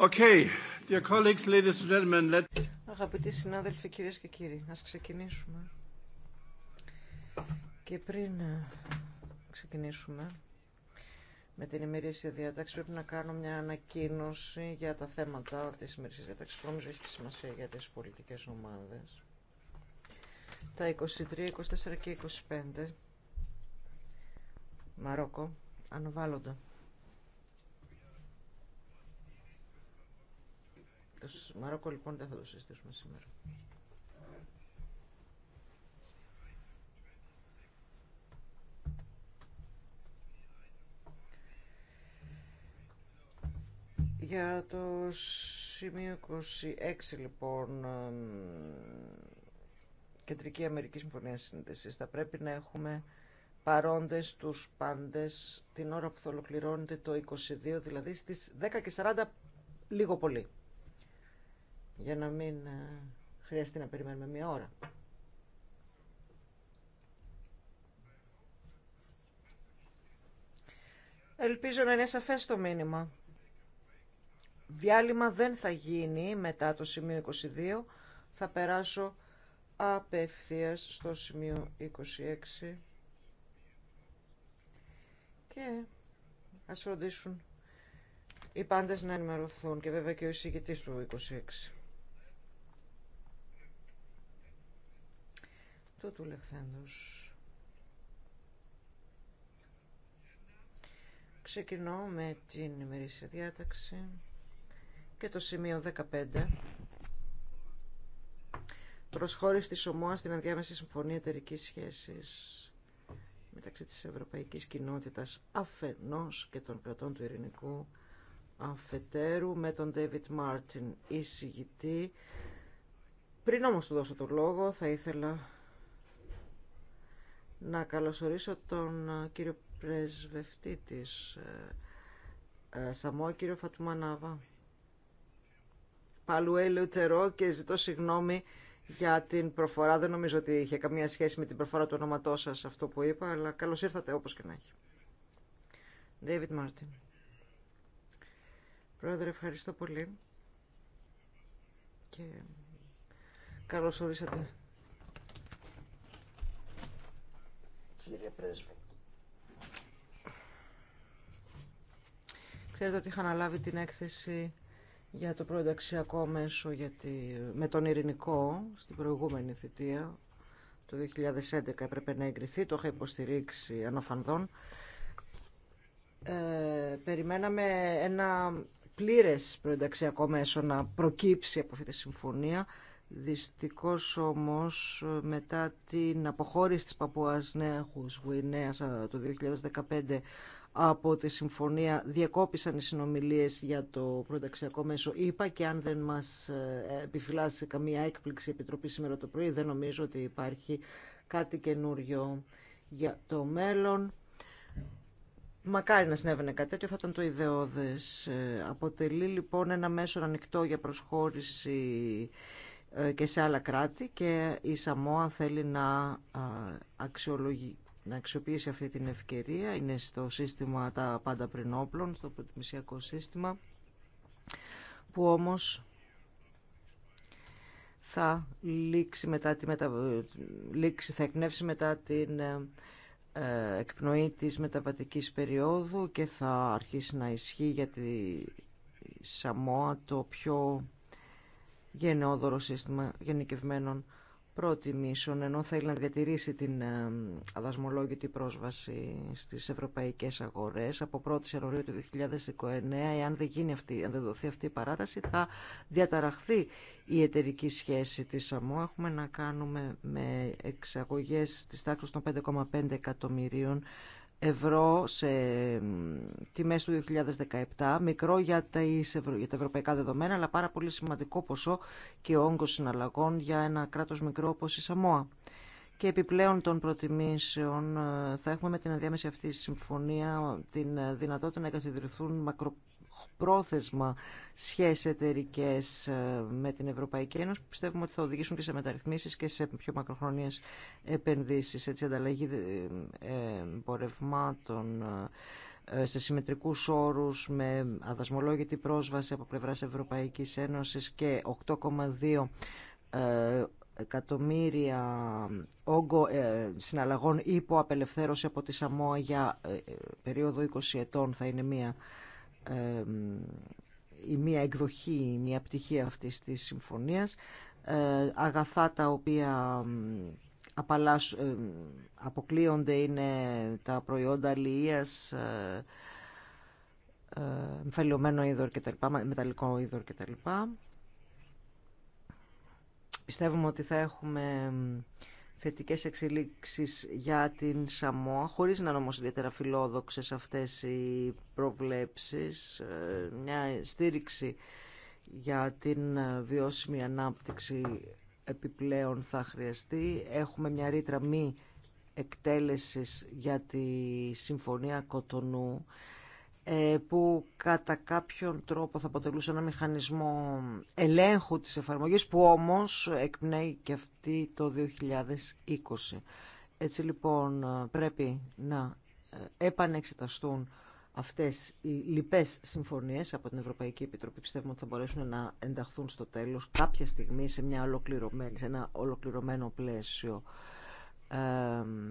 Okay. Dear colleagues, ladies and gentlemen, let... Αγαπητοί συνάδελφοι, κυρίες και κύριοι, ας ξεκινήσουμε. Και πριν ε, ξεκινήσουμε με την ημερήσια διάταξη, πρέπει να κάνω μια ανακοίνωση για τα θέματα της ημερήσιας διάταξης. Νομίζω έχει σημασία για τις πολιτικές ομάδες. Τα 23, 24 και 25 Μαρόκο αναβάλλονται. Το Μαρόκο λοιπόν δεν θα το συζητήσουμε σήμερα. Για το σημείο 26 λοιπόν Κεντρική Αμερική Συμφωνία Σύνδεσης θα πρέπει να έχουμε παρόντες τους πάντες την ώρα που θα ολοκληρώνεται το 22 δηλαδή στις 10.40 λίγο πολύ για να μην ε, χρειαστεί να περιμένουμε μία ώρα. Ελπίζω να είναι σαφές το μήνυμα. Διάλειμμα δεν θα γίνει μετά το σημείο 22. Θα περάσω απευθείας στο σημείο 26 και ας φροντίσουν οι πάντες να ενημερωθούν και βέβαια και ο εισηγητής του 26. τούτου λεχθέντος. Ξεκινώ με την ημερήσια διάταξη και το σημείο 15. Προσχώρηση της ΟΜΟΑ στην ενδιάμεση συμφωνία εταιρική σχέσης μεταξύ της Ευρωπαϊκής Κοινότητας αφενός και των κρατών του Ειρηνικού αφετέρου με τον David Μάρτιν εισηγητή. Πριν όμως του δώσω το λόγο θα ήθελα να καλωσορίσω τον ε, κύριο πρεσβευτή της ε, ε, ΣΑΜΟΑ, κύριο Φατουμανάβα. Πάλου Τερό και ζητώ συγγνώμη για την προφορά. Δεν νομίζω ότι είχε καμία σχέση με την προφορά του ονόματός σας αυτό που είπα, αλλά καλώς ήρθατε όπως και να έχει. David Μάρτιν, Πρόεδρε, ευχαριστώ πολύ. Και καλώς ορίσατε κύριε Ξέρετε ότι είχα αναλάβει την έκθεση για το προενταξιακό μέσο τη, με τον ειρηνικό στην προηγούμενη θητεία το 2011 έπρεπε να εγκριθεί, το είχα υποστηρίξει αναφανδόν. Ε, περιμέναμε ένα πλήρες προενταξιακό μέσο να προκύψει από αυτή τη συμφωνία Δυστυχώς όμως μετά την αποχώρηση της Παπουάς Νέαχους Γουινέας το 2015 από τη συμφωνία διακόπησαν οι συνομιλίες για το πρωταξιακό μέσο ΙΠΑ και αν δεν μας ε, επιφυλάσσει καμία έκπληξη η Επιτροπή σήμερα το πρωί δεν νομίζω ότι υπάρχει κάτι καινούριο για το μέλλον. Μακάρι να συνέβαινε κάτι τέτοιο, θα ήταν το ιδεώδες. Ε, αποτελεί λοιπόν ένα μέσο ανοιχτό για προσχώρηση ε, και σε άλλα κράτη και η Σαμόα θέλει να, αξιολογεί, να αξιοποιήσει αυτή την ευκαιρία. Είναι στο σύστημα τα πάντα πριν όπλων, στο προτιμησιακό σύστημα, που όμως θα λήξει, μετά τη μετα... θα εκπνεύσει μετά την ε, ε, εκπνοή της μεταβατικής περίοδου και θα αρχίσει να ισχύει για τη Σαμόα το πιο γενναιόδωρο σύστημα γενικευμένων προτιμήσεων, ενώ θέλει να διατηρήσει την ε, αδασμολόγητη πρόσβαση στις ευρωπαϊκές αγορές. Από 1η Ιανουαρίου του 2019, εάν δεν, γίνει αυτή, αν δεν δοθεί αυτή η παράταση, θα διαταραχθεί η εταιρική σχέση της ΣΑΜΟ. Έχουμε να κάνουμε με εξαγωγές της τάξης των 5,5 εκατομμυρίων ευρώ σε τιμές του 2017, μικρό για τα, για τα ευρωπαϊκά δεδομένα, αλλά πάρα πολύ σημαντικό ποσό και όγκο συναλλαγών για ένα κράτος μικρό όπω η Σαμόα. Και επιπλέον των προτιμήσεων ε, θα έχουμε με την ενδιάμεση αυτή συμφωνία την ε, δυνατότητα να εγκαθιδρυθούν μακρο πρόθεσμα σχέσει εταιρικέ ε, με την Ευρωπαϊκή Ένωση που πιστεύουμε ότι θα οδηγήσουν και σε μεταρρυθμίσεις και σε πιο μακροχρόνιες επενδύσεις. Έτσι, ανταλλαγή ε, ε, εμπορευμάτων σε συμμετρικούς όρους με αδασμολόγητη πρόσβαση από πλευράς Ευρωπαϊκής Ένωσης και 8,2 εκατομμύρια όγκο συναλλαγών υπό απελευθέρωση από τη ΣΑΜΟΑ για περίοδο 20 ετών θα είναι μία η μία εκδοχή, η μία πτυχή αυτής της συμφωνίας, ε, αγαθά τα οποία αποκλείονται είναι τα προϊόντα αλληλείας, ε, ε, εμφαλιωμένο είδωρ λοιπά, μεταλλικό είδωρ κτλ. Πιστεύουμε ότι θα έχουμε θετικές εξελίξεις για την Σαμόα, χωρίς να είναι όμως ιδιαίτερα φιλόδοξες αυτές οι προβλέψεις, ε, μια στήριξη για την βιώσιμη ανάπτυξη επιπλέον θα χρειαστεί. Έχουμε μια ρήτρα μη εκτέλεσης για τη Συμφωνία Κοτονού ε, που κατά κάποιον τρόπο θα αποτελούσε ένα μηχανισμό ελέγχου της εφαρμογής που όμως εκπνέει και αυτή το 2020. Έτσι λοιπόν ε, πρέπει να ε, επανεξεταστούν αυτές οι λοιπές συμφωνίες από την Ευρωπαϊκή Επιτροπή πιστεύουμε ότι θα μπορέσουν να ενταχθούν στο τέλος κάποια στιγμή σε, μια ολοκληρωμένη, σε ένα ολοκληρωμένο πλαίσιο. Ε,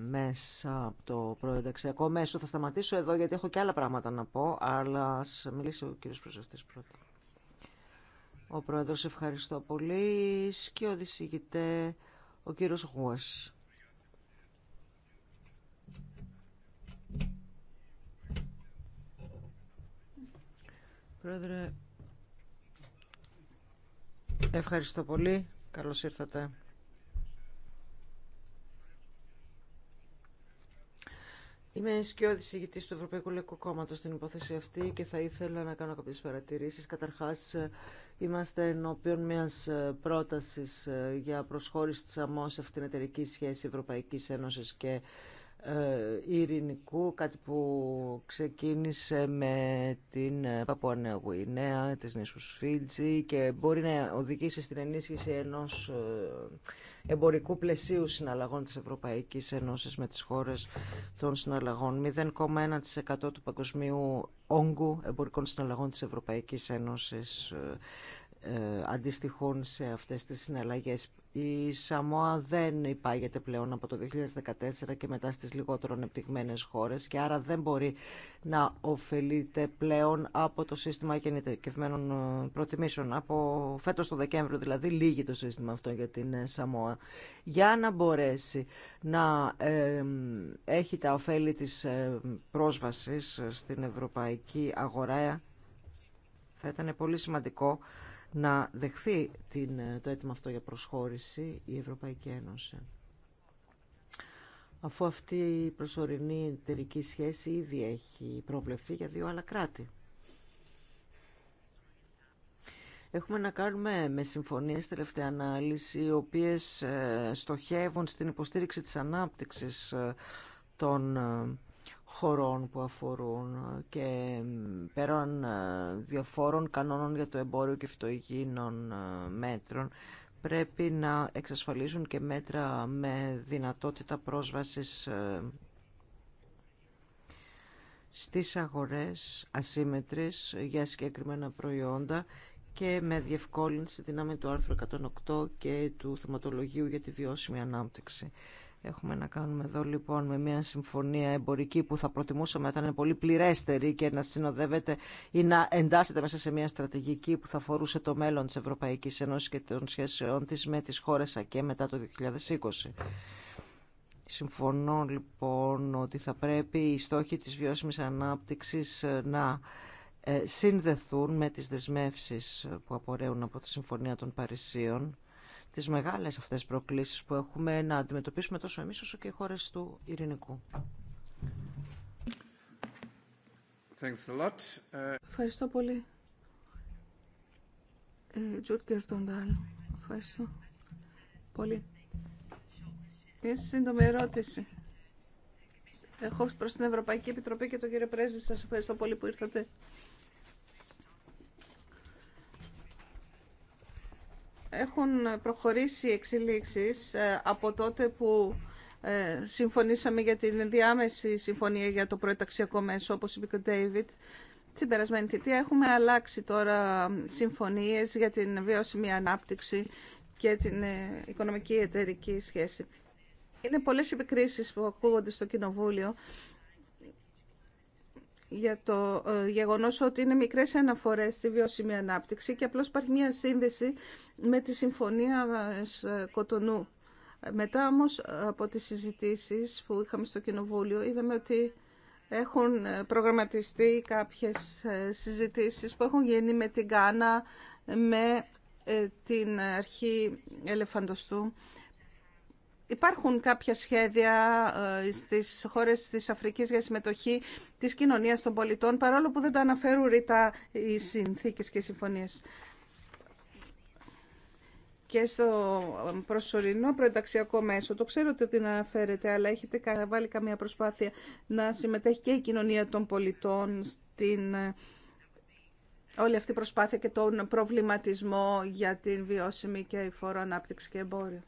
μέσα από το πρόεδρο μέσο. Θα σταματήσω εδώ γιατί έχω και άλλα πράγματα να πω, αλλά ας μιλήσει ο κύριος Προσευτής πρώτα. Ο Πρόεδρος ευχαριστώ πολύ και οδησηγητέ ο κύριος Γουάς. Πρόεδρε, ευχαριστώ πολύ. Καλώς ήρθατε. Είμαι σκιώδη ηγητή του Ευρωπαϊκού Λαϊκού Κόμματο στην υπόθεση αυτή και θα ήθελα να κάνω κάποιε παρατηρήσει. Καταρχά, είμαστε ενώπιον μια ε, πρόταση ε, για προσχώρηση τη ΑΜΟΣ αυτήν την εταιρική σχέση Ευρωπαϊκή Ένωση και ε, ειρηνικού, κάτι που ξεκίνησε με την ε, Παπουανέα Γουινέα, της νήσους Φίτζη και μπορεί να οδηγήσει στην ενίσχυση ενός ε, εμπορικού πλαισίου συναλλαγών της Ευρωπαϊκής Ένωσης με τις χώρες των συναλλαγών. 0,1% του παγκοσμίου όγκου εμπορικών συναλλαγών της Ευρωπαϊκής Ένωσης ε, αντιστοιχούν σε αυτές τις συναλλαγές. Η Σαμόα δεν υπάγεται πλέον από το 2014 και μετά στις λιγότερο ανεπτυγμένες χώρες και άρα δεν μπορεί να ωφελείται πλέον από το σύστημα γεννητικευμένων ε, προτιμήσεων. Από φέτος το Δεκέμβριο δηλαδή λύγει το σύστημα αυτό για την ε, Σαμόα. Για να μπορέσει να έχει τα ωφέλη της πρόσβασης στην ευρωπαϊκή αγορά θα ήταν πολύ σημαντικό να δεχθεί την, το αίτημα αυτό για προσχώρηση η Ευρωπαϊκή Ένωση. Αφού αυτή η προσωρινή εταιρική σχέση ήδη έχει προβλεφθεί για δύο άλλα κράτη. Έχουμε να κάνουμε με συμφωνίες τελευταία ανάλυση, οι οποίες ε, στοχεύουν στην υποστήριξη της ανάπτυξης ε, των ε, χωρών που αφορούν και πέραν ε, διαφόρων κανόνων για το εμπόριο και φυτογίνων ε, μέτρων πρέπει να εξασφαλίζουν και μέτρα με δυνατότητα πρόσβασης ε, στις αγορές ασύμετρες για συγκεκριμένα προϊόντα και με διευκόλυνση δυνάμει του άρθρου 108 και του θεματολογίου για τη βιώσιμη ανάπτυξη. Έχουμε να κάνουμε εδώ λοιπόν με μια συμφωνία εμπορική που θα προτιμούσαμε να ήταν πολύ πληρέστερη και να συνοδεύεται ή να εντάσσεται μέσα σε μια στρατηγική που θα φορούσε το μέλλον της Ευρωπαϊκής Ένωσης και των σχέσεών της με τις χώρες ΑΚΕ μετά το 2020. Συμφωνώ λοιπόν ότι θα πρέπει οι στόχοι της βιώσιμης ανάπτυξης ε, να ε, συνδεθούν με τις δεσμεύσεις που απορρέουν από τη Συμφωνία των Παρισίων τι μεγάλες αυτές προκλήσεις που έχουμε να αντιμετωπίσουμε τόσο εμείς όσο και οι χώρε του ειρηνικού. Thanks a lot. Ευχαριστώ πολύ. Ε, Τζουρτ Κερτοντάλ. Ευχαριστώ πολύ. Μια σύντομη ερώτηση. Έχω προς την Ευρωπαϊκή Επιτροπή και τον κύριο Πρέσβη. Σας ευχαριστώ πολύ που ήρθατε. Έχουν προχωρήσει οι εξελίξεις ε, από τότε που ε, συμφωνήσαμε για την διάμεση συμφωνία για το προεταξιακό μέσο, όπως είπε και ο Ντέιβιτ. Στην περασμένη θητεία έχουμε αλλάξει τώρα συμφωνίες για την βιώσιμη ανάπτυξη και την ε, οικονομική εταιρική σχέση. Είναι πολλές επικρίσεις που ακούγονται στο Κοινοβούλιο για το ε, γεγονός ότι είναι μικρές αναφορές στη βιώσιμη ανάπτυξη και απλώς υπάρχει μια σύνδεση με τη Συμφωνία ε, Κοτονού. Μετά όμως ε, από τις συζητήσεις που είχαμε στο Κοινοβούλιο είδαμε ότι έχουν προγραμματιστεί κάποιες συζητήσεις που έχουν γίνει με την Κάνα, με την αρχή Ελεφαντοστού Υπάρχουν κάποια σχέδια ε, στις χώρες της Αφρικής για συμμετοχή της κοινωνίας των πολιτών, παρόλο που δεν τα αναφέρουν ρητά οι συνθήκες και οι συμφωνίες. Και στο προσωρινό προενταξιακό μέσο, το ξέρω ότι την αναφέρεται, αλλά έχετε βάλει καμία προσπάθεια να συμμετέχει και η κοινωνία των πολιτών στην ε, όλη αυτή η προσπάθεια και τον προβληματισμό για την βιώσιμη και η φόρο ανάπτυξη και εμπόριο.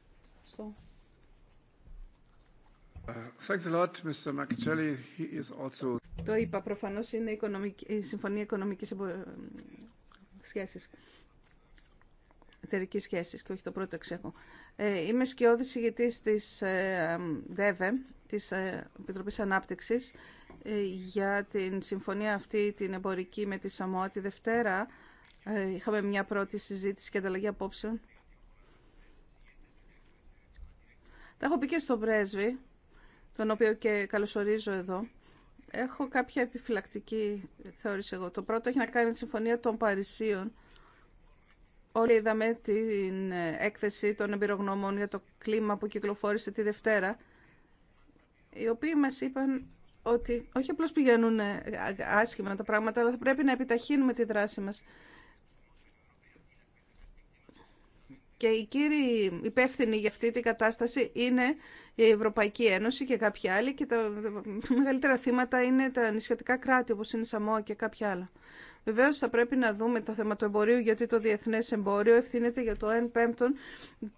Uh, το είπα, προφανώ είναι η Συμφωνία Οικονομική Σχέσης. Σχέση και όχι το πρώτο εξέχω. Ε, είμαι σκιώδη τη της ε, ΔΕΒΕ, της ε, Επιτροπής Ανάπτυξης, για την συμφωνία αυτή την εμπορική με τη ΣΑΜΟΑ τη Δευτέρα. είχαμε μια πρώτη συζήτηση και ανταλλαγή απόψεων. Τα έχω πει και στον πρέσβη τον οποίο και καλωσορίζω εδώ, έχω κάποια επιφυλακτική θεώρηση εγώ. Το πρώτο έχει να κάνει με τη Συμφωνία των Παρισίων. Όλοι είδαμε την ε, έκθεση των εμπειρογνώμων για το κλίμα που κυκλοφόρησε τη Δευτέρα, οι οποίοι μας είπαν ότι όχι απλώς πηγαίνουν ε, άσχημα τα πράγματα, αλλά θα πρέπει να επιταχύνουμε τη δράση μας. Και οι κύριοι υπεύθυνοι για αυτή την κατάσταση είναι η Ευρωπαϊκή Ένωση και κάποιοι άλλοι και τα μεγαλύτερα θύματα είναι τα νησιωτικά κράτη όπως είναι η Σαμόα και κάποια άλλα. Βεβαίως θα πρέπει να δούμε το θέμα του εμπορίου γιατί το διεθνές εμπόριο ευθύνεται για το 1 πέμπτον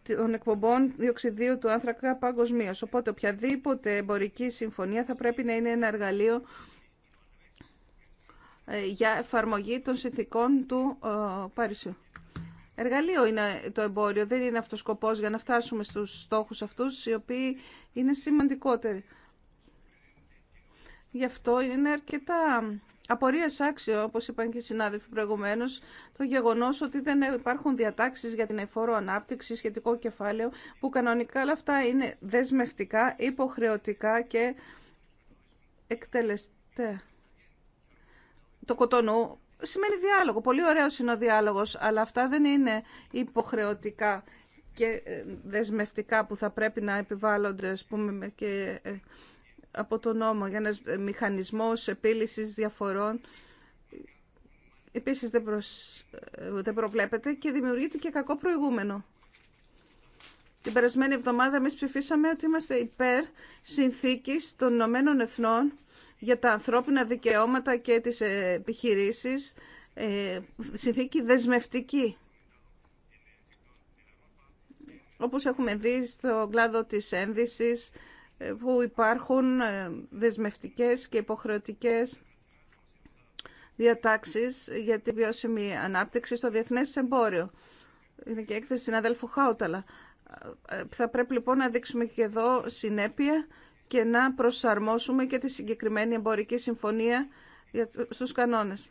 των εκπομπών διοξιδίου του άνθρακα παγκοσμίω. Οπότε οποιαδήποτε εμπορική συμφωνία θα πρέπει να είναι ένα εργαλείο ε, για εφαρμογή των συνθήκων του ε, Παρισιού εργαλείο είναι το εμπόριο, δεν είναι αυτός ο σκοπός για να φτάσουμε στους στόχους αυτούς, οι οποίοι είναι σημαντικότεροι. Γι' αυτό είναι αρκετά απορία άξιο, όπως είπαν και οι συνάδελφοι προηγουμένως, το γεγονός ότι δεν υπάρχουν διατάξεις για την εφόρο ανάπτυξη, σχετικό κεφάλαιο, που κανονικά όλα αυτά είναι δεσμευτικά, υποχρεωτικά και εκτελεστέ. Το κοτονού σημαίνει διάλογο. Πολύ ωραίο είναι ο διάλογος, αλλά αυτά δεν είναι υποχρεωτικά και ε, δεσμευτικά που θα πρέπει να επιβάλλονται, ας πούμε, και ε, από τον νόμο για ένας ε, μηχανισμός επίλυσης διαφορών. Επίσης δεν, προσ... δεν προβλέπεται και δημιουργείται και κακό προηγούμενο. Την περασμένη εβδομάδα εμείς ψηφίσαμε ότι είμαστε υπέρ συνθήκης των Ηνωμένων Εθνών για τα ανθρώπινα δικαιώματα και τις επιχειρήσεις ε, συνθήκη δεσμευτική. Όπως έχουμε δει στο κλάδο της ένδυσης ε, που υπάρχουν ε, δεσμευτικές και υποχρεωτικές διατάξεις για τη βιώσιμη ανάπτυξη στο διεθνές εμπόριο. Είναι και έκθεση συναδέλφου Χάουταλα. Θα πρέπει λοιπόν να δείξουμε και εδώ συνέπεια και να προσαρμόσουμε και τη συγκεκριμένη εμπορική συμφωνία στους κανόνες.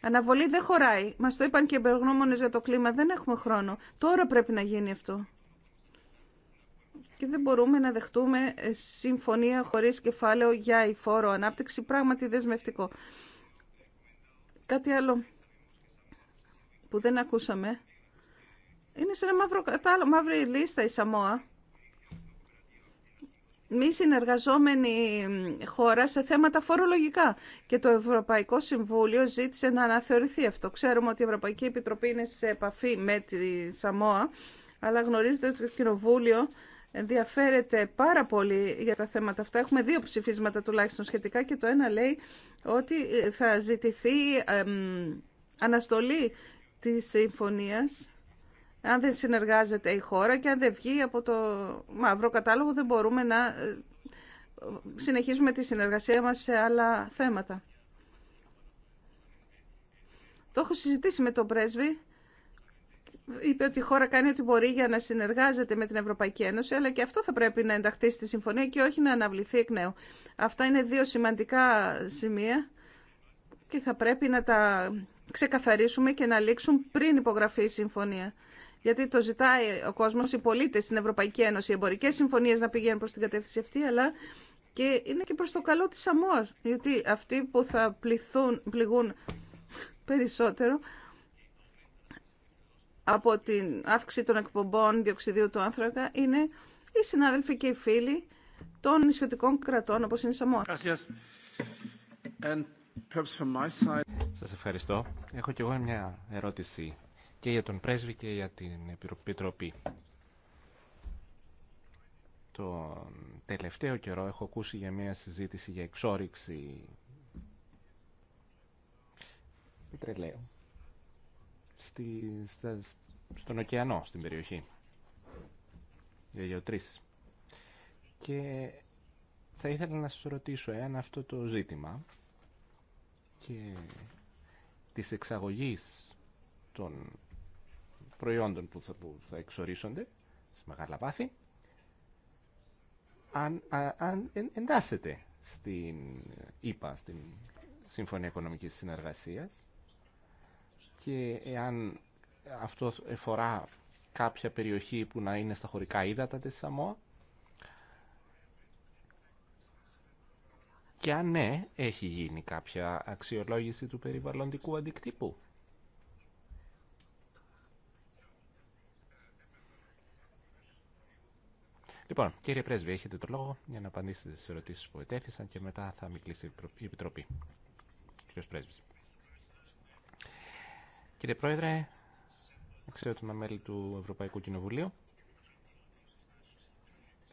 Αναβολή δεν χωράει. Μα το είπαν και οι εμπεργνώμονες για το κλίμα. Δεν έχουμε χρόνο. Τώρα πρέπει να γίνει αυτό. Και δεν μπορούμε να δεχτούμε ε, συμφωνία χωρί κεφάλαιο για η φόρο ανάπτυξη. Πράγματι δεσμευτικό. Κάτι άλλο που δεν ακούσαμε. Είναι σε ένα μαύρο κατάλογο, μαύρη λίστα η Σαμόα μη συνεργαζόμενη χώρα σε θέματα φορολογικά. Και το Ευρωπαϊκό Συμβούλιο ζήτησε να αναθεωρηθεί αυτό. Ξέρουμε ότι η Ευρωπαϊκή Επιτροπή είναι σε επαφή με τη Σαμόα, αλλά γνωρίζετε ότι το Κοινοβούλιο ενδιαφέρεται πάρα πολύ για τα θέματα αυτά. Έχουμε δύο ψηφίσματα τουλάχιστον σχετικά και το ένα λέει ότι θα ζητηθεί αναστολή της συμφωνίας αν δεν συνεργάζεται η χώρα και αν δεν βγει από το μαύρο κατάλογο δεν μπορούμε να ε, συνεχίζουμε τη συνεργασία μας σε άλλα θέματα. Το έχω συζητήσει με τον πρέσβη. Είπε ότι η χώρα κάνει ό,τι μπορεί για να συνεργάζεται με την Ευρωπαϊκή Ένωση, αλλά και αυτό θα πρέπει να ενταχθεί στη συμφωνία και όχι να αναβληθεί εκ νέου. Αυτά είναι δύο σημαντικά σημεία και θα πρέπει να τα ξεκαθαρίσουμε και να λήξουν πριν υπογραφεί η συμφωνία γιατί το ζητάει ο κόσμος, οι πολίτες στην Ευρωπαϊκή Ένωση, οι εμπορικές συμφωνίες να πηγαίνουν προς την κατεύθυνση αυτή, αλλά και είναι και προς το καλό της ΣΑΜΟΑΣ. γιατί αυτοί που θα πληθούν, πληγούν περισσότερο από την αύξηση των εκπομπών διοξιδίου του άνθρακα είναι οι συνάδελφοι και οι φίλοι των νησιωτικών κρατών, όπως είναι η Σαμόα. Σας ευχαριστώ. Έχω κι εγώ μια ερώτηση και για τον πρέσβη και για την Επιτροπή. Τον τελευταίο καιρό έχω ακούσει για μια συζήτηση για εξόριξη πετρελαίου στη, στον ωκεανό, στην περιοχή, για γεωτρήσεις. Και θα ήθελα να σας ρωτήσω εάν αυτό το ζήτημα και της εξαγωγής των προϊόντων που θα, που θα εξορίσονται σε μεγάλα βάθη αν, αν εντάσσεται στην ΕΠΑ, στην Συμφωνία Οικονομικής Συνεργασίας και εάν αυτό εφορά κάποια περιοχή που να είναι στα χωρικά ύδατα της Σαμόα και αν ναι, έχει γίνει κάποια αξιολόγηση του περιβαλλοντικού αντικτύπου Λοιπόν, κύριε Πρέσβη, έχετε το λόγο για να απαντήσετε στις ερωτήσεις που ετέθησαν και μετά θα μιλήσει η Επιτροπή. Κύριος Πρέσβης. Κύριε Πρόεδρε, αξιότιμα μέλη του Ευρωπαϊκού Κοινοβουλίου,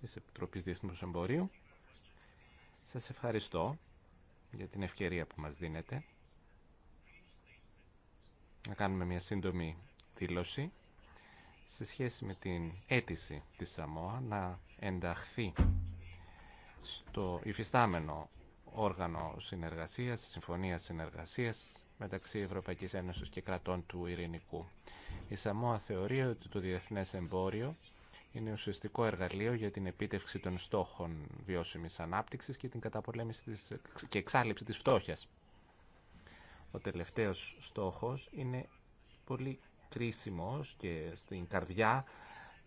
τη Επιτροπή Διεθνού Εμπορίου, σας ευχαριστώ για την ευκαιρία που μας δίνετε να κάνουμε μια σύντομη δήλωση σε σχέση με την αίτηση της ΣΑΜΟΑ να ενταχθεί στο υφιστάμενο όργανο συνεργασίας, συμφωνία συνεργασίας μεταξύ Ευρωπαϊκής Ένωσης και κρατών του Ειρηνικού. Η ΣΑΜΟΑ θεωρεί ότι το διεθνές εμπόριο είναι ουσιαστικό εργαλείο για την επίτευξη των στόχων βιώσιμης ανάπτυξης και την καταπολέμηση της, και εξάλληψη της φτώχειας. Ο τελευταίος στόχος είναι πολύ κρίσιμος και στην καρδιά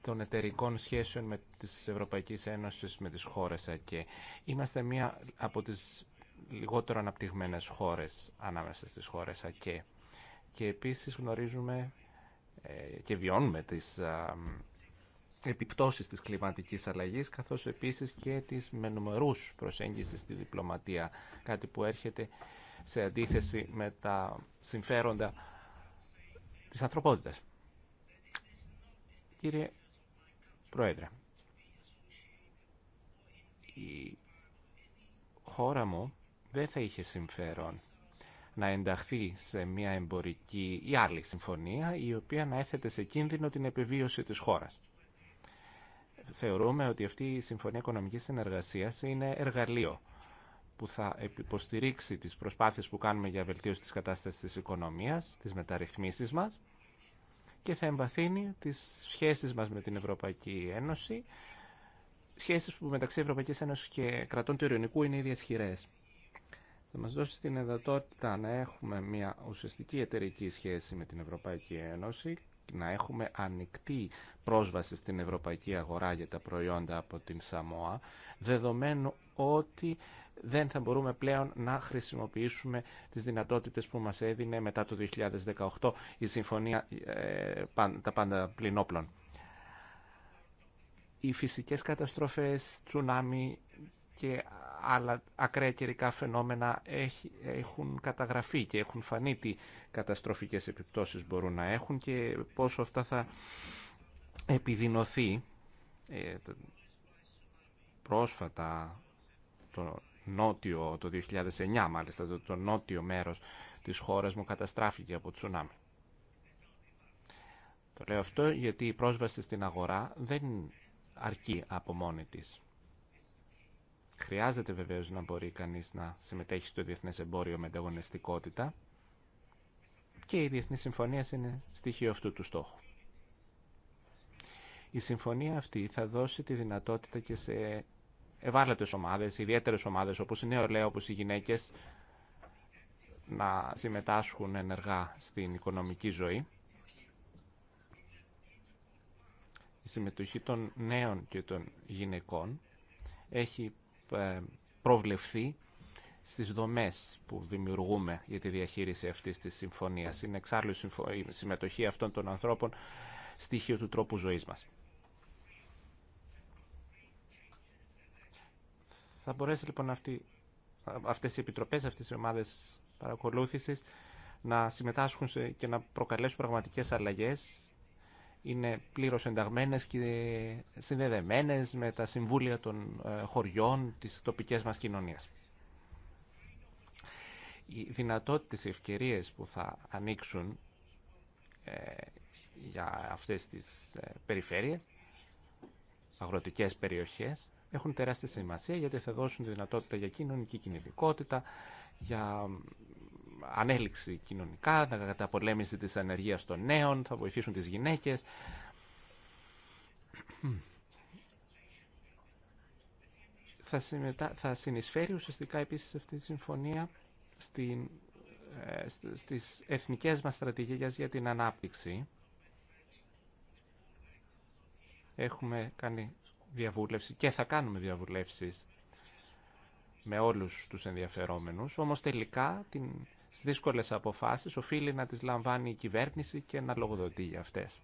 των εταιρικών σχέσεων με τις Ευρωπαϊκής Ένωσης με τις χώρες ΑΚΕ. Είμαστε μία από τις λιγότερο αναπτυγμένες χώρες ανάμεσα στις χώρες ΑΚΕ. Και επίσης γνωρίζουμε ε, και βιώνουμε τις επιπτώσεις της κλιματικής αλλαγής, καθώς επίσης και τις μενουμερούς προσέγγισης στη διπλωματία, κάτι που έρχεται σε αντίθεση με τα συμφέροντα της ανθρωπότητας. Κύριε Πρόεδρε, η χώρα μου δεν θα είχε συμφέρον να ενταχθεί σε μια εμπορική ή άλλη συμφωνία η οποία να έθετε σε κίνδυνο την επιβίωση της χώρας. Θεωρούμε ότι αυτή η Συμφωνία Οικονομικής Συνεργασίας είναι εργαλείο που θα υποστηρίξει τις προσπάθειες που κάνουμε για βελτίωση της κατάστασης της οικονομίας, τις μεταρρυθμίσεις μας και θα εμβαθύνει τις σχέσεις μας με την Ευρωπαϊκή Ένωση, σχέσεις που μεταξύ Ευρωπαϊκής Ένωσης και κρατών του Ιωνικού είναι ήδη ισχυρέ. Θα μας δώσει την εδατότητα να έχουμε μια ουσιαστική εταιρική σχέση με την Ευρωπαϊκή Ένωση, να έχουμε ανοιχτή πρόσβαση στην ευρωπαϊκή αγορά για τα προϊόντα από την Σαμόα, δεδομένου ότι δεν θα μπορούμε πλέον να χρησιμοποιήσουμε τις δυνατότητες που μας έδινε μετά το 2018 η Συμφωνία ε, τα πάντα πληνόπλων. Οι φυσικές καταστροφές, τσουνάμι και άλλα ακραία καιρικά φαινόμενα έχουν καταγραφεί και έχουν φανεί τι καταστροφικές επιπτώσεις μπορούν να έχουν και πόσο αυτά θα επιδεινωθεί ε, πρόσφατα το νότιο, το 2009 μάλιστα, το, το νότιο μέρος της χώρας μου καταστράφηκε από τσουνάμι. Το λέω αυτό γιατί η πρόσβαση στην αγορά δεν αρκεί από μόνη της. Χρειάζεται βεβαίως να μπορεί κανείς να συμμετέχει στο διεθνές εμπόριο με ανταγωνιστικότητα και η Διεθνή Συμφωνία είναι στοιχείο αυτού του στόχου. Η συμφωνία αυτή θα δώσει τη δυνατότητα και σε ευάλωτε ομάδες, ιδιαίτερες ομάδες όπως η νεολαία, όπως οι γυναίκες να συμμετάσχουν ενεργά στην οικονομική ζωή. Η συμμετοχή των νέων και των γυναικών έχει ε, προβλεφθεί στις δομές που δημιουργούμε για τη διαχείριση αυτής της συμφωνίας. Είναι εξάλλου η συμμετοχή αυτών των ανθρώπων στοιχείο του τρόπου ζωής μας. Θα μπορέσει λοιπόν αυτέ αυτές οι επιτροπές, αυτές οι ομάδες παρακολούθησης να συμμετάσχουν και να προκαλέσουν πραγματικές αλλαγές. Είναι πλήρως ενταγμένες και συνδεδεμένες με τα συμβούλια των ε, χωριών, της τοπικές μας κοινωνίας. Οι δυνατότητες, οι ευκαιρίες που θα ανοίξουν ε, για αυτές τις ε, περιφέρειες, αγροτικές περιοχές, έχουν τεράστια σημασία γιατί θα δώσουν τη δυνατότητα για κοινωνική κινητικότητα, για ανέλυξη κοινωνικά, να καταπολέμηση της ανεργίας των νέων, θα βοηθήσουν τις γυναίκες. Θα, θα συνεισφέρει ουσιαστικά επίσης αυτή τη συμφωνία στην... Ε, στις εθνικές μας στρατηγίες για την ανάπτυξη. Έχουμε κάνει διαβούλευση και θα κάνουμε διαβουλεύσεις με όλους τους ενδιαφερόμενους, όμως τελικά την δύσκολες αποφάσεις οφείλει να τις λαμβάνει η κυβέρνηση και να λογοδοτεί για αυτές,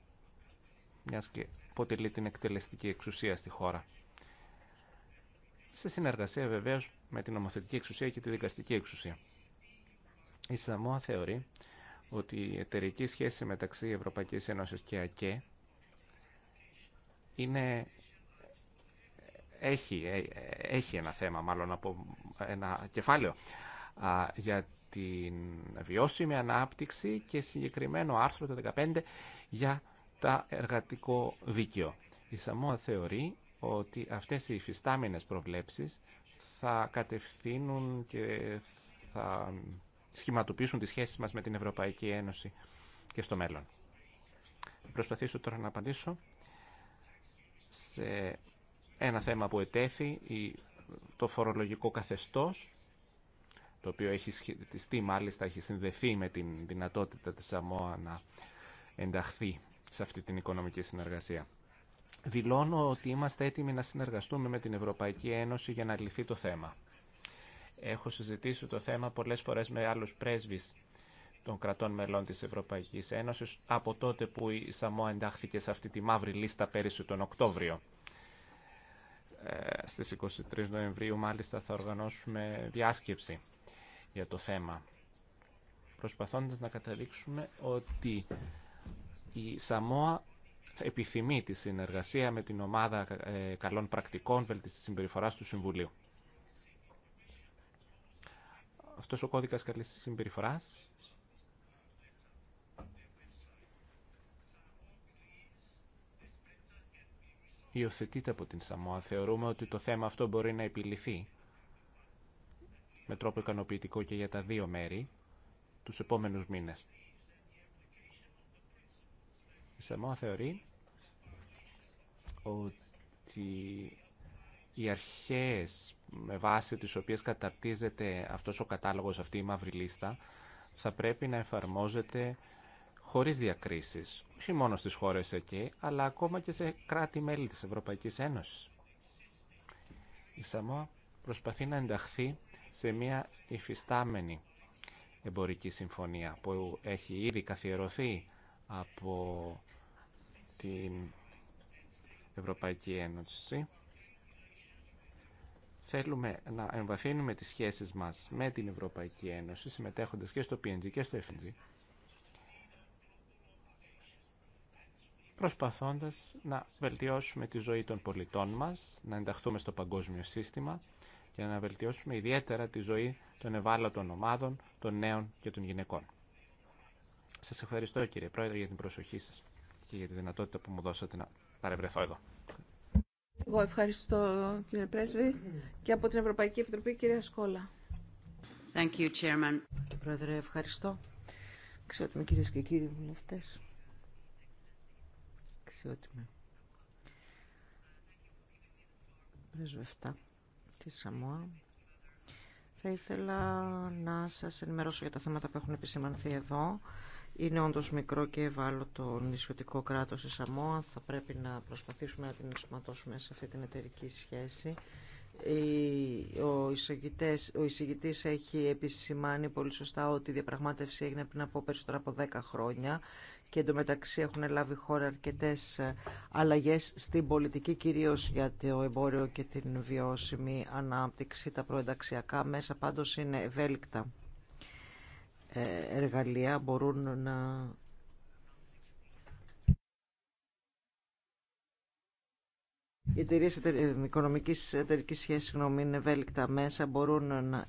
μιας και αποτελεί την εκτελεστική εξουσία στη χώρα. Σε συνεργασία βεβαίως με την νομοθετική εξουσία και τη δικαστική εξουσία. Η ΣΑΜΟΑ θεωρεί ότι η εταιρική σχέση μεταξύ Ευρωπαϊκής Ένωσης και ΑΚΕ είναι έχει, ε, έχει ένα θέμα, μάλλον από ένα κεφάλαιο για την βιώσιμη ανάπτυξη και συγκεκριμένο άρθρο το 15 για τα εργατικό δίκαιο. Η Σαμόα θεωρεί ότι αυτές οι υφιστάμενες προβλέψεις θα κατευθύνουν και θα σχηματοποιήσουν τις σχέσεις μας με την Ευρωπαϊκή Ένωση και στο μέλλον. προσπαθήσω τώρα να απαντήσω σε ένα θέμα που ετέθη, το φορολογικό καθεστώς, το οποίο έχει σχετιστεί, μάλιστα έχει συνδεθεί με την δυνατότητα της ΑΜΟΑ να ενταχθεί σε αυτή την οικονομική συνεργασία. Δηλώνω ότι είμαστε έτοιμοι να συνεργαστούμε με την Ευρωπαϊκή Ένωση για να λυθεί το θέμα. Έχω συζητήσει το θέμα πολλές φορές με άλλους πρέσβεις των κρατών μελών της Ευρωπαϊκής Ένωσης από τότε που η Σαμόα εντάχθηκε σε αυτή τη μαύρη λίστα πέρυσι τον Οκτώβριο. Ε, στις 23 Νοεμβρίου μάλιστα θα οργανώσουμε διάσκεψη για το θέμα προσπαθώντας να καταδείξουμε ότι η Σαμόα επιθυμεί τη συνεργασία με την ομάδα ε, καλών πρακτικών βελτιστής συμπεριφοράς του Συμβουλίου. Αυτός ο κώδικας καλής συμπεριφοράς υιοθετείται από την Σαμόα. Θεωρούμε ότι το θέμα αυτό μπορεί να επιληθεί με τρόπο ικανοποιητικό και για τα δύο μέρη τους επόμενους μήνες. Η Σαμόα θεωρεί ότι οι αρχές με βάση τις οποίες καταρτίζεται αυτός ο κατάλογος, αυτή η μαύρη λίστα, θα πρέπει να εφαρμόζεται χωρίς διακρίσεις, όχι μόνο στις χώρες εκεί, αλλά ακόμα και σε κράτη-μέλη της Ευρωπαϊκής Ένωσης. Η ΣΑΜΟΑ προσπαθεί να ενταχθεί σε μια υφιστάμενη εμπορική συμφωνία που έχει ήδη καθιερωθεί από την Ευρωπαϊκή Ένωση. Θέλουμε να εμβαθύνουμε τις σχέσεις μας με την Ευρωπαϊκή Ένωση, συμμετέχοντας και στο PNG και στο FNG, προσπαθώντας να βελτιώσουμε τη ζωή των πολιτών μας, να ενταχθούμε στο παγκόσμιο σύστημα και να βελτιώσουμε ιδιαίτερα τη ζωή των ευάλωτων ομάδων, των νέων και των γυναικών. Σας ευχαριστώ κύριε Πρόεδρε για την προσοχή σας και για τη δυνατότητα που μου δώσατε να παρευρεθώ εδώ. Εγώ ευχαριστώ κύριε Πρέσβη και από την Ευρωπαϊκή Επιτροπή κυρία Σκόλα. Thank you, Πρόεδρε, ευχαριστώ. και κύριοι αξιότιμη πρεσβευτά τη ΣΑΜΟΑ. Θα ήθελα να σας ενημερώσω για τα θέματα που έχουν επισημανθεί εδώ. Είναι όντως μικρό και το νησιωτικό κράτος η ΣΑΜΟΑ. Θα πρέπει να προσπαθήσουμε να την ενσωματώσουμε σε αυτή την εταιρική σχέση. Ο, εισηγητής, ο εισηγητής έχει επισημάνει πολύ σωστά ότι η διαπραγμάτευση έγινε πριν από περισσότερα από 10 χρόνια και εντωμεταξύ έχουν λάβει χώρα αρκετέ ε, αλλαγές στην πολιτική, κυρίως για το εμπόριο και την βιώσιμη ανάπτυξη. Τα προενταξιακά μέσα πάντω είναι ευέλικτα ε, εργαλεία, μπορούν να Οι εταιρείε οικονομική εταιρική σχέση, συγγνώμη, είναι ευέλικτα μέσα, μπορούν να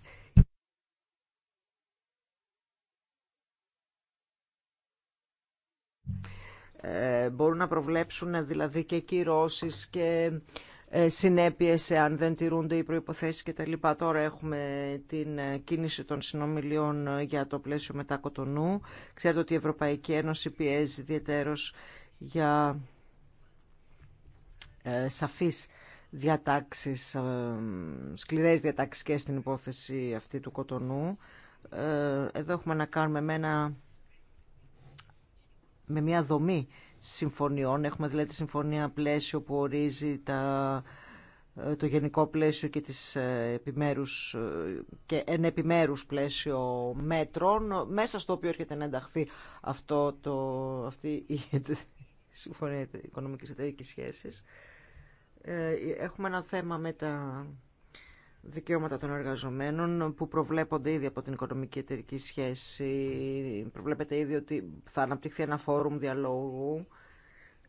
Ε, μπορούν να προβλέψουν δηλαδή και κυρώσεις και ε, συνέπειες αν δεν τηρούνται οι προϋποθέσεις και τα Τώρα έχουμε την ε, κίνηση των συνομιλιών για το πλαίσιο μετά Κοτονού. Ξέρετε ότι η Ευρωπαϊκή Ένωση πιέζει ιδιαίτερος για σαφείς διατάξεις, σκληρές διατάξεις και στην υπόθεση αυτή του Κοτονού. Εδώ έχουμε να κάνουμε με ένα με μια δομή συμφωνιών. Έχουμε δηλαδή τη συμφωνία πλαίσιο που ορίζει τα, ε, το γενικό πλαίσιο και τις ε, επιμέρους ε, και εν επιμέρους πλαίσιο μέτρων μέσα στο οποίο έρχεται να ενταχθεί αυτό το, αυτή η Συμφωνία Οικονομικής Εταιρικής Σχέσης. Έχουμε ένα θέμα με τα δικαιώματα των εργαζομένων που προβλέπονται ήδη από την οικονομική εταιρική σχέση. Προβλέπεται ήδη ότι θα αναπτυχθεί ένα φόρουμ διαλόγου.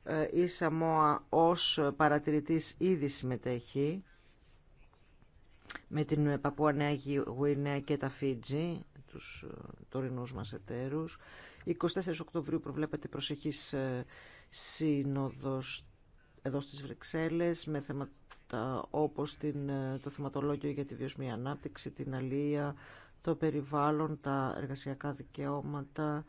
Ε, η ΣΑΜΟΑ ως παρατηρητής ήδη συμμετέχει με την Παππούα Νέα Γουινέα και τα Φίτζη, τους ε, τωρινούς μας εταίρους. 24 Οκτωβρίου προβλέπεται προσεχής ε, σύνοδος εδώ στις Βρυξέλλες με θέμα θέματα όπως την, ε, το θεματολόγιο για τη βιωσμία ανάπτυξη, την αλία, το περιβάλλον, τα εργασιακά δικαιώματα,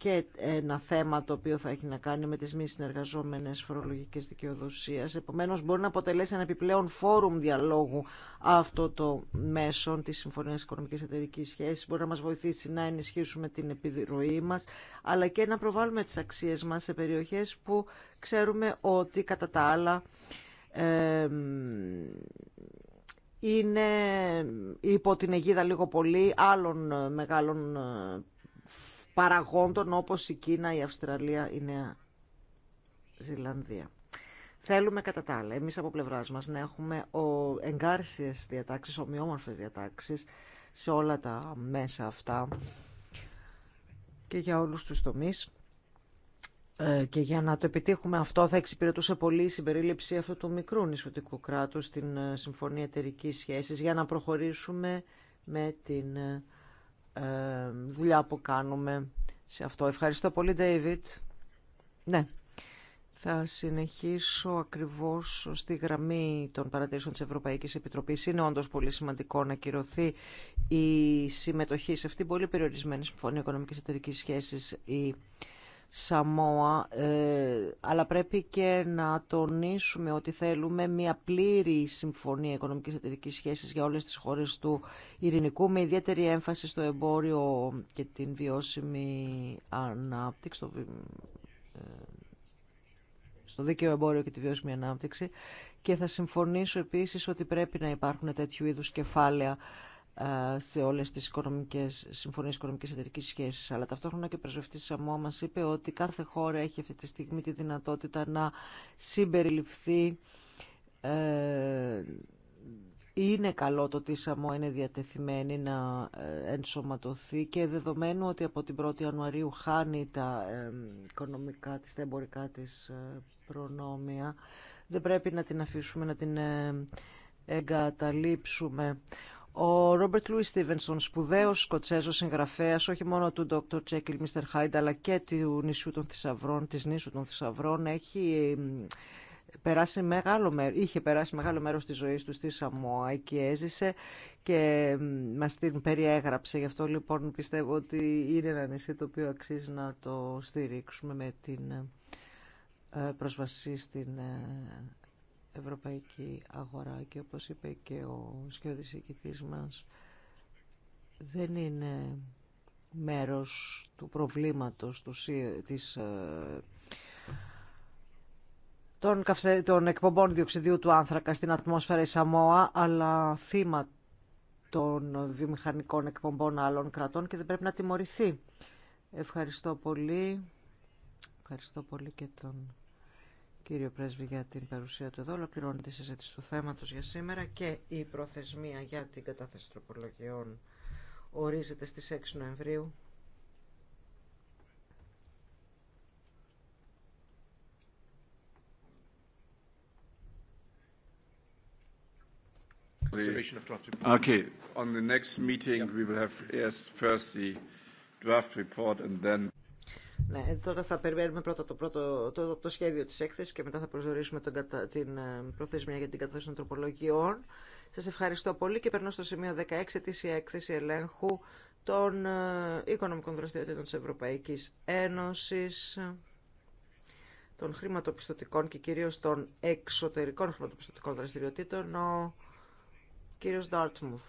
και ένα θέμα το οποίο θα έχει να κάνει με τις μη συνεργαζόμενες φορολογικές δικαιοδοσίες. Επομένως μπορεί να αποτελέσει ένα επιπλέον φόρουμ διαλόγου αυτό το μέσο της Συμφωνίας Οικονομικής Εταιρικής Σχέσης. Μπορεί να μας βοηθήσει να ενισχύσουμε την επιρροή μας, αλλά και να προβάλλουμε τις αξίες μας σε περιοχές που ξέρουμε ότι κατά τα άλλα είναι υπό την αιγίδα λίγο πολύ άλλων μεγάλων παραγόντων όπως η Κίνα, η Αυστραλία, η Νέα Ζηλανδία. Θέλουμε κατά τα άλλα, εμείς από πλευράς μας, να έχουμε ο, εγκάρσιες διατάξεις, ομοιόμορφες διατάξεις σε όλα τα μέσα αυτά και για όλους τους τομείς. Ε, και για να το επιτύχουμε αυτό θα εξυπηρετούσε πολύ η συμπερίληψη αυτού του μικρού νησιωτικού κράτους στην ε, Συμφωνία Εταιρικής Σχέσης για να προχωρήσουμε με την ε, ε, δουλειά που κάνουμε σε αυτό. Ευχαριστώ πολύ, David. Ναι. Θα συνεχίσω ακριβώς στη γραμμή των παρατηρήσεων της Ευρωπαϊκής Επιτροπής. Είναι όντως πολύ σημαντικό να κυρωθεί η συμμετοχή σε αυτή πολύ περιορισμένη συμφωνία οικονομικής εταιρικής σχέσης η Σαμόα, ε, αλλά πρέπει και να τονίσουμε ότι θέλουμε μια πλήρη συμφωνία οικονομικής εταιρικής σχέσης για όλες τις χώρες του ειρηνικού, με ιδιαίτερη έμφαση στο εμπόριο και την βιώσιμη ανάπτυξη, στο ε, δίκαιο εμπόριο και τη βιώσιμη ανάπτυξη. Και θα συμφωνήσω επίσης ότι πρέπει να υπάρχουν τέτοιου είδους κεφάλαια ε, σε όλε τι οικονομικές, συμφωνίες οικονομικής εταιρική σχέση. Αλλά ταυτόχρονα και ο Πρεσβευτή Σαμό μα είπε ότι κάθε χώρα έχει αυτή τη στιγμή τη δυνατότητα να συμπεριληφθεί ε, είναι καλό το ότι η ΣΑΜΟ είναι διατεθειμένη να ε, ενσωματωθεί και δεδομένου ότι από την 1η Ιανουαρίου χάνει τα οικονομικά της, τα εμπορικά της προνόμια, δεν πρέπει να την αφήσουμε να την εγκαταλείψουμε. Ο Ρόμπερτ Λούι Στίβενσον, σπουδαίο Σκοτσέζο συγγραφέας, όχι μόνο του Dr. Jekyll, Mr. Hyde, αλλά και του νησιού των θησαυρών, της νήσου των θησαυρών, έχει περάσει μεγάλο μέρο, είχε περάσει μεγάλο μέρος της ζωής του στη Σαμόα, εκεί έζησε και μας την περιέγραψε. Γι' αυτό λοιπόν πιστεύω ότι είναι ένα νησί το οποίο αξίζει να το στηρίξουμε με την ε, πρόσβαση στην ε, ευρωπαϊκή αγορά και όπως είπε και ο σκιώδης μας δεν είναι μέρος του προβλήματος του, της, ε, των, των εκπομπών διοξιδίου του άνθρακα στην ατμόσφαιρα Ισαμόα, αλλά θύμα των βιομηχανικών εκπομπών άλλων κρατών και δεν πρέπει να τιμωρηθεί. Ευχαριστώ πολύ. Ευχαριστώ πολύ και τον κύριο Πρέσβη για την παρουσία του εδώ. Ολοκληρώνεται η συζήτηση του θέματος για σήμερα και η προθεσμία για την κατάθεση τροπολογιών ορίζεται στις 6 Νοεμβρίου. Okay. On the next meeting, we will have yes, first the draft report and then. Ναι, τώρα θα περιμένουμε πρώτα το, πρώτο, το, το σχέδιο της έκθεσης και μετά θα προσδορίσουμε τον, την ε, προθεσμία για την καταθέση των τροπολογιών. Σας ευχαριστώ πολύ και περνώ στο σημείο 16 της έκθεση ελέγχου των ε, οικονομικών δραστηριοτήτων της Ευρωπαϊκής Ένωσης των χρηματοπιστωτικών και κυρίως των εξωτερικών χρηματοπιστωτικών δραστηριοτήτων ο κύριος Ντάρτμουθ.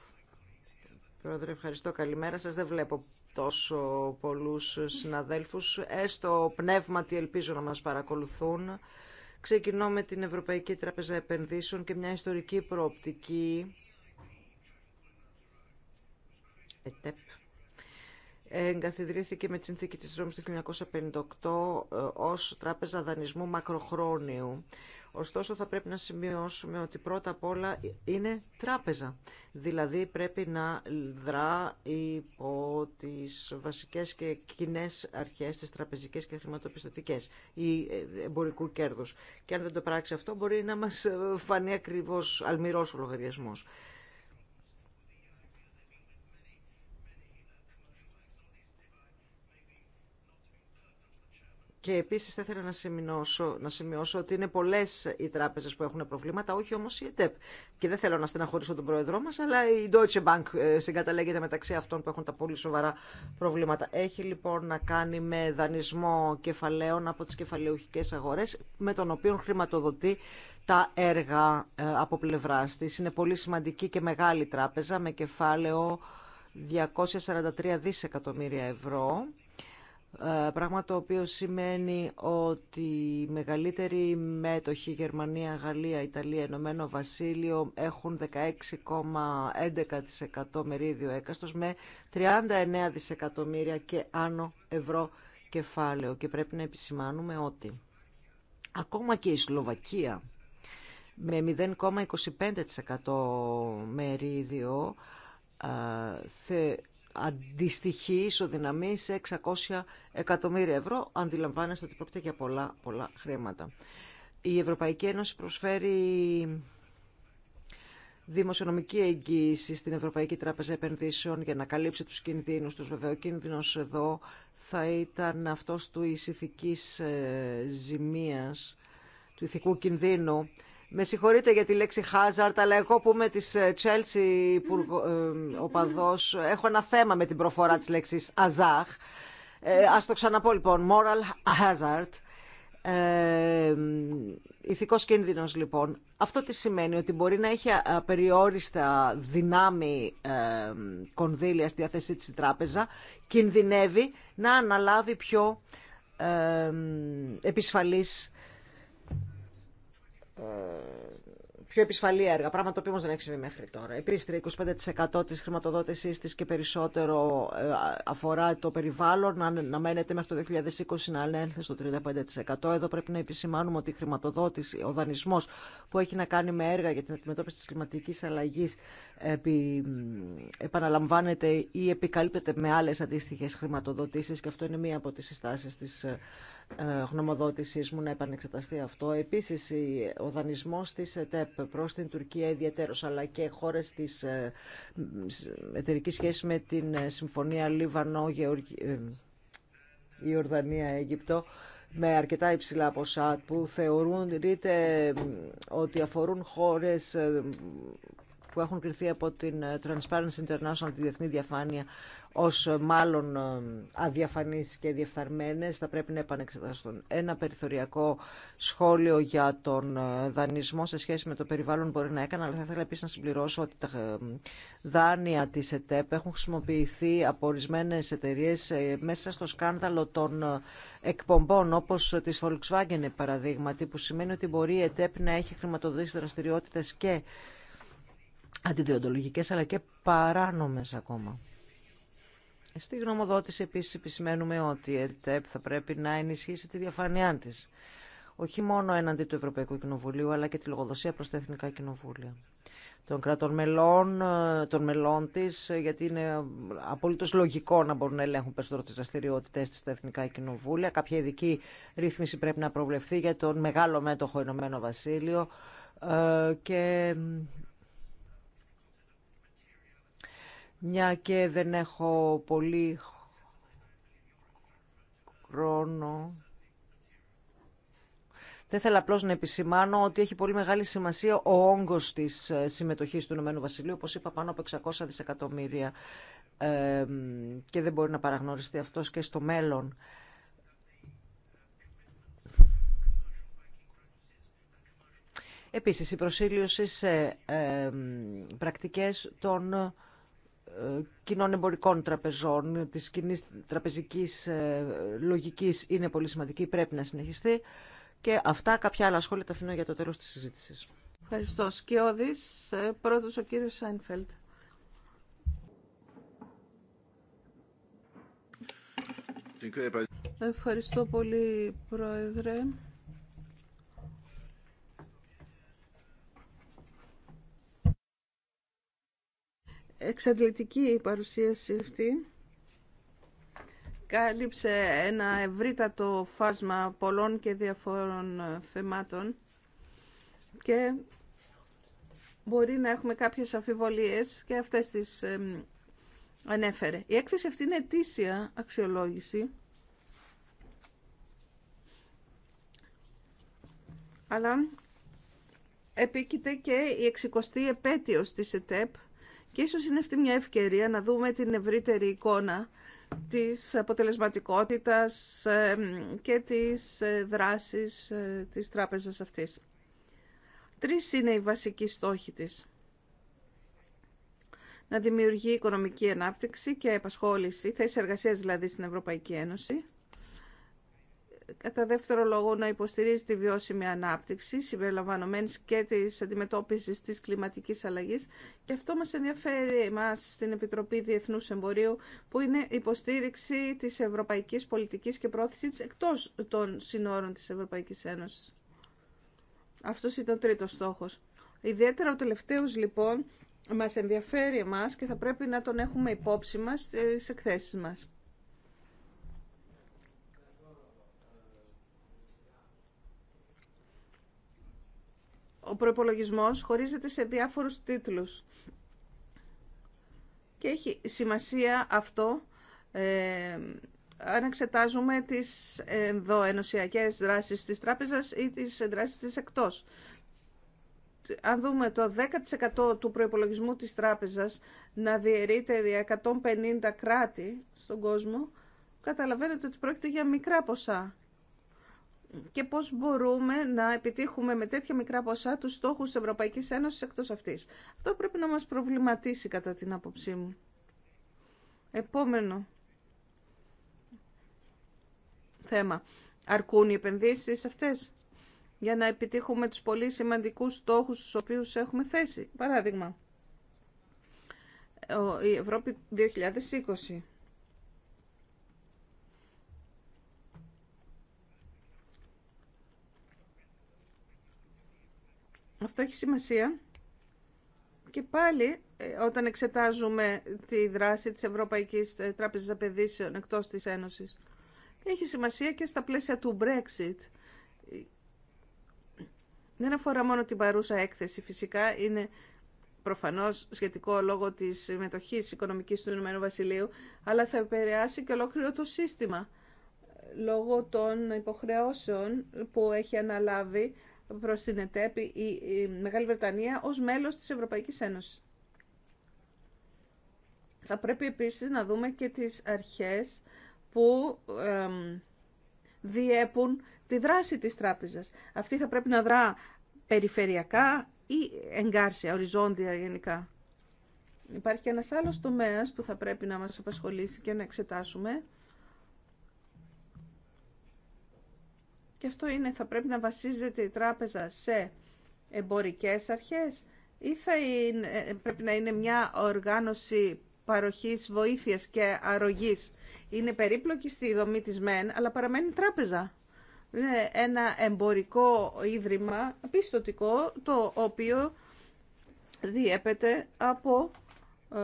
Πρόεδρε, ευχαριστώ. Καλημέρα σας. Δεν βλέπω τόσο πολλούς συναδέλφους. Έστω ε, πνεύματι ελπίζω να μας παρακολουθούν. Ξεκινώ με την Ευρωπαϊκή Τράπεζα Επενδύσεων και μια ιστορική προοπτική. ΕΤΕΠ. Εγκαθιδρύθηκε με τη συνθήκη της Ρώμης του 1958 ε, ως τράπεζα δανεισμού μακροχρόνιου Ωστόσο θα πρέπει να σημειώσουμε ότι πρώτα απ' όλα είναι τράπεζα. Δηλαδή πρέπει να δρά υπό τις βασικές και κοινέ αρχές τις τραπεζικές και χρηματοπιστωτικές ή ε, εμπορικού κέρδους. Και αν δεν το πράξει αυτό μπορεί να μας φανεί ακριβώς αλμυρός ο λογαριασμός. Και επίση θα ήθελα να σημειώσω, να σημειώσω ότι είναι πολλέ οι τράπεζε που έχουν προβλήματα, όχι όμω η ΕΤΕΠ. Και δεν θέλω να στεναχωρήσω τον πρόεδρό μα, αλλά η Deutsche Bank ε, συγκαταλέγεται μεταξύ αυτών που έχουν τα πολύ σοβαρά προβλήματα. Έχει λοιπόν να κάνει με δανεισμό κεφαλαίων από τι κεφαλαιοχικέ αγορέ, με τον οποίο χρηματοδοτεί τα έργα ε, από πλευρά τη. Είναι πολύ σημαντική και μεγάλη τράπεζα με κεφάλαιο 243 δισεκατομμύρια ευρώ ε, πράγμα το οποίο σημαίνει ότι οι μεγαλύτεροι μέτοχοι Γερμανία, Γαλλία, Ιταλία, Ενωμένο Βασίλειο έχουν 16,11% μερίδιο έκαστος με 39 δισεκατομμύρια και άνω ευρώ κεφάλαιο και πρέπει να επισημάνουμε ότι ακόμα και η Σλοβακία με 0,25% μερίδιο ε, αντιστοιχεί ισοδυναμή σε 600 εκατομμύρια ευρώ. Αντιλαμβάνεστε ότι πρόκειται για πολλά, πολλά χρήματα. Η Ευρωπαϊκή Ένωση προσφέρει δημοσιονομική εγγύηση στην Ευρωπαϊκή Τράπεζα Επενδύσεων για να καλύψει τους κινδύνους τους. Βέβαια, ο κίνδυνος εδώ θα ήταν αυτός του ηθικής ε, ζημίας, του ηθικού κινδύνου με συγχωρείτε για τη λέξη hazard, αλλά εγώ που είμαι της ε, Chelsea υπουργο, ε, οπαδός, έχω ένα θέμα με την προφορά της λέξης Αζάχ. Ε, ας το ξαναπώ λοιπόν, moral hazard. Ε, ηθικός κίνδυνος λοιπόν. Αυτό τι σημαίνει, ότι μπορεί να έχει απεριόριστα δυνάμει ε, κονδύλια στη διάθεσή της τράπεζα, κινδυνεύει να αναλάβει πιο ε, ε, πιο επισφαλή έργα, πράγμα το οποίο δεν έχει συμβεί μέχρι τώρα. Επίσης, 25% της χρηματοδότησής της και περισσότερο ε, αφορά το περιβάλλον, να αναμένεται μέχρι το 2020 να ανέλθει στο 35%. Εδώ πρέπει να επισημάνουμε ότι η χρηματοδότηση, ο δανεισμός που έχει να κάνει με έργα για την αντιμετώπιση της κλιματικής αλλαγής επι, επαναλαμβάνεται ή επικαλύπτεται με άλλες αντίστοιχες χρηματοδοτήσεις και αυτό είναι μία από τις συστάσεις της ε, ε, γνωμοδότησής μου να επανεξεταστεί αυτό. Επίσης, ο δανεισμός της ΕΤΕΠ προς την Τουρκία ιδιαίτερος, αλλά και χώρες της ε, εταιρική σχέση με την ε, Συμφωνία Λίβανο, Ιορδανία, Αίγυπτο, με αρκετά υψηλά ποσά που θεωρούν ότι αφορούν χώρες που έχουν κριθεί από την ε, Transparency International, τη Διεθνή Διαφάνεια, ως ε, μάλλον ε, αδιαφανείς και διεφθαρμένες, θα πρέπει να επανεξεταστούν. Ένα περιθωριακό σχόλιο για τον δανεισμό σε σχέση με το περιβάλλον μπορεί να έκανα, αλλά θα ήθελα επίσης να συμπληρώσω ότι τα δάνεια της ΕΤΕΠ έχουν χρησιμοποιηθεί από ορισμένε εταιρείε μέσα στο σκάνδαλο των εκπομπών, όπως της Volkswagen παραδείγματι, που σημαίνει ότι μπορεί η ΕΤΕΠ να έχει χρηματοδοτήσει δραστηριότητες και αντιδιοντολογικές αλλά και παράνομες ακόμα. Στη γνωμοδότηση επίσης επισημαίνουμε ότι η ΕΤΕΠ θα πρέπει να ενισχύσει τη διαφάνειά της. Όχι μόνο έναντι του Ευρωπαϊκού Κοινοβουλίου, αλλά και τη λογοδοσία προς τα Εθνικά Κοινοβούλια των κρατών μελών, των μελών τη, γιατί είναι απολύτω λογικό να μπορούν να ελέγχουν περισσότερο τι δραστηριότητέ της στα Εθνικά Κοινοβούλια. Κάποια ειδική ρύθμιση πρέπει να προβλεφθεί για τον μεγάλο μέτοχο Ηνωμένο Βασίλειο ε, και Μια και δεν έχω πολύ χρόνο. Θα θέλω απλώ να επισημάνω ότι έχει πολύ μεγάλη σημασία ο όγκο τη συμμετοχή του Ηνωμένου Βασιλείου, όπω είπα, πάνω από 600 δισεκατομμύρια και δεν μπορεί να παραγνωριστεί αυτό και στο μέλλον. Επίσης, η προσήλωση σε ε, πρακτικές των κοινών εμπορικών τραπεζών, της κοινή τραπεζικής ε, λογικής είναι πολύ σημαντική, πρέπει να συνεχιστεί. Και αυτά, κάποια άλλα σχόλια τα αφήνω για το τέλος της συζήτησης. Ευχαριστώ. Σκιώδης, ε, πρώτος ο κύριος Σάινφελτ. Ευχαριστώ πολύ, Πρόεδρε. εξαντλητική η παρουσίαση αυτή. Κάλυψε ένα ευρύτατο φάσμα πολλών και διαφόρων θεμάτων και μπορεί να έχουμε κάποιες αφιβολίες και αυτές τις ανέφερε. Η έκθεση αυτή είναι αιτήσια αξιολόγηση αλλά επίκειται και η 60η επέτειος της ΕΤΕΠ και ίσως είναι αυτή μια ευκαιρία να δούμε την ευρύτερη εικόνα της αποτελεσματικότητας και της ε, δράσης ε, της τράπεζας αυτής. Τρεις είναι οι βασικοί στόχοι της. Να δημιουργεί οικονομική ανάπτυξη και επασχόληση, θέση εργασίας δηλαδή στην Ευρωπαϊκή Ένωση, κατά δεύτερο λόγο να υποστηρίζει τη βιώσιμη ανάπτυξη συμπεριλαμβανομένης και της αντιμετώπισης της κλιματικής αλλαγής και αυτό μας ενδιαφέρει εμάς στην Επιτροπή Διεθνούς Εμπορίου που είναι υποστήριξη της ευρωπαϊκής πολιτικής και πρόθεση εκτός των συνόρων της Ευρωπαϊκής Ένωσης. Αυτός ήταν ο τρίτο στόχο. Ιδιαίτερα ο τελευταίος λοιπόν μα ενδιαφέρει εμά και θα πρέπει να τον έχουμε υπόψη μα στι εκθέσει μα. ο προϋπολογισμός χωρίζεται σε διάφορους τίτλους. Και έχει σημασία αυτό ε, αν εξετάζουμε τις ενδοενωσιακές δράσεις της τράπεζας ή τις δράσεις της εκτός. Αν δούμε το 10% του προϋπολογισμού της τράπεζας να διαιρείται δια 150 κράτη στον κόσμο, καταλαβαίνετε ότι πρόκειται για μικρά ποσά και πώς μπορούμε να επιτύχουμε με τέτοια μικρά ποσά τους στόχους της Ευρωπαϊκής Ένωσης εκτός αυτής. Αυτό πρέπει να μας προβληματίσει κατά την άποψή μου. Επόμενο θέμα. Αρκούν οι επενδύσεις αυτές για να επιτύχουμε τους πολύ σημαντικούς στόχους στους οποίους έχουμε θέσει. Παράδειγμα, η Ευρώπη 2020 Αυτό έχει σημασία. Και πάλι ε, όταν εξετάζουμε τη δράση της Ευρωπαϊκής ε, Τράπεζας Απαιδήσεων εκτός της Ένωσης. Έχει σημασία και στα πλαίσια του Brexit. Δεν αφορά μόνο την παρούσα έκθεση φυσικά, είναι προφανώς σχετικό λόγω της συμμετοχής οικονομικής του Ηνωμένου Βασιλείου, αλλά θα επηρεάσει και ολόκληρο το σύστημα ε, λόγω των υποχρεώσεων που έχει αναλάβει προς την ΕΤΕΠΗ, η Μεγάλη Βρετανία ως μέλος της Ευρωπαϊκής Ένωσης. Θα πρέπει επίσης να δούμε και τις αρχές που διέπουν τη δράση της τράπεζας. Αυτή θα πρέπει να δρά περιφερειακά ή εγκάρσια, οριζόντια γενικά. Υπάρχει και ένας άλλος τομέας που θα πρέπει να μας απασχολήσει και να εξετάσουμε Και αυτό είναι, θα πρέπει να βασίζεται η τράπεζα σε εμπορικές αρχές ή θα ε, ε, πρέπει να είναι μια οργάνωση παροχής βοήθειας και αρρωγής. Είναι περίπλοκη στη δομή της ΜΕΝ, αλλά παραμένει τράπεζα. Είναι ένα εμπορικό ίδρυμα πιστοτικό, το οποίο διέπεται από ε,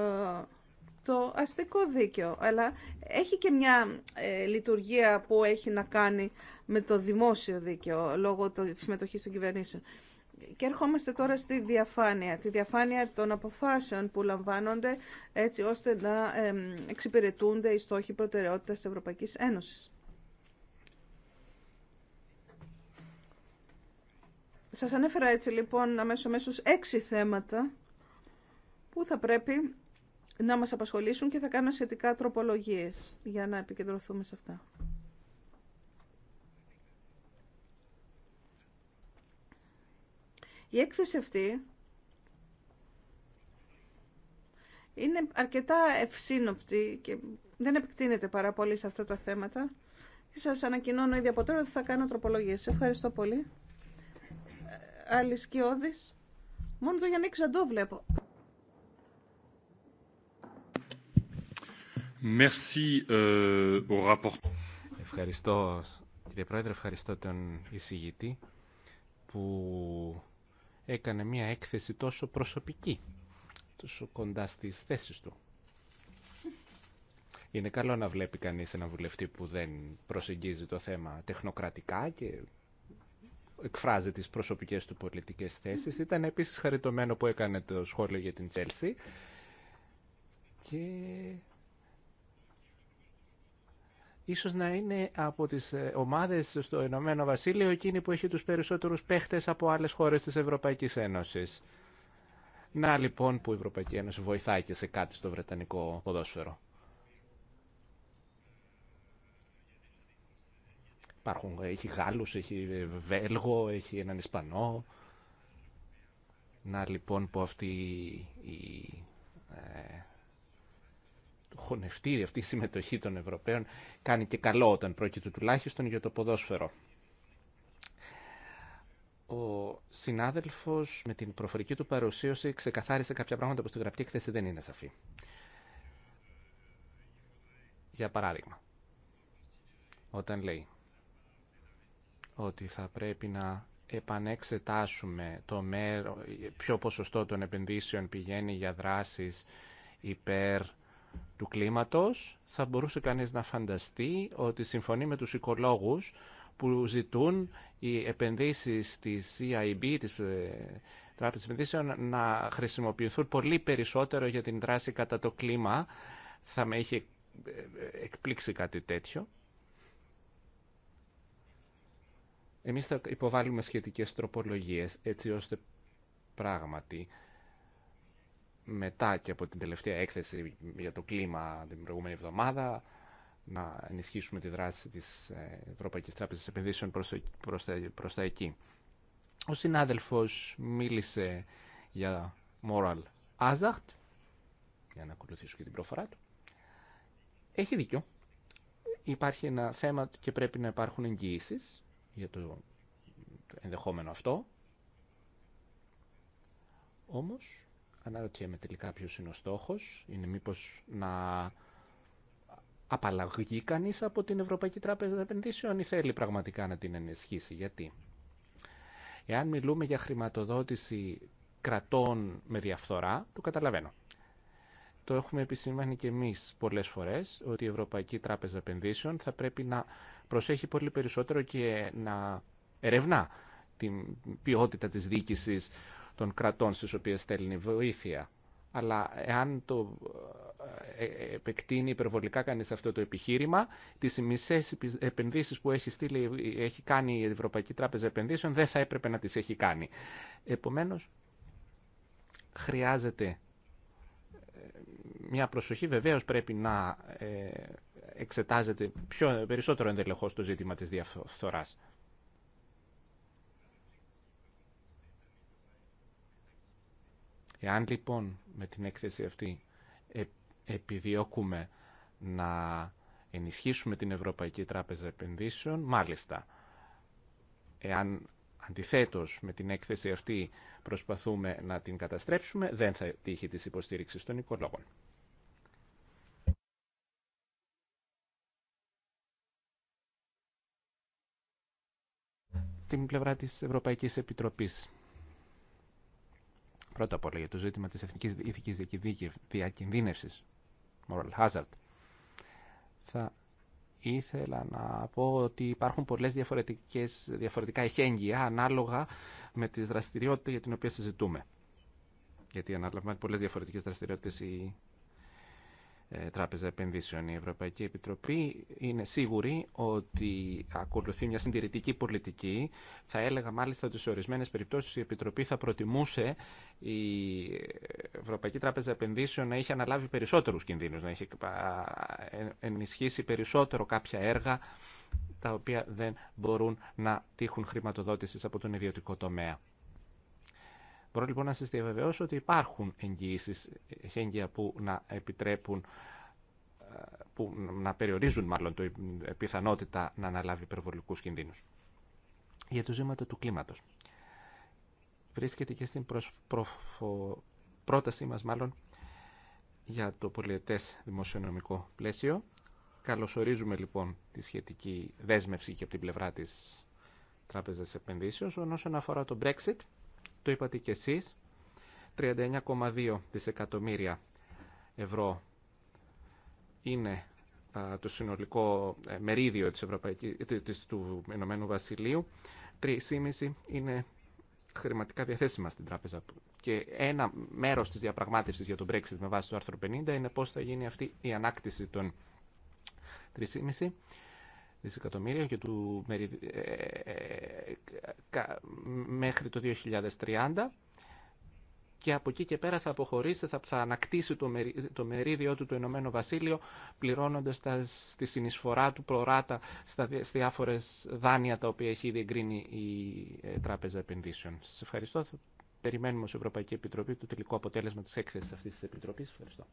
το αστικό δίκαιο, αλλά έχει και μια ε, λειτουργία που έχει να κάνει με το δημόσιο δίκαιο λόγω το, της συμμετοχής των κυβερνήσεων. Και ερχόμαστε τώρα στη διαφάνεια, τη διαφάνεια των αποφάσεων που λαμβάνονται έτσι ώστε να εξυπηρετούνται οι στόχοι προτεραιότητας της Ευρωπαϊκής Ένωσης. Σας ανέφερα έτσι λοιπόν αμέσω μέσω έξι θέματα που θα πρέπει να μας απασχολήσουν και θα κάνω σχετικά τροπολογίες για να επικεντρωθούμε σε αυτά. Η έκθεση αυτή είναι αρκετά ευσύνοπτη και δεν επεκτείνεται πάρα πολύ σε αυτά τα θέματα. Και σας ανακοινώνω ήδη από τώρα ότι θα κάνω τροπολογίες. Ευχαριστώ πολύ. Ε, Άλλη σκιώδης. Μόνο το Γιάννη Ξαντό βλέπω. Euh, ευχαριστώ, κύριε Πρόεδρε, ευχαριστώ τον εισηγητή που έκανε μια έκθεση τόσο προσωπική, τόσο κοντά στις θέσεις του. Είναι καλό να βλέπει κανείς έναν βουλευτή που δεν προσεγγίζει το θέμα τεχνοκρατικά και εκφράζει τις προσωπικές του πολιτικές θέσεις. Ήταν επίσης χαριτωμένο που έκανε το σχόλιο για την Τσέλση. και ίσως να είναι από τις ε, ομάδες στο Ηνωμένο Βασίλειο εκείνη που έχει τους περισσότερους παίχτες από άλλες χώρες της Ευρωπαϊκής Ένωσης. Να λοιπόν που η Ευρωπαϊκή Ένωση βοηθάει και σε κάτι στο Βρετανικό ποδόσφαιρο. Υπάρχουν, έχει Γάλλους, έχει ε, Βέλγο, έχει έναν Ισπανό. Να λοιπόν που αυτή η ε, χωνευτήρι, αυτή η συμμετοχή των Ευρωπαίων κάνει και καλό όταν πρόκειται τουλάχιστον για το ποδόσφαιρο. Ο συνάδελφος με την προφορική του παρουσίωση ξεκαθάρισε κάποια πράγματα που στην γραπτή εκθέση δεν είναι σαφή. Για παράδειγμα, όταν λέει ότι θα πρέπει να επανεξετάσουμε το μέρο, ποιο ποσοστό των επενδύσεων πηγαίνει για δράσεις υπέρ του κλίματος, θα μπορούσε κανείς να φανταστεί ότι συμφωνεί με τους οικολόγους που ζητούν οι επενδύσεις της EIB, της ε, Τράπεζας Επενδύσεων, να χρησιμοποιηθούν πολύ περισσότερο για την δράση κατά το κλίμα. Θα με είχε ε, εκπλήξει κάτι τέτοιο. Εμείς θα υποβάλουμε σχετικές τροπολογίες, έτσι ώστε πράγματι μετά και από την τελευταία έκθεση για το κλίμα την προηγούμενη εβδομάδα να ενισχύσουμε τη δράση της ε, Ευρωπαϊκής Τράπεζας Επενδύσεων προς, τα εκεί. Ο συνάδελφος μίλησε για moral hazard, για να ακολουθήσω και την προφορά του. Έχει δίκιο. Υπάρχει ένα θέμα και πρέπει να υπάρχουν εγγυήσει για το ενδεχόμενο αυτό. Όμως, Αναρωτιέμαι τελικά ποιος είναι ο στόχος. Είναι μήπως να απαλλαγεί κανείς από την Ευρωπαϊκή Τράπεζα Επενδύσεων ή θέλει πραγματικά να την ενισχύσει. Γιατί. Εάν μιλούμε για χρηματοδότηση κρατών με διαφθορά, το καταλαβαίνω. Το έχουμε επισημάνει και εμείς πολλές φορές ότι η Ευρωπαϊκή Τράπεζα Επενδύσεων θα πρέπει να προσέχει πολύ περισσότερο και να ερευνά την ποιότητα της διοίκησης των κρατών στις οποίες στέλνει βοήθεια. Αλλά εάν το ε, ε, επεκτείνει υπερβολικά κανείς αυτό το επιχείρημα, τις μισές επενδύσεις που έχει, στείλει, έχει κάνει η Ευρωπαϊκή Τράπεζα Επενδύσεων δεν θα έπρεπε να τις έχει κάνει. Επομένως, χρειάζεται ε, μια προσοχή. Βεβαίως πρέπει να εξετάζεται πιο, περισσότερο ενδελεχώς το ζήτημα της διαφθοράς. Εάν λοιπόν με την έκθεση αυτή ε, επιδιώκουμε να ενισχύσουμε την Ευρωπαϊκή Τράπεζα Επενδύσεων, μάλιστα. Εάν αντιθέτως με την έκθεση αυτή προσπαθούμε να την καταστρέψουμε, δεν θα τύχει της υποστήριξης των οικολόγων. Την πλευρά της Ευρωπαϊκής Επιτροπής Πρώτα απ' όλα για το ζήτημα της εθνικής ηθικής διακινδύνευσης, moral hazard. Θα ήθελα να πω ότι υπάρχουν πολλές διαφορετικές, διαφορετικά εχέγγυα ανάλογα με τη δραστηριότητα για την οποία συζητούμε. Γιατί αναλαμβάνει πολλές διαφορετικές δραστηριότητες η ε, Τράπεζα Επενδύσεων. Η Ευρωπαϊκή Επιτροπή είναι σίγουρη ότι ακολουθεί μια συντηρητική πολιτική. Θα έλεγα μάλιστα ότι σε ορισμένε περιπτώσει η Επιτροπή θα προτιμούσε η Ευρωπαϊκή Τράπεζα Επενδύσεων να είχε αναλάβει περισσότερου κινδύνου, να είχε ε, ενισχύσει περισσότερο κάποια έργα τα οποία δεν μπορούν να τύχουν χρηματοδότησης από τον ιδιωτικό τομέα. Μπορώ λοιπόν να σας διαβεβαιώσω ότι υπάρχουν εγγυήσεις χέγγια που να επιτρέπουν ε, να περιορίζουν μάλλον το ε, πιθανότητα να αναλάβει υπερβολικούς κινδύνους. Για το ζήματα του κλίματος. Βρίσκεται και στην πρότασή μας μάλλον για το πολιετές δημοσιονομικό πλαίσιο. Καλωσορίζουμε λοιπόν τη σχετική δέσμευση και από την πλευρά της Τράπεζας Επενδύσεως. Όσον αφορά το Brexit, το είπατε και εσείς, 39,2 δισεκατομμύρια ευρώ είναι το συνολικό ε, μερίδιο της Ευρωπαϊκής, ε, της, του Ηνωμένου Βασιλείου. 3,5 είναι χρηματικά διαθέσιμα στην τράπεζα. Και ένα μέρος της διαπραγμάτευσης για τον Brexit με βάση το άρθρο 50 είναι πώς θα γίνει αυτή η ανάκτηση των 3,5 δισεκατομμύρια και του, ε, ε, μέχρι το 2030 και από εκεί και πέρα θα αποχωρήσει, θα, θα ανακτήσει το, το μερίδιο του το Ηνωμένο Βασίλειο πληρώνοντας τα, στη συνεισφορά του προράτα στα, διάφορες δάνεια τα οποία έχει ήδη εγκρίνει η ε, Τράπεζα Επενδύσεων. Σας ευχαριστώ. περιμένουμε ως Ευρωπαϊκή Επιτροπή το τελικό αποτέλεσμα της έκθεσης αυτής της Επιτροπής. Ευχαριστώ.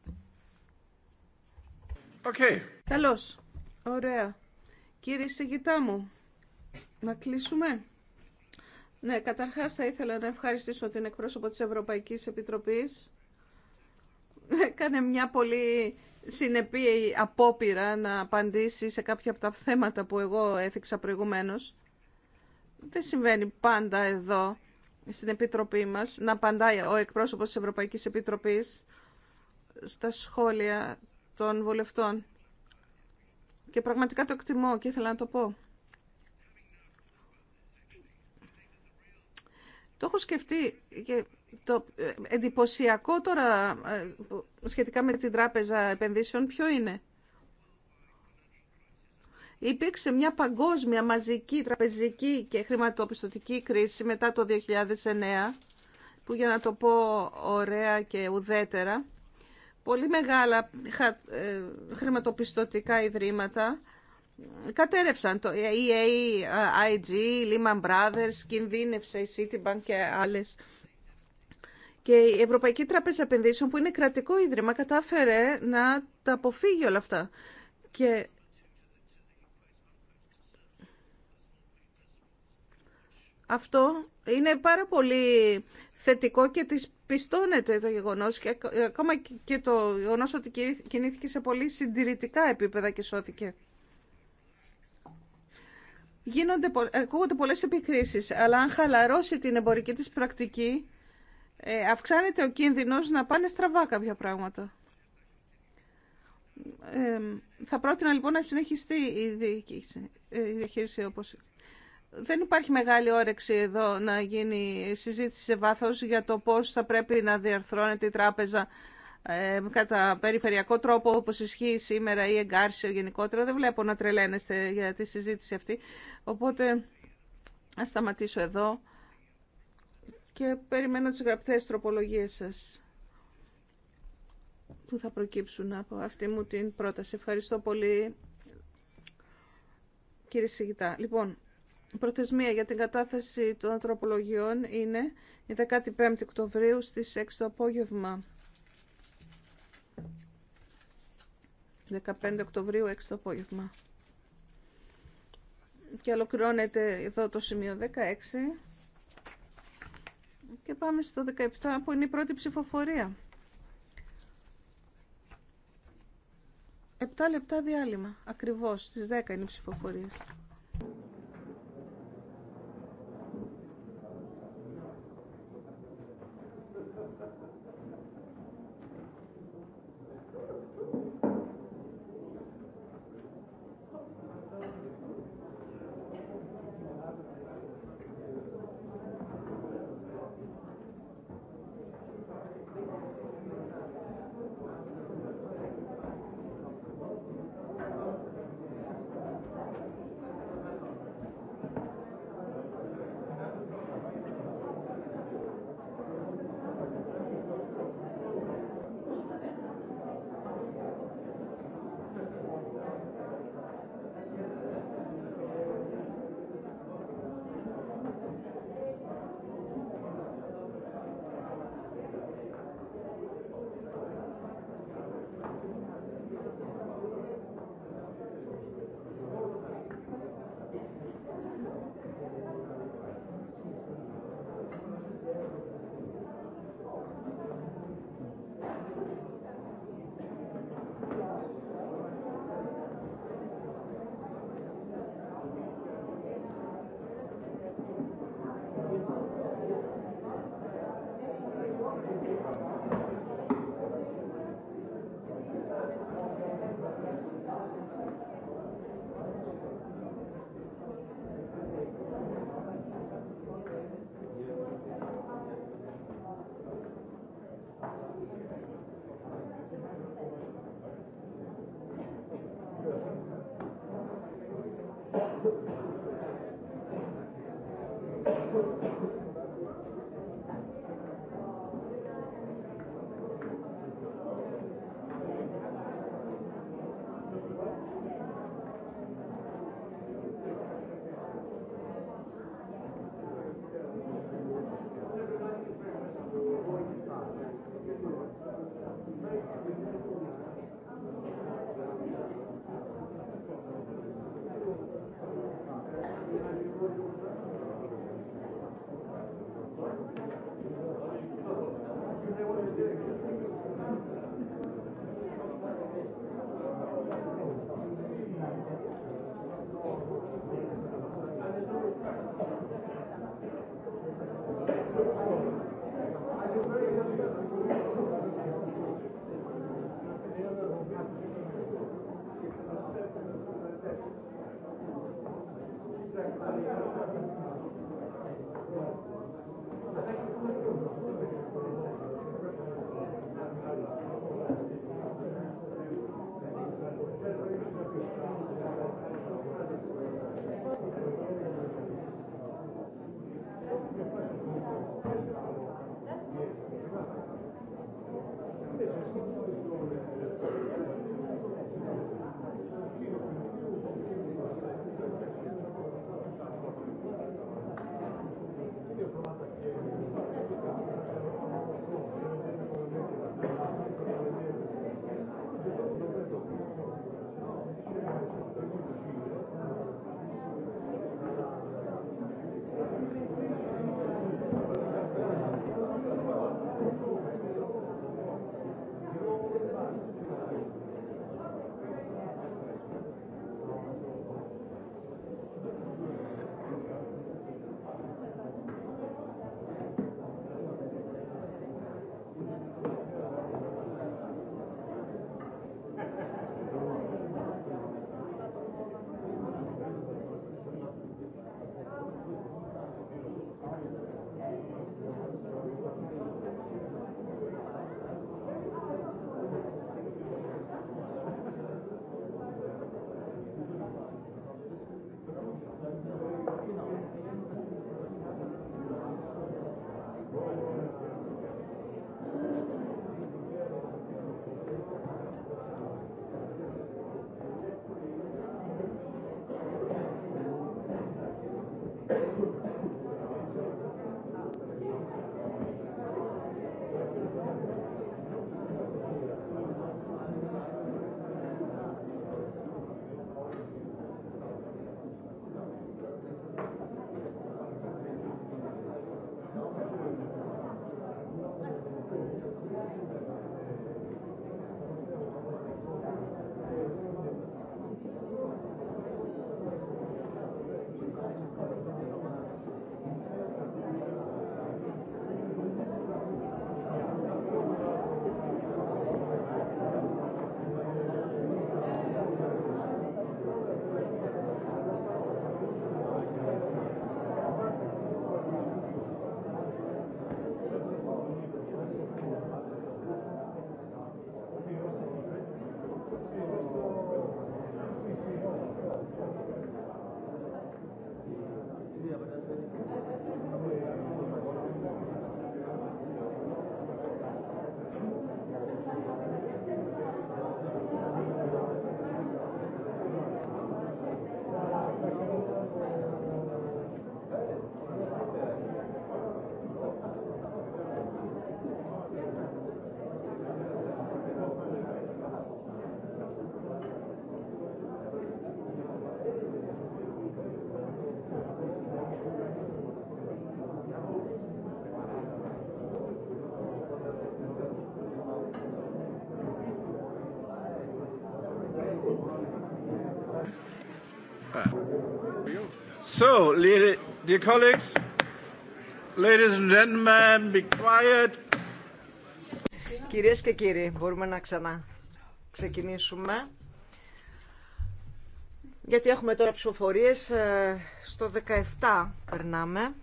Okay. Καλώς. Ωραία. Κύριε Σιγητά μου, να κλείσουμε. Ναι, καταρχάς θα ήθελα να ευχαριστήσω την εκπρόσωπο της Ευρωπαϊκής Επιτροπής. Έκανε μια πολύ συνεπή απόπειρα να απαντήσει σε κάποια από τα θέματα που εγώ έθιξα προηγουμένως. Δεν συμβαίνει πάντα εδώ στην Επιτροπή μας να απαντάει ο εκπρόσωπος της Ευρωπαϊκής Επιτροπής στα σχόλια των βουλευτών. Και πραγματικά το εκτιμώ και ήθελα να το πω. Το έχω σκεφτεί και το ε, εντυπωσιακό τώρα ε, σχετικά με την Τράπεζα Επενδύσεων ποιο είναι. Υπήρξε μια παγκόσμια μαζική τραπεζική και χρηματοπιστωτική κρίση μετά το 2009 που για να το πω ωραία και ουδέτερα πολύ μεγάλα ε, χρηματοπιστωτικά ιδρύματα κατέρευσαν το EA, IG, Lehman Brothers, κινδύνευσε η Citibank και άλλες. Και η Ευρωπαϊκή Τράπεζα Επενδύσεων που είναι κρατικό ίδρυμα κατάφερε να τα αποφύγει όλα αυτά. Και Αυτό είναι πάρα πολύ θετικό και τις πιστώνεται το γεγονός και ακόμα και το γεγονός ότι κινήθηκε σε πολύ συντηρητικά επίπεδα και σώθηκε. Γίνονται, ακούγονται πολλές επικρίσεις, αλλά αν χαλαρώσει την εμπορική της πρακτική, ε, αυξάνεται ο κίνδυνος να πάνε στραβά κάποια πράγματα. Ε, θα πρότεινα λοιπόν να συνεχιστεί η διαχείριση όπως δεν υπάρχει μεγάλη όρεξη εδώ να γίνει συζήτηση σε βάθος για το πώς θα πρέπει να διαρθρώνεται η τράπεζα ε, κατά περιφερειακό τρόπο όπως ισχύει σήμερα ή εγκάρσιο γενικότερα. Δεν βλέπω να τρελαίνεστε για τη συζήτηση αυτή. Οπότε ας σταματήσω εδώ και περιμένω τις γραπτές τροπολογίες σας που θα προκύψουν από αυτή μου την πρόταση. Ευχαριστώ πολύ κύριε Σιγητά. Λοιπόν, η προθεσμία για την κατάθεση των ανθρωπολογιών είναι η 15 Οκτωβρίου στις 6 το απόγευμα. 15 Οκτωβρίου 6 το απόγευμα. Και ολοκληρώνεται εδώ το σημείο 16. Και πάμε στο 17 που είναι η πρώτη ψηφοφορία. 7 λεπτά διάλειμμα. Ακριβώς στις 10 είναι οι ψηφοφορίες. So, dear colleagues, ladies and gentlemen, be quiet. Κυρίες και κύριοι, μπορούμε να ξανά ξεκινήσουμε. Γιατί έχουμε τώρα ψηφοφορίες ε, στο 17 περνάμε.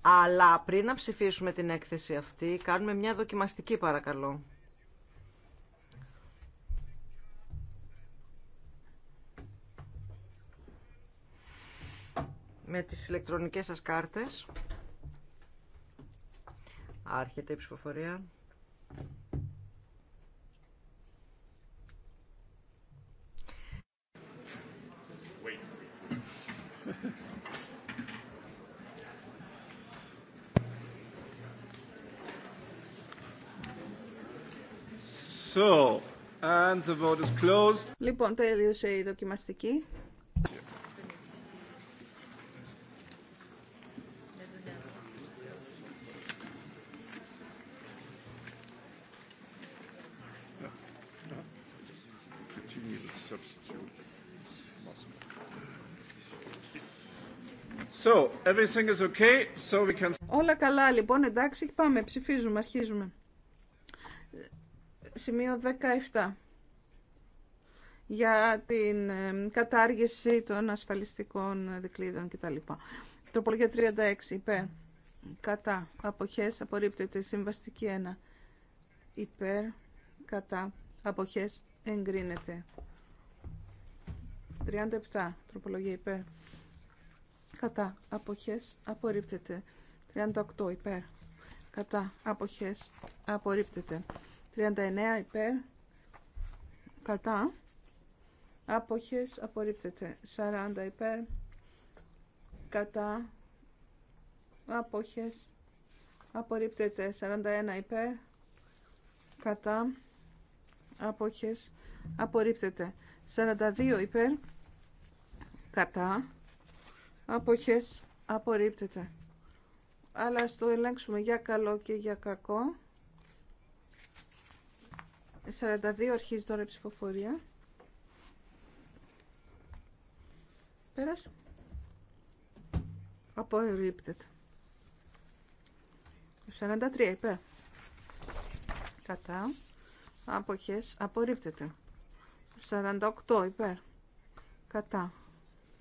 Αλλά πριν να ψηφίσουμε την έκθεση αυτή, κάνουμε μια δοκιμαστική παρακαλώ. με τις ηλεκτρονικές σας κάρτες. Άρχεται η ψηφοφορία. So, and the vote is closed. Λοιπόν, τέλειωσε η δοκιμαστική. okay, so can... Όλα καλά λοιπόν, εντάξει, πάμε, ψηφίζουμε, αρχίζουμε. Σημείο 17 για την κατάργηση των ασφαλιστικών δικλείδων κτλ. Τροπολογία 36 υπέρ. Κατά. Αποχές απορρίπτεται. Συμβαστική 1. Υπέρ. Κατά. Αποχές εγκρίνεται. 37. Τροπολογία υπέρ κατά αποχές απορρίπτεται 38 υπέρ κατά αποχές απορρίπτεται 39 υπέρ κατά αποχές απορρίπτεται 40 υπέρ κατά αποχές απορρίπτεται 41 υπέρ κατά αποχές απορρίπτεται 42 υπέρ κατά αποχές απορρίπτεται. Αλλά ας το ελέγξουμε για καλό και για κακό. 42 αρχίζει τώρα η ψηφοφορία. Πέρασε. Απορρίπτεται. 43 υπέρ. Κατά. Αποχές. Απορρίπτεται. 48 υπέρ. Κατά.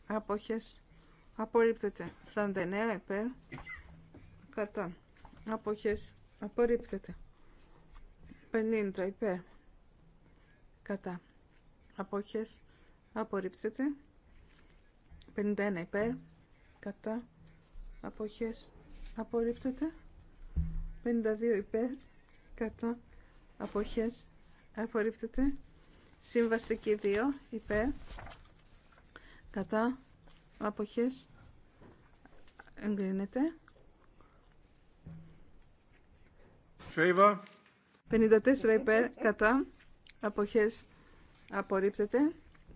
Αποχές. Απορρίπτεται. 49 υπέρ. Κατά. Αποχές. Απορρίπτεται. 50 υπέρ. Κατά. Αποχές. Απορρίπτεται. 51 υπέρ. Κατά. Αποχές. Απορρίπτεται. 52 υπέρ. Κατά. Αποχές. Απορρίπτεται. Συμβαστική 2 υπέρ. Κατά αποχές εγκρίνεται. 54 υπέρ κατά αποχές απορρίπτεται.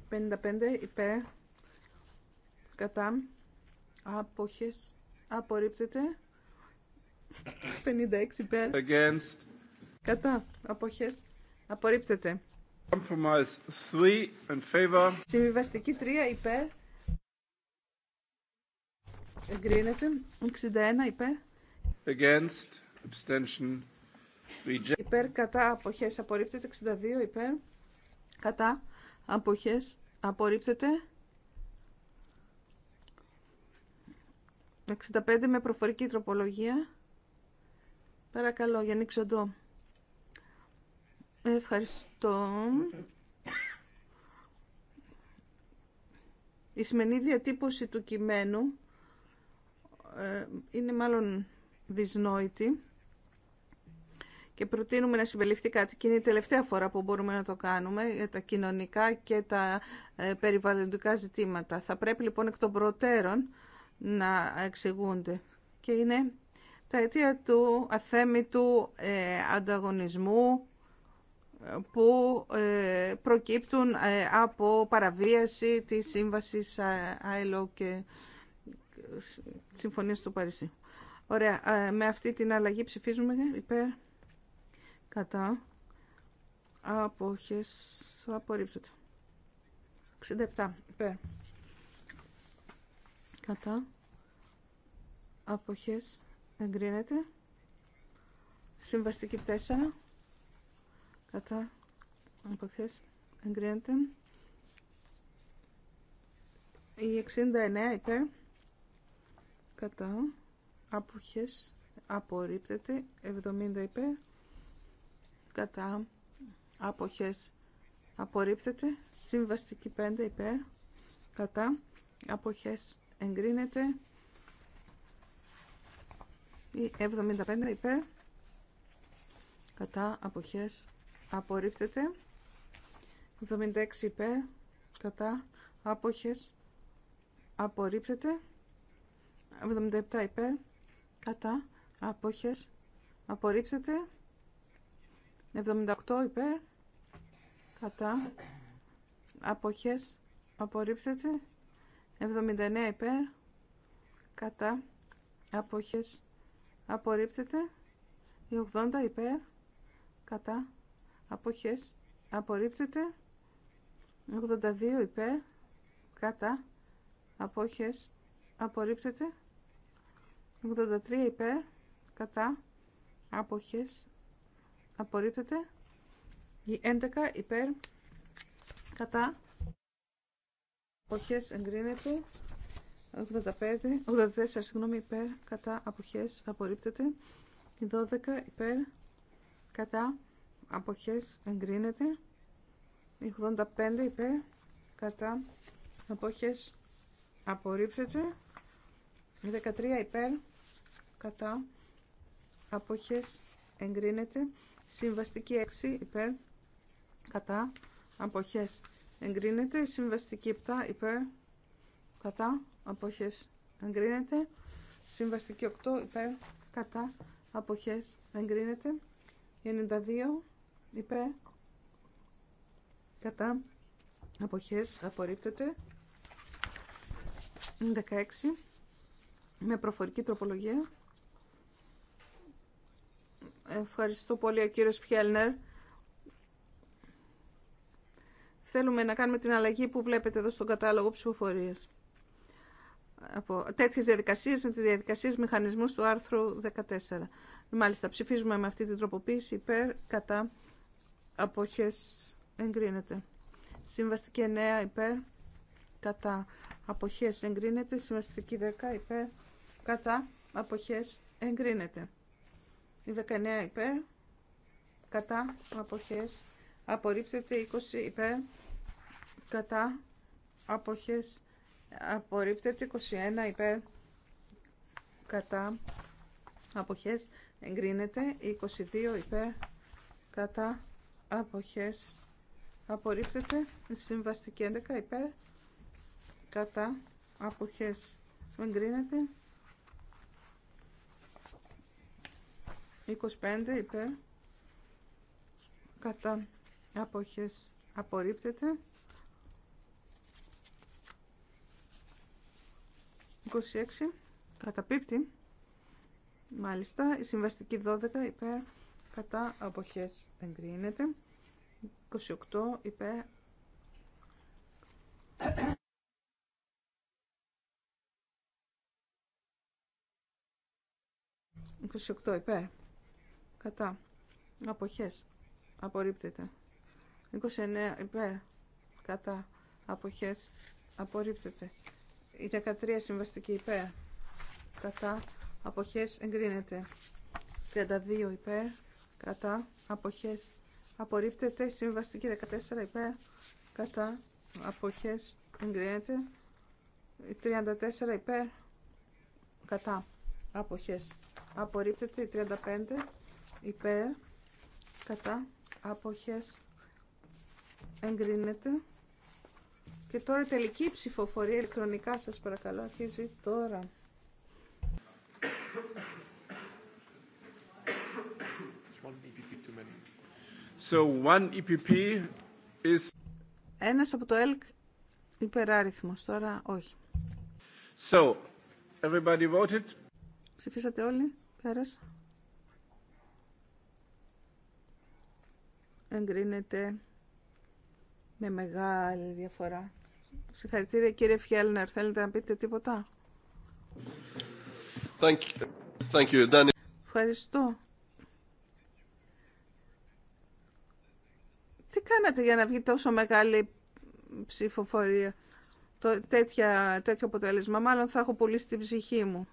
55 υπέρ κατά αποχές απορρίπτεται. 56 υπέρ Against. κατά αποχές απορρίπτεται. Compromise 3 in Συμβιβαστική 3 υπέρ Εγκρίνεται. 61 υπέρ. Against. Abstention. Reject. Υπέρ κατά αποχές απορρίπτεται. 62 υπέρ. Κατά αποχές απορρίπτεται. 65 με προφορική τροπολογία. Παρακαλώ, Γιάννη Ξοντό. Ευχαριστώ. Η σημερινή διατύπωση του κειμένου ε, είναι μάλλον δυσνόητη και προτείνουμε να συμπεριληφθεί κάτι και είναι η τελευταία φορά που μπορούμε να το κάνουμε για τα κοινωνικά και τα ε, περιβαλλοντικά ζητήματα. Θα πρέπει λοιπόν εκ των προτέρων να εξηγούνται και είναι τα αιτία του αθέμητου ε, ανταγωνισμού που προκύπτουν από παραβίαση της σύμβασης ΑΕΛΟ και συμφωνία του Παρισίου. Ωραία. Με αυτή την αλλαγή ψηφίζουμε υπέρ κατά αποχές απορρίπτωτο. 67 υπέρ κατά αποχές εγκρίνεται. Συμβαστική 4 κατά αποχές εγκρίνεται. Η 69 υπέρ κατά άποχες απορρίπτεται 70 υπέρ κατά άποχες απορρίπτεται συμβαστική 5 υπέρ κατά αποχές εγκρίνεται 75 υπέρ κατά αποχές απορρίπτεται 76 υπέρ κατά άποχες απορρίπτεται 77 υπέρ κατά απόχες απορρίπτεται 78 υπέρ κατά απόχες απορρίπτεται 79 υπέρ κατά απόχες απορρίπτεται 80 υπέρ κατά απόχες απορρίπτεται 82 υπέρ κατά απόχες απορρίψετε. 83 υπέρ, κατά, άποχες, απορρίπτεται. 11 υπέρ, κατά, αποχές εγκρίνεται. 85, 84 συγγνώμη υπέρ, κατά, αποχές απορρίπτεται. 12 υπέρ, κατά, αποχές εγκρίνεται. 85 υπέρ, κατά, αποχές απορρίπτεται. 13 υπέρ, κατά αποχές εγκρίνεται συμβαστική 6 υπέρ κατά αποχές εγκρίνεται συμβαστική 7 υπέρ κατά αποχές εγκρίνεται συμβαστική 8 υπέρ κατά αποχές εγκρίνεται 92 υπέρ κατά αποχές απορρίπτεται 16 με προφορική τροπολογία Ευχαριστώ πολύ ο κύριος Φιέλνερ. Θέλουμε να κάνουμε την αλλαγή που βλέπετε εδώ στον κατάλογο ψηφοφορίας. Από τέτοιες διαδικασίες με τις διαδικασίες μηχανισμούς του άρθρου 14. Μάλιστα ψηφίζουμε με αυτή την τροποποίηση υπέρ κατά αποχές εγκρίνεται. Συμβαστική 9 υπέρ κατά αποχές εγκρίνεται. Συμβαστική 10 υπέρ κατά αποχές εγκρίνεται. Η 19 υπέρ. Κατά αποχές απορρίπτεται 20 υπέρ. Κατά αποχές απορρίπτεται 21 υπέρ. Κατά αποχές εγκρίνεται 22 υπέρ. Κατά αποχές απορρίπτεται συμβαστική 11 υπέρ. Κατά αποχές εγκρίνεται 25 υπέρ κατά αποχές απορρίπτεται 26 καταπίπτει μάλιστα η συμβαστική 12 υπέρ κατά αποχές εγκρίνεται 28 υπέρ υπέρ κατά αποχές απορρίπτεται 29 υπέρ κατά αποχές απορρίπτεται η 13 συμβαστική υπέρ κατά αποχές εγκρίνεται 32 υπέρ κατά αποχές απορρίπτεται συμβαστική 14 υπέρ κατά αποχές εγκρίνεται 34 υπέρ κατά αποχές απορρίπτεται 35 υπέρ κατά άποχες εγκρίνεται και τώρα τελική ψηφοφορία ηλεκτρονικά σας παρακαλώ αρχίζει τώρα so one EPP is... Ένας από το ΕΛΚ υπεράριθμος, τώρα όχι. So, everybody voted. Ψηφίσατε όλοι, πέρασε. εγκρίνεται με μεγάλη διαφορά. Συγχαρητήρια κύριε Φιέλνερ. Θέλετε να πείτε τίποτα. Ευχαριστώ. Τι κάνατε για να βγει τόσο μεγάλη ψηφοφορία, τέτοια, τέτοιο αποτέλεσμα. Μάλλον θα έχω πολύ την ψυχή μου.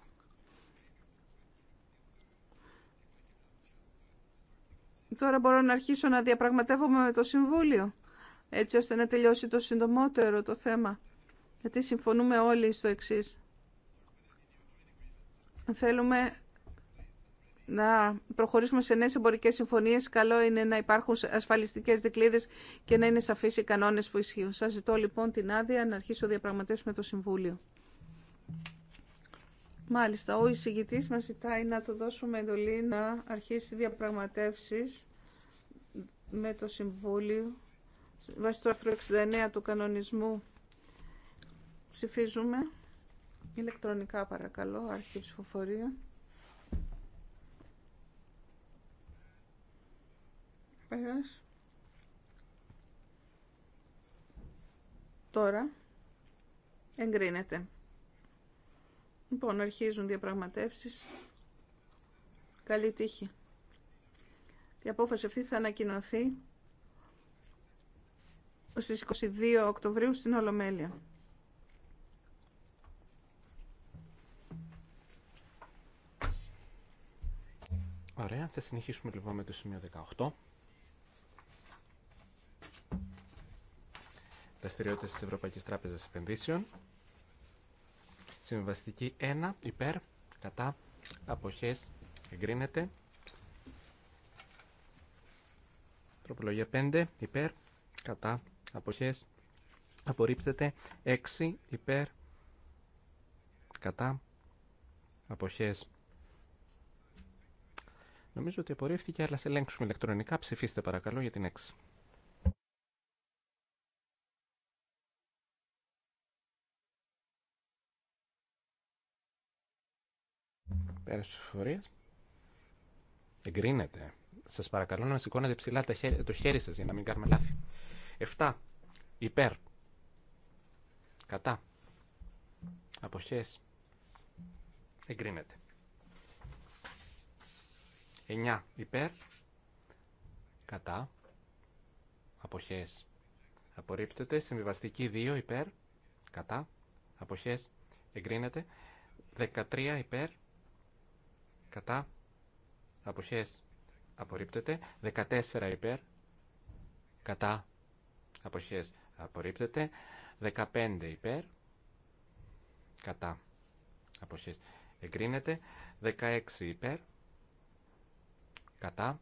τώρα μπορώ να αρχίσω να διαπραγματεύομαι με το Συμβούλιο, έτσι ώστε να τελειώσει το συντομότερο το θέμα. Γιατί συμφωνούμε όλοι στο εξή. Θέλουμε να προχωρήσουμε σε νέες εμπορικέ συμφωνίες. Καλό είναι να υπάρχουν ασφαλιστικές δικλείδες και να είναι σαφείς οι κανόνες που ισχύουν. Σας ζητώ λοιπόν την άδεια να αρχίσω διαπραγματεύσει με το Συμβούλιο. Μάλιστα, ο εισηγητής μας ζητάει να του δώσουμε εντολή να αρχίσει διαπραγματεύσεις με το Συμβούλιο βάσει του άρθρου 69 του κανονισμού ψηφίζουμε ηλεκτρονικά παρακαλώ αρχή ψηφοφορία τώρα εγκρίνεται λοιπόν αρχίζουν διαπραγματεύσεις καλή τύχη η απόφαση αυτή θα ανακοινωθεί στις 22 Οκτωβρίου στην Ολομέλεια. Ωραία, θα συνεχίσουμε λοιπόν με το σημείο 18. Δραστηριότητε τη Ευρωπαϊκή Τράπεζα Επενδύσεων. Συμβαστική 1 υπέρ κατά αποχές εγκρίνεται. Τροπολογία 5 υπέρ κατά αποχές απορρίπτεται 6 υπέρ κατά αποχές Νομίζω ότι απορρίφθηκε, αλλά σε ελέγξουμε ηλεκτρονικά. Ψηφίστε παρακαλώ για την 6. Πέρας ψηφοφορίας. Εγκρίνεται. Σα παρακαλώ να σηκώνετε ψηλά το χέρι σας για να μην κάνουμε λάθη. 7. Υπέρ. Κατά. Αποχές. Εγκρίνεται. 9. Υπέρ. Κατά. Αποχές. Απορρίπτεται. Συμβιβαστική 2. Υπέρ. Κατά. Αποχές. Εγκρίνεται. 13. Υπέρ. Κατά. Αποχές απορρίπτεται. 14 υπέρ, κατά, αποχές, απορρίπτεται. 15 υπέρ, κατά, αποχές, εγκρίνεται. 16 υπέρ, κατά,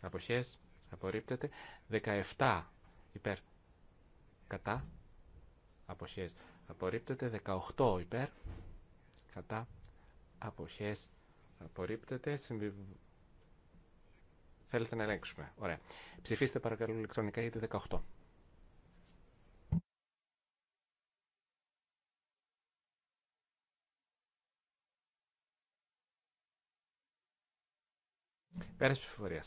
αποχές, απορρίπτεται. 17 υπέρ, κατά, αποχές, απορρίπτεται. 18 υπέρ, κατά, αποχές, απορρίπτεται. Συμβιβ... Θέλετε να ελέγξουμε. Ωραία. Ψηφίστε παρακαλώ ηλεκτρονικά για τη 18. Πέρας ψηφοφορία.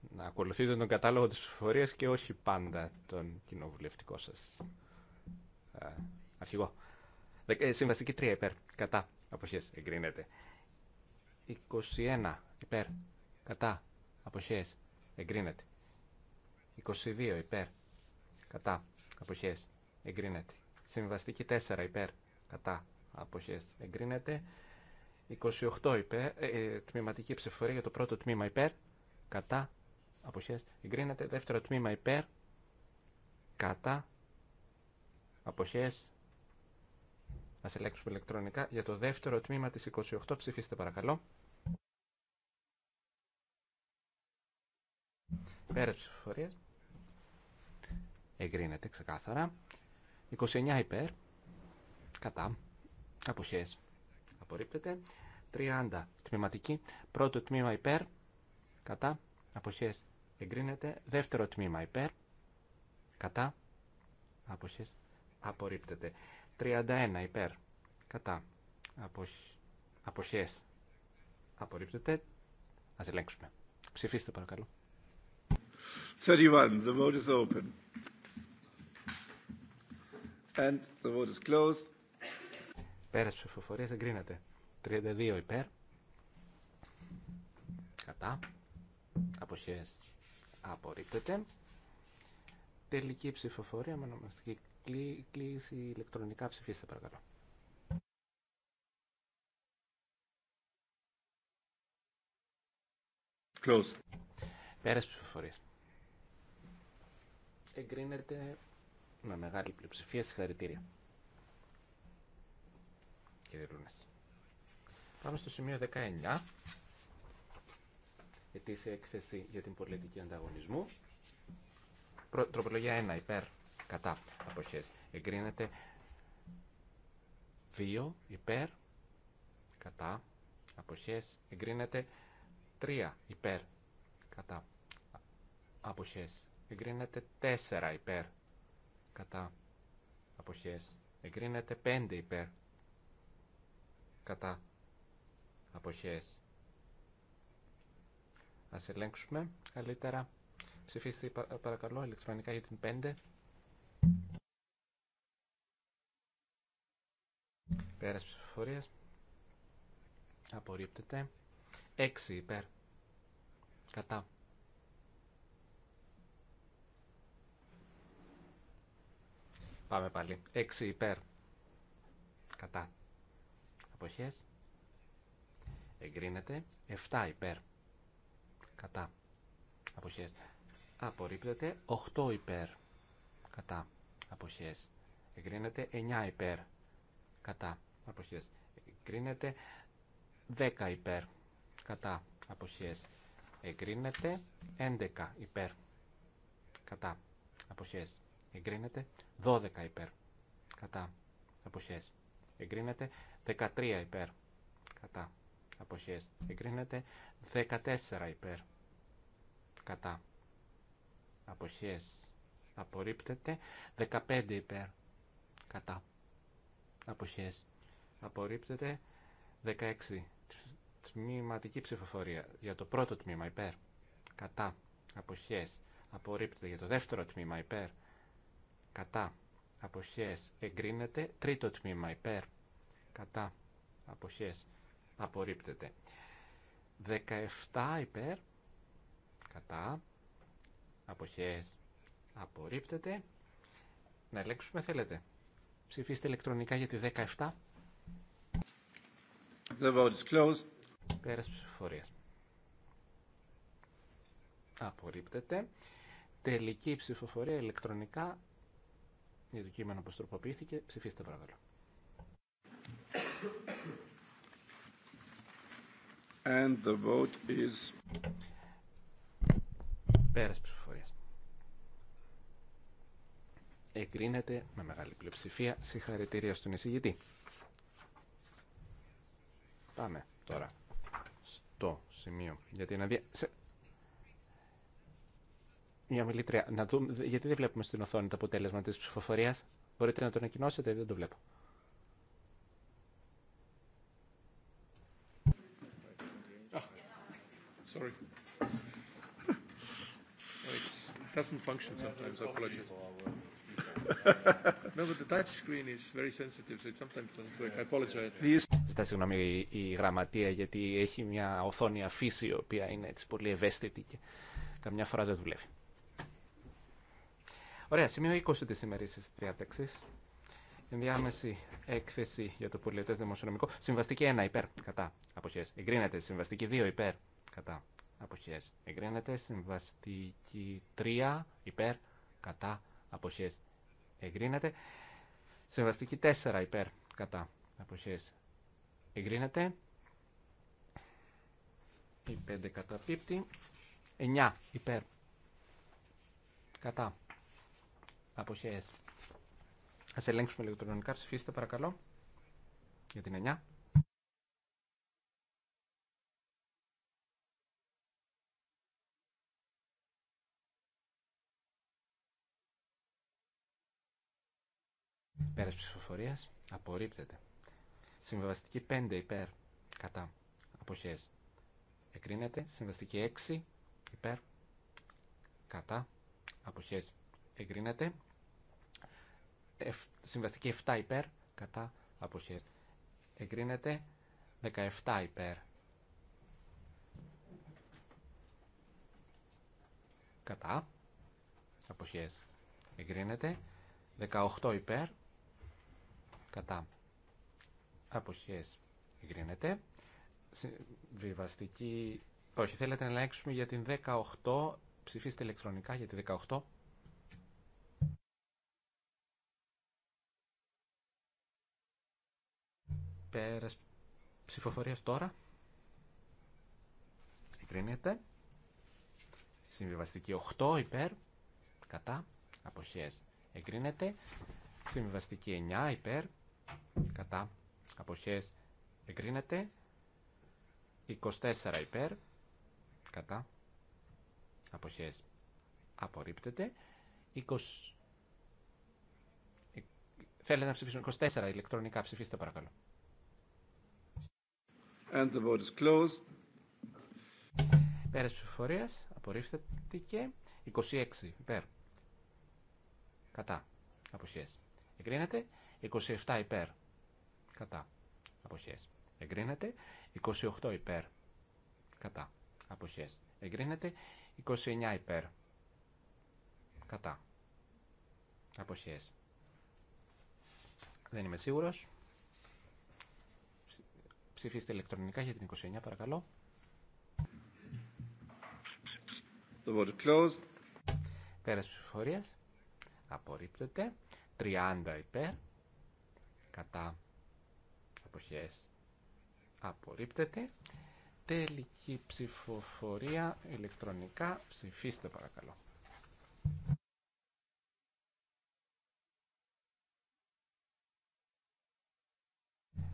Να ακολουθείτε τον κατάλογο της ψηφοφορία και όχι πάντα τον κοινοβουλευτικό σας ε, αρχηγό. Ε, συμβαστική 3 υπέρ. Κατά αποχές εγκρίνεται. 21 υπέρ κατά αποχές εγκρίνεται. 22 υπέρ κατά αποχές εγκρίνεται. Συμβαστική 4 υπέρ κατά αποχές εγκρίνεται. 28 υπέρ, ε, ε τμήματική ψηφορία για το πρώτο τμήμα υπέρ, κατά, αποχές, εγκρίνεται. Δεύτερο τμήμα υπέρ, κατά, αποχές, Ας ελέγξουμε ηλεκτρονικά για το δεύτερο τμήμα της 28. Ψηφίστε παρακαλώ. Πέρα ψηφοφορίας. Εγκρίνεται ξεκάθαρα. 29 υπέρ. Κατά. Αποχές. Απορρίπτεται. 30 τμήματική. Πρώτο τμήμα υπέρ. Κατά. Αποχές. Εγκρίνεται. Δεύτερο τμήμα υπέρ. Κατά. Αποχές. Απορρίπτεται. 31 υπέρ. Κατά. Αποχές. Απορρίπτεται. Ας ελέγξουμε. Ψηφίστε παρακαλώ. 31. The vote is open. And the vote is closed. Πέρας ψηφοφορίας εγκρίνεται. 32 υπέρ. Κατά. Αποχές. Απορρίπτεται. Τελική ψηφοφορία με ονομαστική κλείσει ηλεκτρονικά. Ψηφίστε παρακαλώ. Close. Πέρας ψηφοφορίες. Εγκρίνεται με μεγάλη πλειοψηφία. Συγχαρητήρια. Κύριε Λούνας. Πάμε στο σημείο 19. Ετήσια έκθεση για την πολιτική ανταγωνισμού. Τροπολογία 1. Υπέρ κατά αποχές εγκρίνεται 2 υπέρ κατά αποχές εγκρίνεται 3 υπέρ κατά αποχές εγκρίνεται 4 υπέρ κατά αποχές εγκρίνεται 5 υπέρ κατά αποχές Ας ελέγξουμε καλύτερα. Ψηφίστε παρακαλώ ηλεκτρονικά για την 5. Πέρας ψηφοφορίας. Απορρίπτεται. 6 υπέρ. Κατά. Πάμε πάλι. 6 υπέρ. Κατά. Αποχές. Εγκρίνεται. 7 υπέρ. Κατά. Αποχές. Απορρίπτεται. 8 υπέρ. Κατά. Αποχές. Εγκρίνεται. 9 υπέρ. Κατά αποχές εγκρίνεται 10 υπέρ κατά αποχές εγκρίνεται 11 υπέρ κατά αποχές εγκρίνεται 12 υπέρ κατά αποχές εγκρίνεται 13 υπέρ κατά αποχές εγκρίνεται 14 υπέρ κατά αποχές απορρίπτεται 15 υπέρ κατά αποχές απορρίπτεται 16 τμήματική ψηφοφορία για το πρώτο τμήμα υπέρ κατά αποχές απορρίπτεται για το δεύτερο τμήμα υπέρ κατά αποχές εγκρίνεται τρίτο τμήμα υπέρ κατά αποχές απορρίπτεται 17 υπέρ κατά αποχές απορρίπτεται να ελέγξουμε θέλετε ψηφίστε ηλεκτρονικά για τη 17 The vote is closed. Πέρας ψηφοφορίας. Απορρίπτεται. Τελική ψηφοφορία ηλεκτρονικά για το κείμενο που τροποποιήθηκε. Ψηφίστε παρακαλώ. And the vote is... Πέρας ψηφοφορίας. Εγκρίνεται με μεγάλη πλειοψηφία. Συγχαρητήρια στον εισηγητή. Πάμε τώρα στο σημείο για την δει Σε... Μια μιλήτρια, να δούμε, γιατί δεν βλέπουμε στην οθόνη το αποτέλεσμα της ψηφοφορίας. Μπορείτε να το ανακοινώσετε, δεν το βλέπω. Ah, sorry. It doesn't function sometimes, I apologize. no, but the touch screen is very sensitive, so it sometimes doesn't work. I apologize ζητά συγγνώμη η γραμματεία γιατί έχει μια οθόνη αφήση η οποία είναι έτσι πολύ ευαίσθητη και καμιά φορά δεν δουλεύει. Ωραία, σημείο 20 τη ημερήσης διάταξη. Ενδιάμεση έκθεση για το πολιτέ δημοσιονομικό. Συμβαστική 1 υπέρ, κατά, Αποχέ. Εγκρίνεται. Συμβαστική 2 υπέρ, κατά, Αποχέ. Εγκρίνεται. Συμβαστική 3 υπέρ, κατά, Αποχέ. Εγκρίνεται. Συμβαστική 4 υπέρ, κατά, Αποχέ. Εγκρίνεται. Η 5 καταπίπτει. 9 υπέρ. Κατά. Αποχές. Ας ελέγξουμε ηλεκτρονικά. Ψηφίστε παρακαλώ. Για την 9. Πέρας ψηφοφορίας απορρίπτεται. Συμβαστική 5 υπέρ κατά αποχές εγκρίνεται. Συμβαστική 6 υπέρ κατά αποχές εγκρίνεται. Συμβαστική 7 υπέρ κατά αποχές εγκρίνεται. 17 υπέρ κατά Αποχέ. εγκρίνεται. 18 υπέρ κατά αποχές εγκρίνεται. Συμβιβαστική... Όχι, θέλετε να ελέγξουμε για την 18. Ψηφίστε ηλεκτρονικά για την 18. Πέρας ψηφοφορίας τώρα. Εγκρίνεται. Συμβιβαστική 8 υπέρ. Κατά. Αποχές εγκρίνεται. Συμβιβαστική 9 υπέρ. Κατά αποχές εγκρίνεται 24 υπέρ κατά αποχές απορρίπτεται 20... Ε, θέλετε να ψηφίσουν 24 ηλεκτρονικά, ψηφίστε παρακαλώ. And the vote closed. Πέρας ψηφοφορίας, απορρίφθηκε 26 υπέρ. Κατά. Αποχές. Εγκρίνεται 27 υπέρ κατά αποχές εγκρίνεται 28 υπέρ κατά αποχές εγκρίνεται 29 υπέρ κατά αποχές δεν είμαι σίγουρος ψηφίστε ηλεκτρονικά για την 29 παρακαλώ The vote closed. απορρίπτεται 30 υπέρ κατά εποχές απορρίπτεται. Τελική ψηφοφορία ηλεκτρονικά. Ψηφίστε παρακαλώ.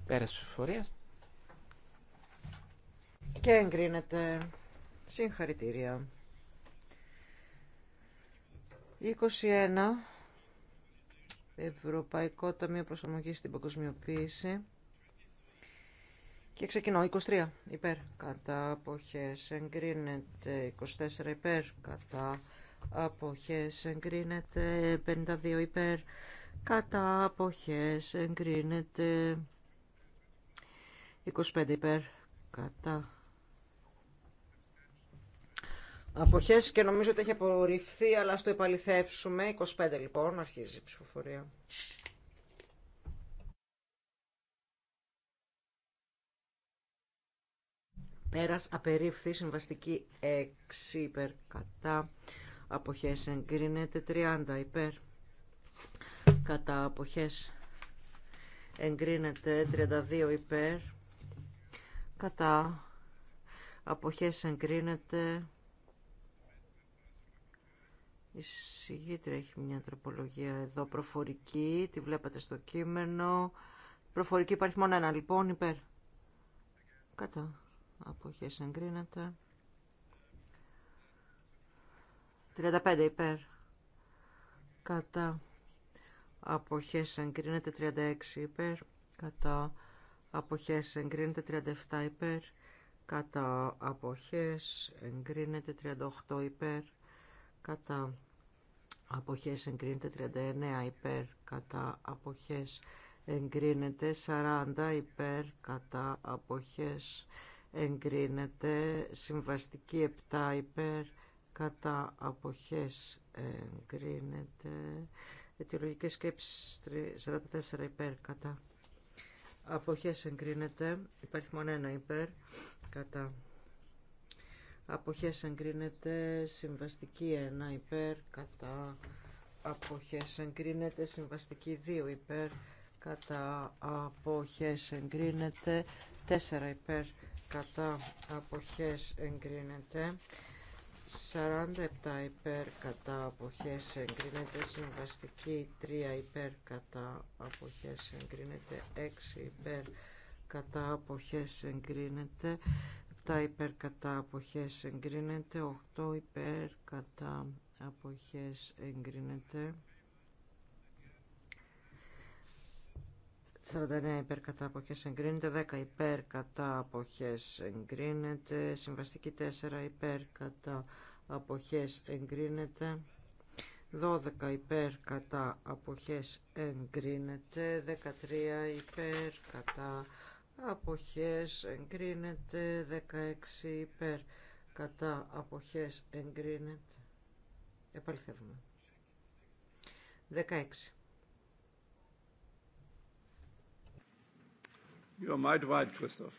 Πέρας ψηφοφορίας. Και εγκρίνεται. Συγχαρητήρια. 21. Ευρωπαϊκό Ταμείο Προσαρμογής στην Παγκοσμιοποίηση. Και ξεκινώ. 23 υπέρ. Κατά αποχές εγκρίνεται. 24 υπέρ. Κατά αποχές εγκρίνεται. 52 υπέρ. Κατά αποχές εγκρίνεται. 25 υπέρ. Κατά αποχές και νομίζω ότι έχει απορριφθεί αλλά στο επαληθεύσουμε. 25 λοιπόν αρχίζει η ψηφοφορία. Πέρας απερίφθη συμβαστική 6 υπέρ κατά αποχές εγκρίνεται 30 υπέρ κατά αποχές εγκρίνεται 32 υπέρ κατά αποχές εγκρίνεται η συγγήτρια έχει μια τροπολογία εδώ προφορική τη βλέπετε στο κείμενο προφορική υπάρχει μόνο ένα λοιπόν υπέρ κατά αποχές εγκρίνεται 35 υπέρ κατά αποχές εγκρίνεται 36 υπέρ κατά αποχές εγκρίνεται 37 υπέρ κατά αποχές εγκρίνεται 38 υπέρ κατά αποχές εγκρίνεται 39 υπέρ κατά αποχές εγκρίνεται 40 υπέρ κατά αποχές εγκρίνεται συμβαστική 7 υπέρ κατά αποχές εγκρίνεται αιτιολογικές σκέψεις 44 υπέρ κατά αποχές εγκρίνεται υπάρχει μόνο μόνο υπέρ κατά αποχές εγκρίνεται συμβαστική 1 υπέρ κατά αποχές εγκρίνεται συμβαστική 2 υπέρ κατά αποχές εγκρίνεται 4 υπέρ κατά αποχές εγκρίνεται 47 υπέρ κατά αποχές εγκρίνεται συμβαστική 3 υπέρ κατά αποχές εγκρίνεται 6 υπέρ κατά αποχές εγκρίνεται 7 υπέρ κατά αποχές εγκρίνεται 8 υπέρ κατά αποχές εγκρίνεται 49 υπέρ κατά αποχές εγκρίνεται, 10 υπέρ κατά αποχές εγκρίνεται, συμβαστική 4 υπέρ κατά αποχές εγκρίνεται, 12 υπέρ κατά αποχές εγκρίνεται, 13 υπέρ κατά αποχές εγκρίνεται, 16 υπέρ κατά αποχές εγκρίνεται, επαληθεύουμε. 16. You're might right, Christoph.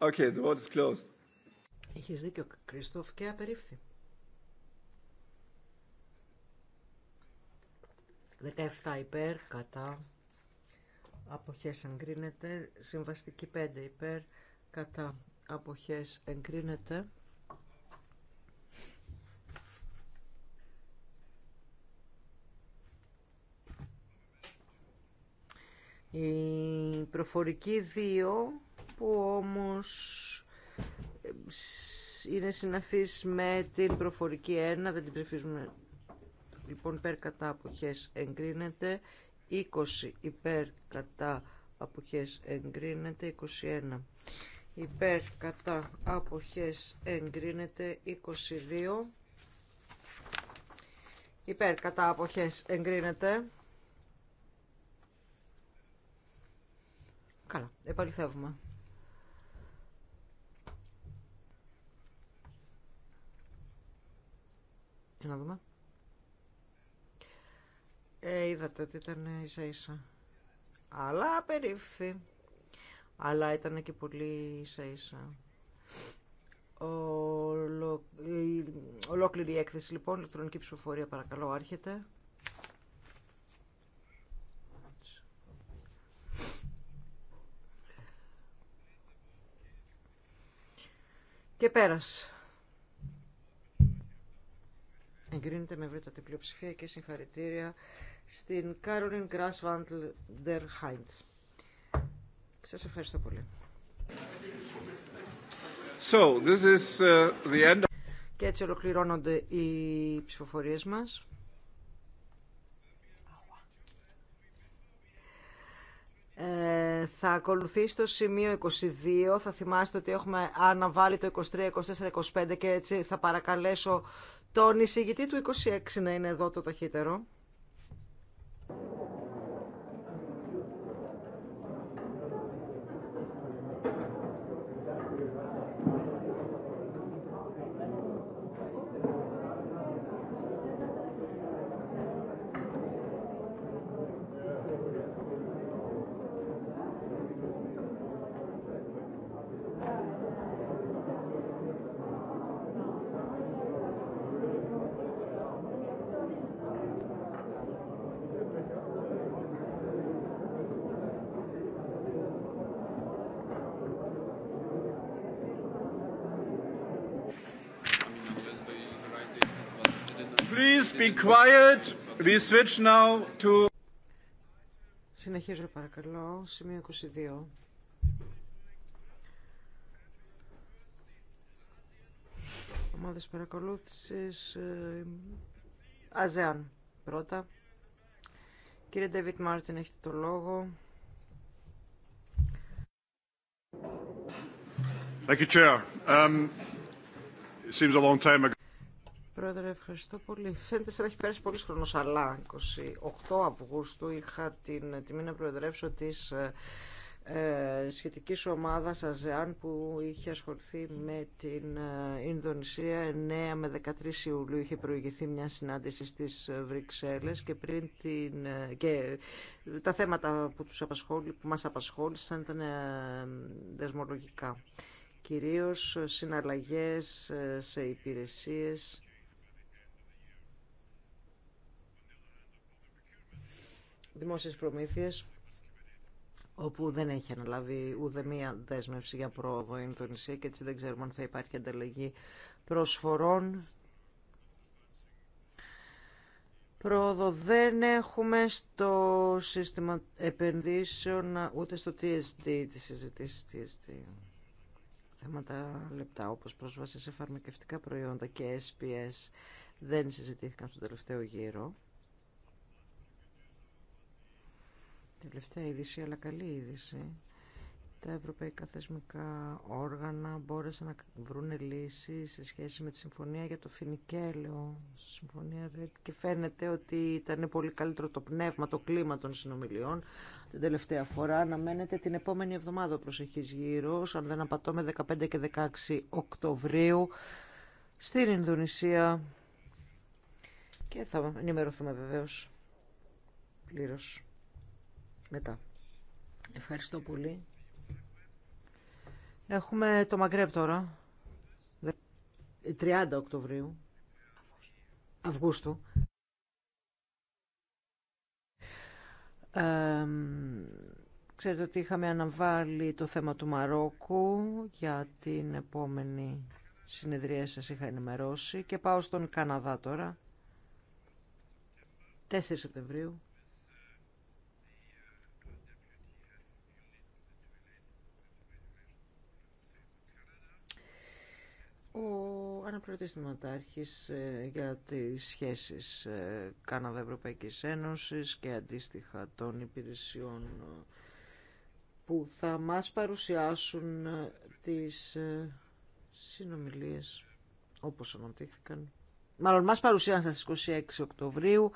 Okay, the vote is closed. δίκιο, Κρίστοφ, και απερίφθη. 17 υπέρ, κατά, αποχές εγκρίνεται, συμβαστική 5 υπέρ, κατά, αποχές εγκρίνεται. Η προφορική 2 που όμως ε, είναι συναφής με την προφορική 1, δεν την ψηφίζουμε λοιπόν υπέρ κατά αποχές εγκρίνεται, 20 υπέρ κατά αποχές εγκρίνεται, 21 υπέρ κατά αποχές εγκρίνεται, 22 υπέρ κατά αποχές εγκρίνεται, Καλά, επαληθεύουμε. Για να δούμε. Ε, είδατε ότι ήταν ίσα ίσα. Αλλά περίφθη. Αλλά ήταν και πολύ ίσα ίσα. Ολόκληρη η έκθεση λοιπόν, ηλεκτρονική ψηφοφορία παρακαλώ άρχεται. Και πέρας. Εγκρίνεται με ευρύτατη πλειοψηφία και συγχαρητήρια στην Κάρολιν Γκράσβαντλ Ντερ Χάιντς. Σας ευχαριστώ πολύ. So, this is, uh, the end Και έτσι ολοκληρώνονται οι ψηφοφορίες μας. θα ακολουθήσει το σημείο 22. Θα θυμάστε ότι έχουμε αναβάλει το 23, 24, 25 και έτσι θα παρακαλέσω τον εισηγητή του 26 να είναι εδώ το ταχύτερο. be quiet. We switch now to... Συνεχίζω παρακαλώ, σημείο 22. Ομάδες παρακολούθησης ε, ΑΖΕΑΝ πρώτα. Κύριε Ντέβιτ Μάρτιν, έχετε το λόγο. Thank you, Chair. Um, it seems a long time ago. Πρόεδρε, ευχαριστώ πολύ. Φαίνεται σαν να έχει πέρασει πολύ χρόνο, αλλά 28 Αυγούστου είχα την τιμή να προεδρεύσω τη ε, ε σχετική ομάδα ΑΖΕΑΝ που είχε ασχοληθεί με την ε, Ινδονησία 9 με 13 Ιουλίου. Είχε προηγηθεί μια συνάντηση στις Βρυξέλλες και, πριν την, ε, και τα θέματα που, τους απασχόλη, που μας απασχόλησαν ήταν δεσμολογικά κυρίως συναλλαγές σε υπηρεσίες δημόσιες προμήθειες όπου δεν έχει αναλάβει ούτε μία δέσμευση για πρόοδο η Ινδονησία και έτσι δεν ξέρουμε αν θα υπάρχει ανταλλαγή προσφορών. Πρόοδο δεν έχουμε στο σύστημα επενδύσεων ούτε στο TSD, τις συζητήσεις TSD. Θέματα λεπτά όπως πρόσβαση σε φαρμακευτικά προϊόντα και SPS δεν συζητήθηκαν στο τελευταίο γύρο. Τελευταία είδηση, αλλά καλή είδηση. Τα ευρωπαϊκά θεσμικά όργανα μπόρεσαν να βρουν λύσει σε σχέση με τη συμφωνία για το φινικέλαιο. Συμφωνία και φαίνεται ότι ήταν πολύ καλύτερο το πνεύμα, το κλίμα των συνομιλιών την τελευταία φορά. Αναμένεται την επόμενη εβδομάδα ο προσεχής γύρος, αν δεν απατώ, 15 και 16 Οκτωβρίου στην Ινδονησία. Και θα ενημερωθούμε βεβαίως πλήρως μετά. Ευχαριστώ πολύ. Έχουμε το Μαγκρέπ τώρα. 30 Οκτωβρίου. Αυγούστου. ξέρετε ότι είχαμε αναβάλει το θέμα του Μαρόκου για την επόμενη συνεδρία σας είχα ενημερώσει και πάω στον Καναδά τώρα. 4 Σεπτεμβρίου. Ο αναπληρωτής Δημοτάρχης ε, για τις σχέσεις ε, Κάναδα Ευρωπαϊκής Ένωσης και αντίστοιχα των υπηρεσιών ε, που θα μας παρουσιάσουν τις συνομιλίες όπως αναπτύχθηκαν. Μάλλον μας παρουσίασαν στις 26 Οκτωβρίου,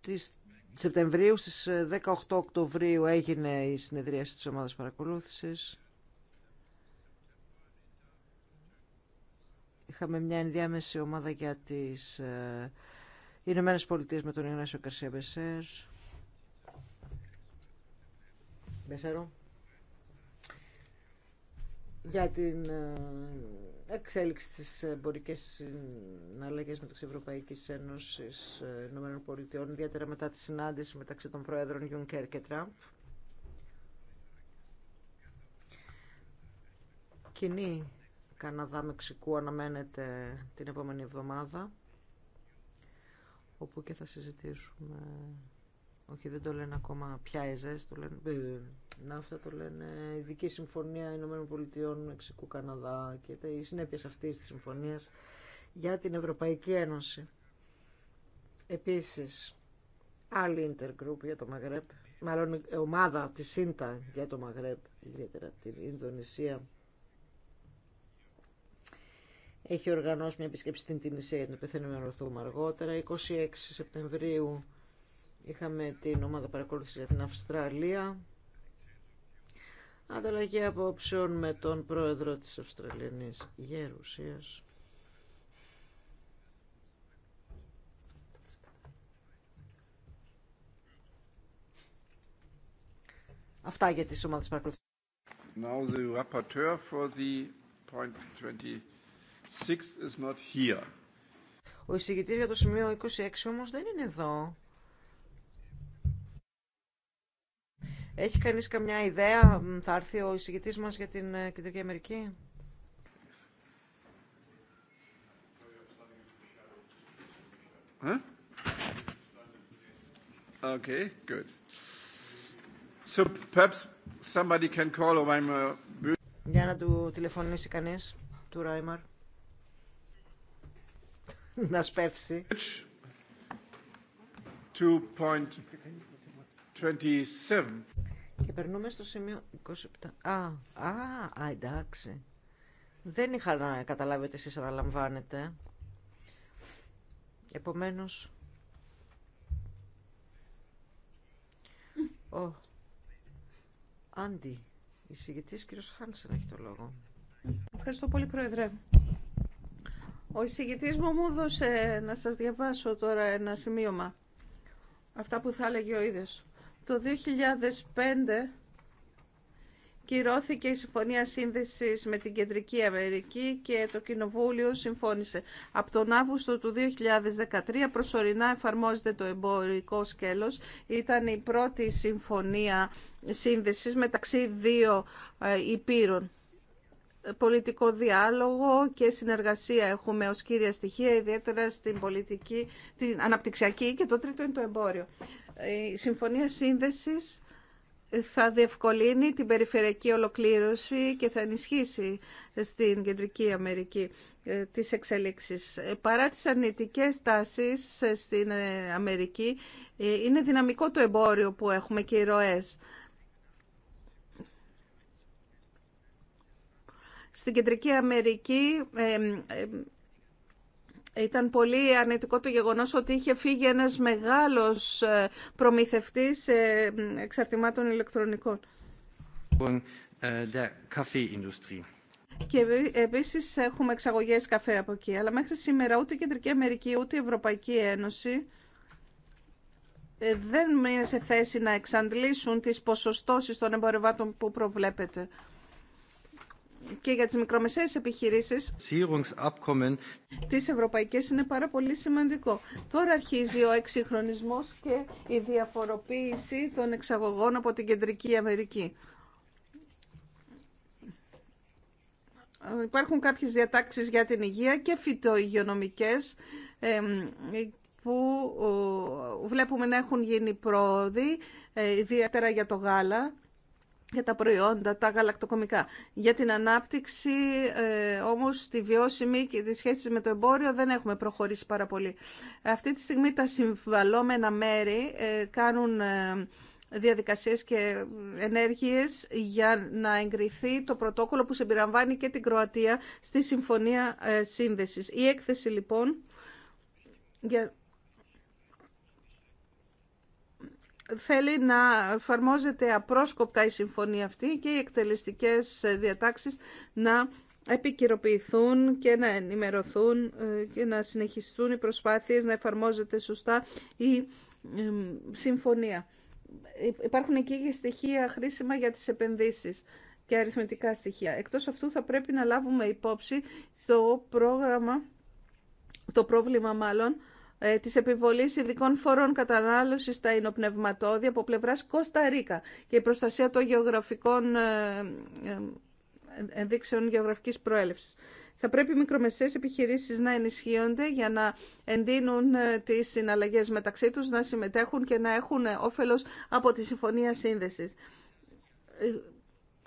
της Σεπτεμβρίου, στις 18 Οκτωβρίου έγινε η συνεδρίαση της ομάδας παρακολούθησης Είχαμε μια ενδιάμεση ομάδα για τις ε, Ηνωμένε Πολιτείε με τον Ιγνάσιο Καρσία Μπεσέρ. Μπεσέρο. Για την ε, εξέλιξη της εμπορικές συναλλαγές μεταξύ Ευρωπαϊκής Ένωσης ε, Ηνωμένων Πολιτειών, ιδιαίτερα μετά τη συνάντηση μεταξύ των Προέδρων Γιουνκέρ και Τραμπ. Κοινή Καναδά Μεξικού αναμένεται την επόμενη εβδομάδα όπου και θα συζητήσουμε όχι δεν το λένε ακόμα πια ΕΖΕΣ το λένε ε, ναύτα το λένε ειδική συμφωνία Ηνωμένων Πολιτειών Μεξικού Καναδά και οι συνέπειε αυτή τη συμφωνία για την Ευρωπαϊκή Ένωση επίσης άλλη intergroup για το Μαγρέπ μάλλον ομάδα της ΣΥΝΤΑ για το Μαγρέπ ιδιαίτερα την Ινδονησία έχει οργανώσει μια επισκέψη στην Τινησία για την οποία θα ενημερωθούμε αργότερα. 26 Σεπτεμβρίου είχαμε την ομάδα παρακολούθηση για την Αυστραλία. Ανταλλαγή απόψεων με τον πρόεδρο της Αυστραλιανής Γερουσίας. Αυτά για τις ομάδες παρακολουθήσεων. Now the rapporteur for the point ο εισηγητής για το σημείο 26 όμως δεν είναι εδώ. Έχει κανείς καμιά ιδέα, θα έρθει ο εισηγητής μας για την ε, Κεντρική Αμερική. Ε? Okay, good. So perhaps somebody can call uh, Για να του τηλεφωνήσει κανείς, του Ράιμαρ. να σπεύσει. 2.27. Και περνούμε στο σημείο 27. Α, α, α, εντάξει. Δεν είχα να καταλάβει ότι εσείς αναλαμβάνετε. Επομένως... Ο Άντι, εισηγητής κύριος Χάνσεν έχει το λόγο. Ευχαριστώ πολύ, Πρόεδρε. Ο εισηγητή μου μου έδωσε να σας διαβάσω τώρα ένα σημείωμα. Αυτά που θα έλεγε ο ίδιο. Το 2005 κυρώθηκε η Συμφωνία Σύνδεσης με την Κεντρική Αμερική και το Κοινοβούλιο συμφώνησε. Από τον Αύγουστο του 2013 προσωρινά εφαρμόζεται το εμπορικό σκέλος. Ήταν η πρώτη συμφωνία σύνδεσης μεταξύ δύο ε, υπήρων πολιτικό διάλογο και συνεργασία έχουμε ως κύρια στοιχεία, ιδιαίτερα στην πολιτική, την αναπτυξιακή και το τρίτο είναι το εμπόριο. Η Συμφωνία Σύνδεσης θα διευκολύνει την περιφερειακή ολοκλήρωση και θα ενισχύσει στην Κεντρική Αμερική ε, τις εξελίξεις. Παρά τις αρνητικές τάσεις ε, στην ε, Αμερική, είναι δυναμικό το εμπόριο που έχουμε και οι ροές. Στην Κεντρική Αμερική ήταν πολύ αρνητικό το γεγονός ότι είχε φύγει ένας μεγάλος ε, προμηθευτής εξαρτημάτων ηλεκτρονικών. Ε, Και επίσης έχουμε εξαγωγές καφέ από εκεί. Αλλά μέχρι σήμερα ούτε η Κεντρική Αμερική ούτε η Ευρωπαϊκή Ένωση ε, δεν είναι σε θέση να εξαντλήσουν τις ποσοστώσεις των εμπορευμάτων που προβλέπεται και για τις μικρομεσαίες επιχειρήσεις της Ευρωπαϊκής είναι πάρα πολύ σημαντικό. Τώρα αρχίζει ο εξυγχρονισμός και η διαφοροποίηση των εξαγωγών από την Κεντρική Αμερική. Υπάρχουν κάποιες διατάξεις για την υγεία και φυτοϊγειονομικές που βλέπουμε να έχουν γίνει πρόοδοι, ε, ιδιαίτερα για το γάλα για τα προϊόντα, τα γαλακτοκομικά. Για την ανάπτυξη ε, όμως τη βιώσιμη και τη σχέση με το εμπόριο δεν έχουμε προχωρήσει πάρα πολύ. Αυτή τη στιγμή τα συμβαλώμενα μέρη ε, κάνουν ε, διαδικασίες και ενέργειες για να εγκριθεί το πρωτόκολλο που συμπεριλαμβάνει και την Κροατία στη Συμφωνία ε, Σύνδεσης. Η έκθεση λοιπόν για θέλει να εφαρμόζεται απρόσκοπτα η συμφωνία αυτή και οι εκτελεστικές διατάξεις να επικυροποιηθούν και να ενημερωθούν ε, και να συνεχιστούν οι προσπάθειες να εφαρμόζεται σωστά η ε, συμφωνία. Υπάρχουν εκεί και στοιχεία χρήσιμα για τις επενδύσεις και αριθμητικά στοιχεία. Εκτός αυτού θα πρέπει να λάβουμε υπόψη το πρόγραμμα, το πρόβλημα μάλλον, ε, της επιβολής ειδικών φορών κατανάλωσης στα υνοπνευματόδια από πλευράς Κώστα-Ρίκα και η προστασία των γεωγραφικών ε, ε, ενδείξεων γεωγραφικής προέλευσης. Θα πρέπει οι μικρομεσαίες επιχειρήσεις να ενισχύονται για να εντείνουν τις συναλλαγές μεταξύ τους, να συμμετέχουν και να έχουν όφελος από τη Συμφωνία Σύνδεσης.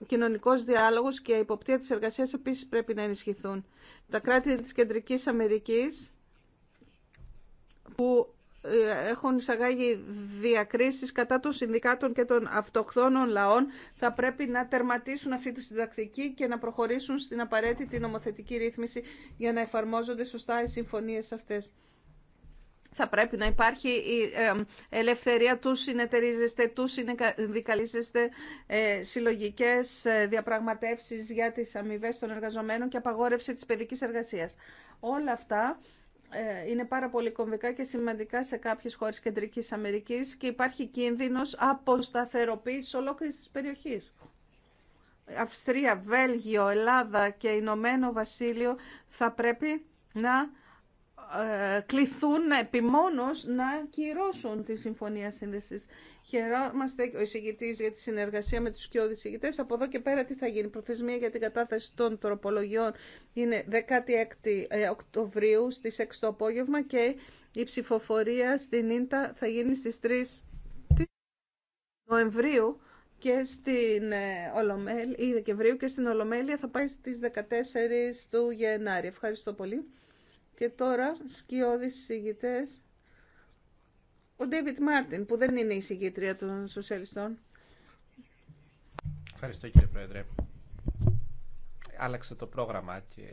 Κοινωνικός διάλογος και η υποπτία της εργασίας επίσης πρέπει να ενισχυθούν. Τα κράτη της Κεντρικής Αμερικής που ε, έχουν εισαγάγει διακρίσεις κατά των συνδικάτων και των αυτοχθόνων λαών θα πρέπει να τερματίσουν αυτή τη συντακτική και να προχωρήσουν στην απαραίτητη νομοθετική ρύθμιση για να εφαρμόζονται σωστά οι συμφωνίες αυτές. Θα πρέπει να υπάρχει η ε, ελευθερία του συνεταιρίζεστε, του συνδικαλίζεστε, ε, συλλογικές διαπραγματεύσεις για τις αμοιβέ των εργαζομένων και απαγόρευση της παιδικής εργασίας. Όλα αυτά ε, είναι πάρα πολύ κομβικά και σημαντικά σε κάποιες χώρες Κεντρικής Αμερικής και υπάρχει κίνδυνος αποσταθεροποίησης ολόκληρης της περιοχής. Αυστρία, Βέλγιο, Ελλάδα και Ηνωμένο Βασίλειο θα πρέπει να ε, κληθούν επιμόνως να κυρώσουν τη Συμφωνία Σύνδεσης. Χαιρόμαστε ο εισηγητή για τη συνεργασία με τους κοιόδης εισηγητές. Από εδώ και πέρα τι θα γίνει. Προθεσμία για την κατάθεση των τροπολογιών είναι 16 ε, Οκτωβρίου στις 6 το απόγευμα και η ψηφοφορία στην Ίντα θα γίνει στις 3 Νοεμβρίου και στην ε, Ολομέλεια, ή Δεκεμβρίου και στην Ολομέλεια θα πάει στις 14 του Γενάρη. Ευχαριστώ πολύ. Και τώρα σκιώδεις συγγητές. Ο Ντέιβιτ Μάρτιν που δεν είναι η συγγήτρια των σοσιαλιστών. Ευχαριστώ κύριε Πρόεδρε. Άλλαξε το πρόγραμμα και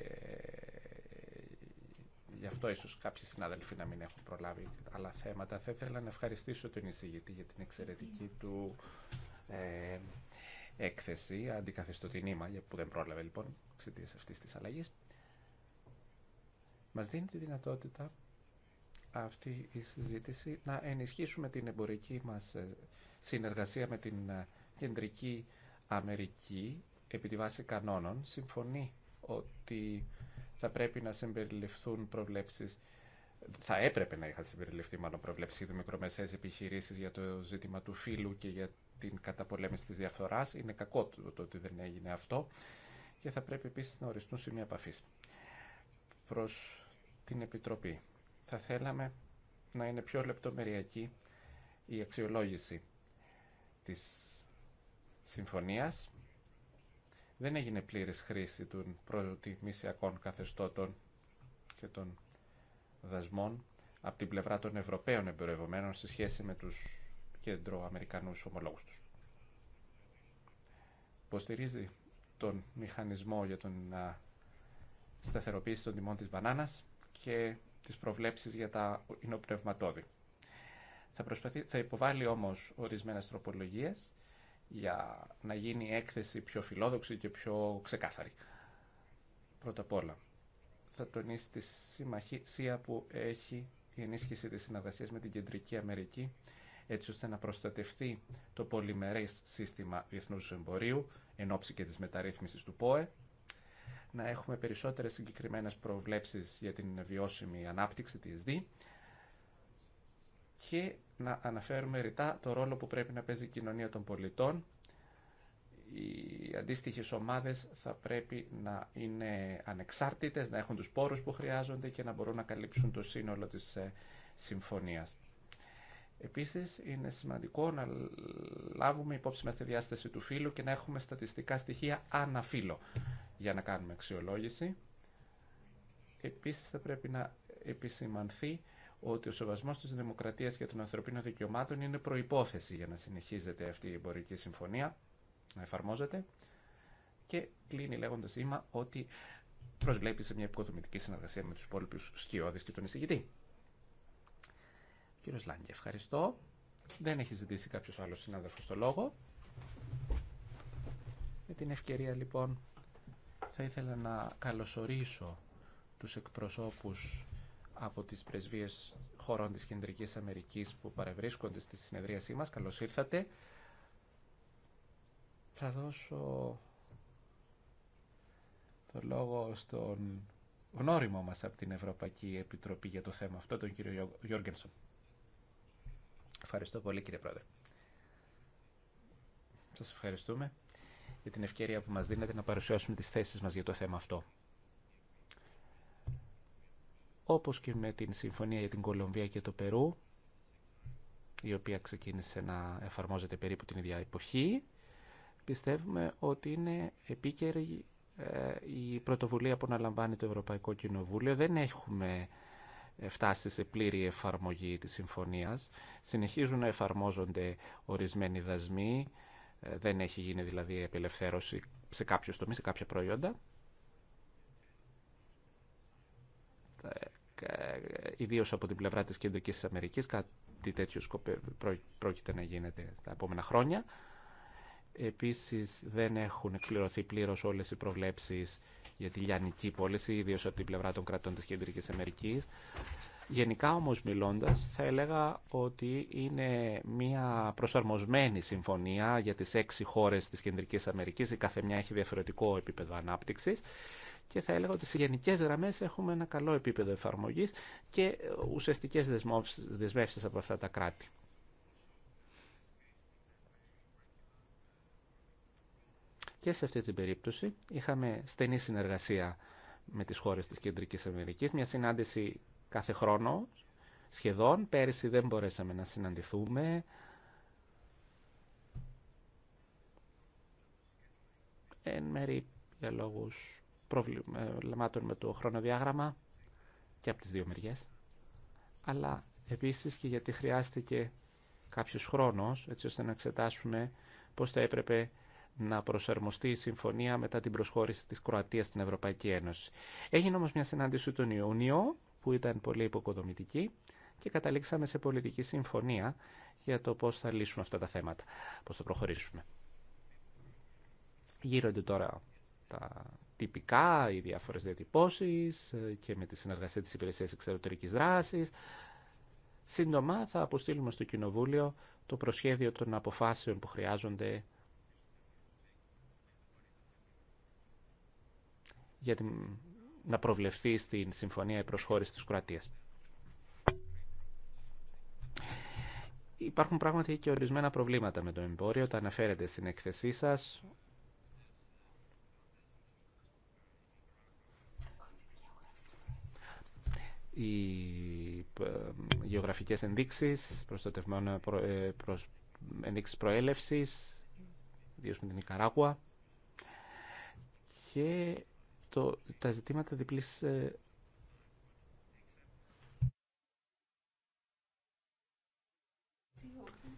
γι' αυτό ίσως κάποιοι συνάδελφοι να μην έχουν προλάβει άλλα θέματα. Θα ήθελα να ευχαριστήσω τον εισηγητή για την εξαιρετική του ε, έκθεση, αντικαθιστώ την που δεν πρόλαβε λοιπόν εξαιτία αυτή τη αλλαγή μας δίνει τη δυνατότητα αυτή η συζήτηση να ενισχύσουμε την εμπορική μας ε, συνεργασία με την ε, Κεντρική Αμερική επί τη βάση κανόνων. Συμφωνεί ότι θα πρέπει να συμπεριληφθούν προβλέψεις θα έπρεπε να είχαν συμπεριληφθεί μάλλον προβλέψει για μικρομεσαίες επιχειρήσεις για το ζήτημα του φύλου και για την καταπολέμηση της διαφθοράς. Είναι κακό το ότι δεν έγινε αυτό και θα πρέπει επίσης να οριστούν σημεία επαφή. Προ την Επιτροπή. Θα θέλαμε να είναι πιο λεπτομεριακή η αξιολόγηση της συμφωνίας. Δεν έγινε πλήρης χρήση των προτιμησιακών καθεστώτων και των δασμών από την πλευρά των Ευρωπαίων εμπορευομένων σε σχέση με τους κεντροαμερικανούς ομολόγους τους. Υποστηρίζει τον μηχανισμό για τον σταθεροποίηση των τιμών της μπανάνας και τις προβλέψεις για τα υνοπνευματόδη. Θα, προσπαθεί, θα υποβάλει όμως ορισμένες τροπολογίες για να γίνει η έκθεση πιο φιλόδοξη και πιο ξεκάθαρη. Πρώτα απ' όλα, θα τονίσει τη συμμαχία που έχει η ενίσχυση της συνεργασίας με την Κεντρική Αμερική, έτσι ώστε να προστατευτεί το πολυμερές σύστημα διεθνούς εμπορίου, εν ώψη και της μεταρρύθμισης του ΠΟΕ, να έχουμε περισσότερες συγκεκριμένες προβλέψεις για την βιώσιμη ανάπτυξη ΔΗ και να αναφέρουμε ρητά το ρόλο που πρέπει να παίζει η κοινωνία των πολιτών. Οι αντίστοιχες ομάδες θα πρέπει να είναι ανεξάρτητες, να έχουν τους πόρους που χρειάζονται και να μπορούν να καλύψουν το σύνολο της ε, συμφωνίας. Επίσης, είναι σημαντικό να λάβουμε υπόψη μας τη διάσταση του φύλου και να έχουμε στατιστικά στοιχεία φύλο για να κάνουμε αξιολόγηση. Επίσης θα πρέπει να επισημανθεί ότι ο σεβασμός της δημοκρατίας και των ανθρωπίνων δικαιωμάτων είναι προϋπόθεση για να συνεχίζεται αυτή η εμπορική συμφωνία, να εφαρμόζεται και κλείνει λέγοντα σήμα ότι προσβλέπει σε μια επικοδομητική συνεργασία με του υπόλοιπου σκιώδει και τον εισηγητή. Κύριο Λάγκη, ευχαριστώ. Δεν έχει ζητήσει κάποιο άλλο συνάδελφο το λόγο. Με την ευκαιρία λοιπόν θα ήθελα να καλωσορίσω τους εκπροσώπους από τις πρεσβείες χωρών της Κεντρικής Αμερικής που παρευρίσκονται στη συνεδρίασή μας. Καλώς ήρθατε. Θα δώσω το λόγο στον γνώριμο μας από την Ευρωπαϊκή Επιτροπή για το θέμα αυτό, τον κύριο Γιώργενσον. Ευχαριστώ πολύ κύριε Πρόεδρε. Σας ευχαριστούμε για την ευκαιρία που μας δίνετε να παρουσιάσουμε τις θέσεις μας για το θέμα αυτό. Όπως και με την Συμφωνία για την Κολομβία και το Περού, η οποία ξεκίνησε να εφαρμόζεται περίπου την ίδια εποχή, πιστεύουμε ότι είναι επίκαιρη ε, η πρωτοβουλία που αναλαμβάνει το Ευρωπαϊκό Κοινοβούλιο. Δεν έχουμε φτάσει σε πλήρη εφαρμογή της συμφωνίας. Συνεχίζουν να εφαρμόζονται ορισμένοι δασμοί, ε, δεν έχει γίνει δηλαδή απελευθέρωση σε κάποιους τομείς, σε κάποια προϊόντα. Ε, ιδίως από την πλευρά της Κεντρικής Αμερικής κάτι τέτοιο πρόκειται να γίνεται τα επόμενα χρόνια. Επίσης δεν έχουν εκπληρωθεί πλήρως όλες οι προβλέψεις για τη λιανική πώληση, ιδίως από την πλευρά των κρατών της Κεντρικής Αμερικής. Γενικά όμως μιλώντας θα έλεγα ότι είναι μια προσαρμοσμένη συμφωνία για τις έξι χώρες της Κεντρικής Αμερικής, η κάθε μια έχει διαφορετικό επίπεδο ανάπτυξης και θα έλεγα ότι σε γενικέ γραμμέ έχουμε ένα καλό επίπεδο εφαρμογή και ουσιαστικέ δεσμεύσει από αυτά τα κράτη. Και σε αυτή την περίπτωση είχαμε στενή συνεργασία με τις χώρες της Κεντρικής Αμερικής, μια συνάντηση κάθε χρόνο σχεδόν. Πέρυσι δεν μπορέσαμε να συναντηθούμε. Εν μέρη για λόγους προβλημάτων ε, με το χρονοδιάγραμμα και από τις δύο μεριές. Αλλά επίσης και γιατί χρειάστηκε κάποιος χρόνος έτσι ώστε να εξετάσουμε πώς θα έπρεπε να προσαρμοστεί η συμφωνία μετά την προσχώρηση της Κροατίας στην Ευρωπαϊκή Ένωση. Έγινε όμως μια συνάντηση τον Ιούνιο που ήταν πολύ υποκοδομητική και καταλήξαμε σε πολιτική συμφωνία για το πώς θα λύσουμε αυτά τα θέματα, πώς θα προχωρήσουμε. Γύρονται τώρα τα τυπικά, οι διάφορες διατυπώσεις και με τη συνεργασία της Υπηρεσίας Εξωτερικής Δράσης. Σύντομα θα αποστείλουμε στο Κοινοβούλιο το προσχέδιο των αποφάσεων που χρειάζονται για να προβλεφθεί στην Συμφωνία η προσχώρηση της Κροατίας. Υπάρχουν πράγματι και ορισμένα προβλήματα με το εμπόριο, τα αναφέρετε στην έκθεσή σας. Οι ε, γεωγραφικές ενδείξεις, το προ, ε, προς, ενδείξεις προέλευσης, ιδίως με την Ικαράγουα, και τα ζητήματα διπλής ε,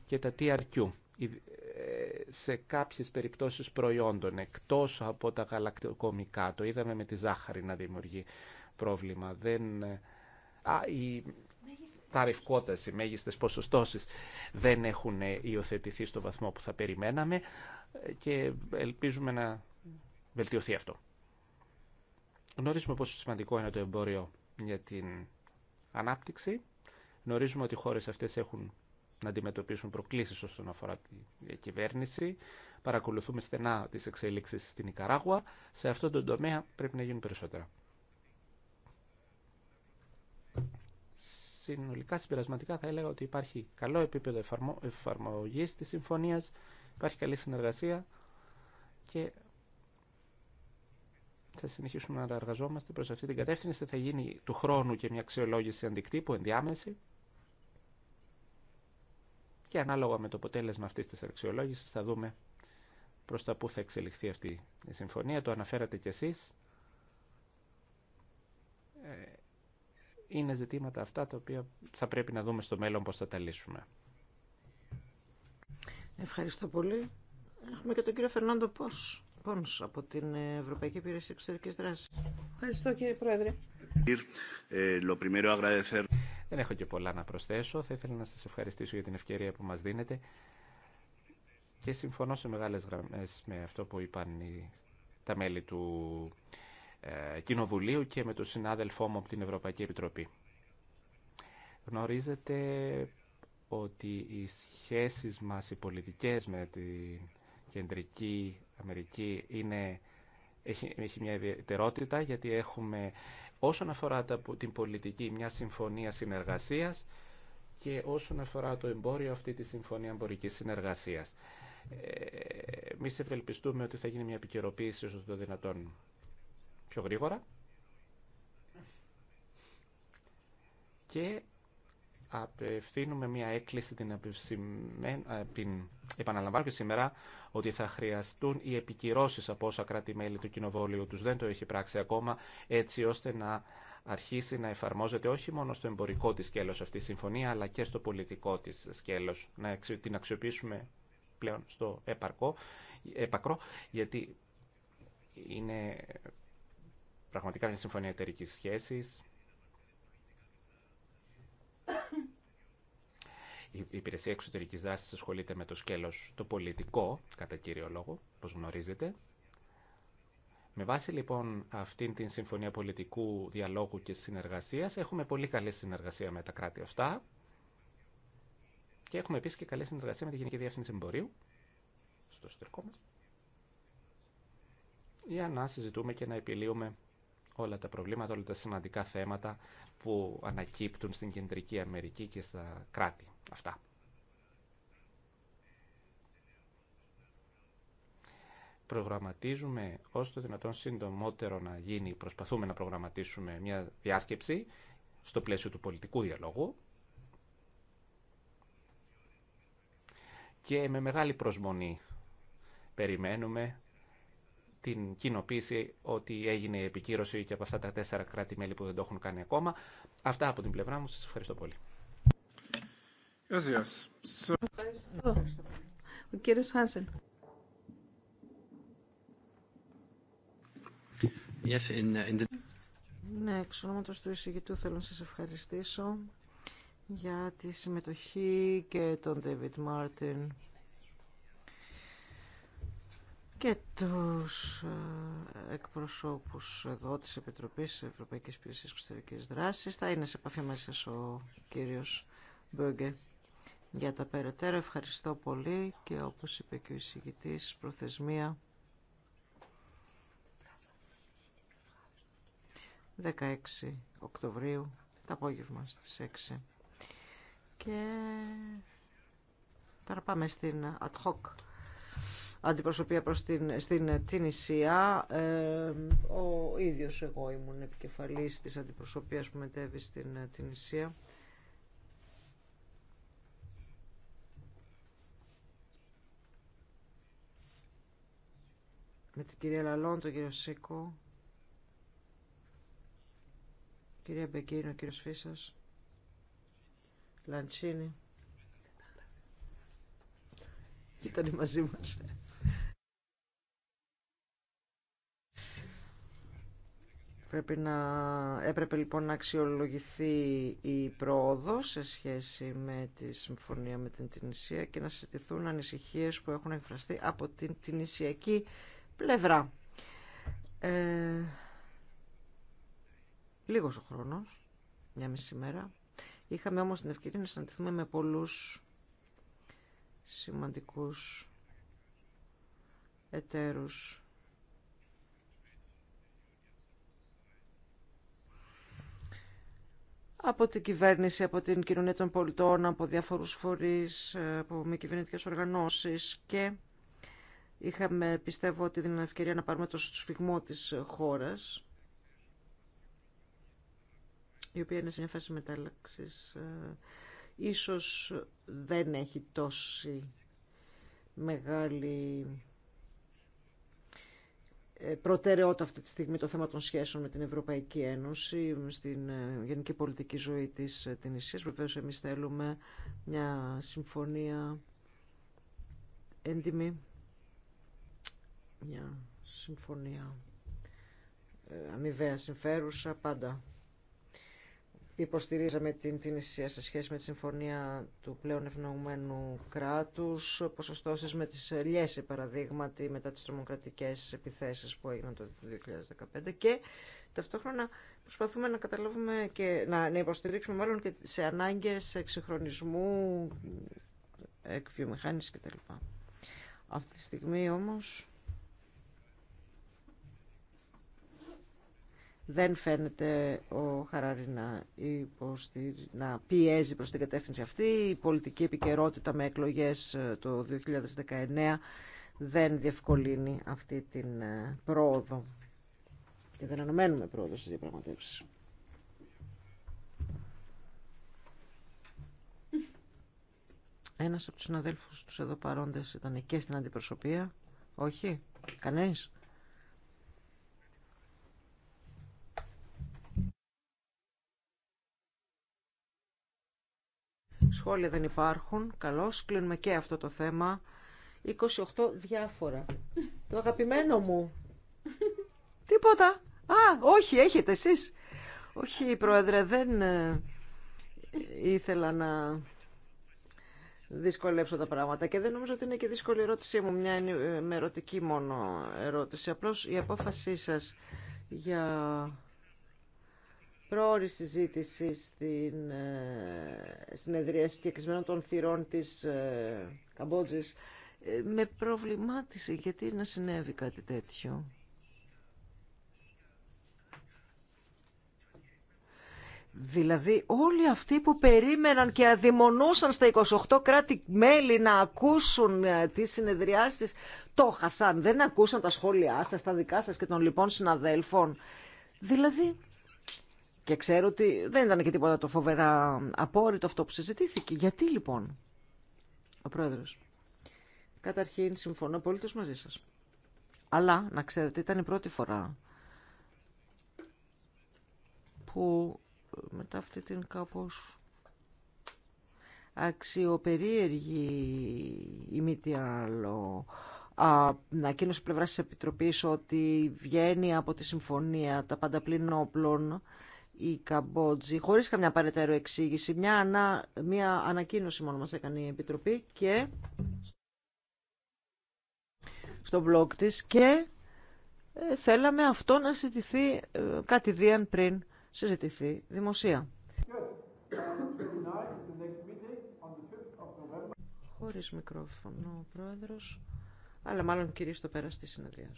και τα TRQ ε, σε κάποιες περιπτώσεις προϊόντων εκτός από τα γαλακτοκομικά. Το είδαμε με τη ζάχαρη να δημιουργεί πρόβλημα. Δεν... Ε, α, Τα ρευκότας, οι μέγιστες ποσοστώσεις δεν έχουν υιοθετηθεί στο βαθμό που θα περιμέναμε και ελπίζουμε να βελτιωθεί αυτό. Γνωρίζουμε πόσο σημαντικό είναι το εμπόριο για την ανάπτυξη. Γνωρίζουμε ότι οι χώρε αυτέ έχουν να αντιμετωπίσουν προκλήσει όσον αφορά την κυβέρνηση. Παρακολουθούμε στενά τι εξελίξει στην Ικαράγουα. Σε αυτόν τον τομέα πρέπει να γίνουν περισσότερα. Συνολικά, συμπερασματικά θα έλεγα ότι υπάρχει καλό επίπεδο εφαρμογή τη συμφωνία. υπάρχει καλή συνεργασία και θα συνεχίσουμε να εργαζόμαστε προς αυτή την κατεύθυνση. Θα γίνει του χρόνου και μια αξιολόγηση αντικτύπου ενδιάμεση και ανάλογα με το αποτέλεσμα αυτής της αξιολόγησης θα δούμε προς τα που θα εξελιχθεί αυτή η συμφωνία. Το αναφέρατε κι εσείς. Ε, είναι ζητήματα αυτά τα οποία θα πρέπει να δούμε στο μέλλον πώς θα τα λύσουμε. Ευχαριστώ πολύ. Έχουμε και τον κύριο Φερνάντο από την Ευρωπαϊκή Υπηρεσία Εξωτερικής Δράσης. Ευχαριστώ κύριε Πρόεδρε. Ε, Δεν έχω και πολλά να προσθέσω. Θα ήθελα να σας ευχαριστήσω για την ευκαιρία που μας δίνετε και συμφωνώ σε μεγάλες γραμμές με αυτό που είπαν τα μέλη του ε, Κοινοβουλίου και με τον συνάδελφό μου από την Ευρωπαϊκή Επιτροπή. Γνωρίζετε ότι οι σχέσεις μας, οι πολιτικές με την Κεντρική Αμερική είναι, έχει, μια ιδιαιτερότητα γιατί έχουμε όσον αφορά τα, την πολιτική μια συμφωνία συνεργασίας και όσον αφορά το εμπόριο αυτή τη συμφωνία εμπορικής συνεργασίας. Ε, Εμεί ευελπιστούμε ότι θα γίνει μια επικαιροποίηση όσο το δυνατόν πιο γρήγορα. Και απευθύνουμε μια έκκληση ε, την, επαναλαμβάνω και σήμερα ότι θα χρειαστούν οι επικυρώσει από όσα κράτη-μέλη του κοινοβόλου τους δεν το έχει πράξει ακόμα έτσι ώστε να αρχίσει να εφαρμόζεται όχι μόνο στο εμπορικό τη σκέλος αυτή η συμφωνία αλλά και στο πολιτικό τη σκέλος να την αξιοποιήσουμε πλέον στο επακρό γιατί είναι πραγματικά μια συμφωνία εταιρικής σχέση. η υπηρεσία εξωτερικής δράσης ασχολείται με το σκέλος το πολιτικό, κατά κύριο λόγο, όπως γνωρίζετε. Με βάση λοιπόν αυτήν την Συμφωνία Πολιτικού Διαλόγου και Συνεργασίας έχουμε πολύ καλή συνεργασία με τα κράτη αυτά και έχουμε επίσης και καλή συνεργασία με τη Γενική Διεύθυνση Εμπορίου στο εσωτερικό μας για να συζητούμε και να επιλύουμε όλα τα προβλήματα, όλα τα σημαντικά θέματα που ανακύπτουν στην Κεντρική Αμερική και στα κράτη αυτά. Προγραμματίζουμε όσο το δυνατόν συντομότερο να γίνει, προσπαθούμε να προγραμματίσουμε μια διάσκεψη στο πλαίσιο του πολιτικού διαλόγου και με μεγάλη προσμονή περιμένουμε την κοινοποίηση ότι έγινε επικύρωση και από αυτά τα τέσσερα κράτη-μέλη που δεν το έχουν κάνει ακόμα. Αυτά από την πλευρά μου. Σας ευχαριστώ πολύ. Ευχαριστώ. Ο Χάνσεν. Yes, in, uh, in the... Ναι, εξ ονόματος του εισηγητού θέλω να σας ευχαριστήσω για τη συμμετοχή και τον David Μάρτιν και τους ε, εκπροσώπους εδώ της Επιτροπής Ευρωπαϊκής Υπηρεσίας Εξωτερικής Δράσης. Θα είναι σε επαφή μαζί σας ο κύριος Μπέγκε για τα περαιτέρω. Ευχαριστώ πολύ και όπως είπε και ο εισηγητής, προθεσμία 16 Οκτωβρίου, το απόγευμα στις 6. Και τώρα πάμε στην ad hoc αντιπροσωπεία προς την, στην Τινησία. Ε, ο ίδιος εγώ ήμουν επικεφαλής της αντιπροσωπείας που μετέβη στην Τινησία. Με την κυρία Λαλόν, τον κύριο Σίκο, κυρία Μπεκίνο, κύριο Φίσας, Λαντσίνη. Ήταν μαζί μας. να, έπρεπε λοιπόν να αξιολογηθεί η πρόοδο σε σχέση με τη συμφωνία με την Τινησία και να συζητηθούν ανησυχίες που έχουν εκφραστεί από την Τινησιακή πλευρά. Ε, λίγος ο χρόνος, μια μισή μέρα. Είχαμε όμως την ευκαιρία να συναντηθούμε με πολλούς σημαντικούς εταίρους από την κυβέρνηση, από την κοινωνία των πολιτών, από διάφορους φορείς, από μη κυβερνητικές οργανώσεις και είχαμε, πιστεύω, ότι την ευκαιρία να πάρουμε το σφιγμό της χώρας, η οποία είναι σε μια φάση μετάλλαξης. Ε, ίσως δεν έχει τόση μεγάλη ε, προτεραιότητα αυτή τη στιγμή το θέμα των σχέσεων με την Ευρωπαϊκή Ένωση στην ε, γενική πολιτική ζωή της ε, Τινησίας. Βεβαίως εμείς θέλουμε μια συμφωνία έντιμη, μια συμφωνία αμοιβαία συμφέρουσα πάντα Υποστηρίζαμε την Τινησία σε σχέση με τη συμφωνία του πλέον ευνοουμένου κράτους, ποσοστώσεις με τις ελιέ, παραδείγματι μετά τις τρομοκρατικές επιθέσεις που έγιναν το 2015 και ταυτόχρονα προσπαθούμε να καταλάβουμε και να, να υποστηρίξουμε μάλλον και σε ανάγκες εξυγχρονισμού, εκβιομηχάνηση κτλ. Αυτή τη στιγμή όμως δεν φαίνεται ο Χαράρη να, να πιέζει προς την κατεύθυνση αυτή. Η πολιτική επικαιρότητα με εκλογές ε, το 2019 δεν διευκολύνει αυτή την ε, πρόοδο και δεν αναμένουμε πρόοδο στις διαπραγματεύσεις. Ένας από τους συναδέλφους τους εδώ παρόντες ήταν και στην αντιπροσωπεία. Όχι, κανείς. Σχόλια δεν υπάρχουν. Καλώς. Κλείνουμε και αυτό το θέμα. 28 διάφορα. Το αγαπημένο μου. Τίποτα. Α, όχι, έχετε εσείς. Όχι, Πρόεδρε, δεν ε, ήθελα να δυσκολέψω τα πράγματα και δεν νομίζω ότι είναι και δύσκολη η ερώτησή μου, μια με ερωτική μόνο ερώτηση. Απλώς η απόφασή σας για πρόορη συζήτηση στην ε, συνεδρία συγκεκρισμένων των θυρών της ε, Καμπότζης ε, με προβλημάτισε γιατί να συνέβη κάτι τέτοιο. Δηλαδή όλοι αυτοί που περίμεναν και αδειμονούσαν στα 28 κράτη-μέλη να ακούσουν τις συνεδριάσεις, το χασάν, δεν ακούσαν τα σχόλιά σας, τα δικά σας και των λοιπόν συναδέλφων. Δηλαδή και ξέρω ότι δεν ήταν και τίποτα το φοβερά απόρριτο αυτό που συζητήθηκε. Γιατί λοιπόν, ο Πρόεδρος. Καταρχήν, συμφωνώ πολύ μαζί σας. Αλλά, να ξέρετε, ήταν η πρώτη φορά που μετά αυτή την κάπως αξιοπερίεργη ή μη τι άλλο ανακοίνωση πλευράς της Επιτροπής ότι βγαίνει από τη συμφωνία τα πάντα πλήν όπλων η Καμπότζη, χωρίς καμιά παρετέρω εξήγηση, μια, ανα, μια ανακοίνωση μόνο μας έκανε η Επιτροπή και στο blog της και ε, θέλαμε αυτό να συζητηθεί ε, κάτι δίαν πριν συζητηθεί δημοσία. Χωρίς μικρόφωνο ο πρόεδρος, αλλά μάλλον κυρίως το πέρα στη συνεδρία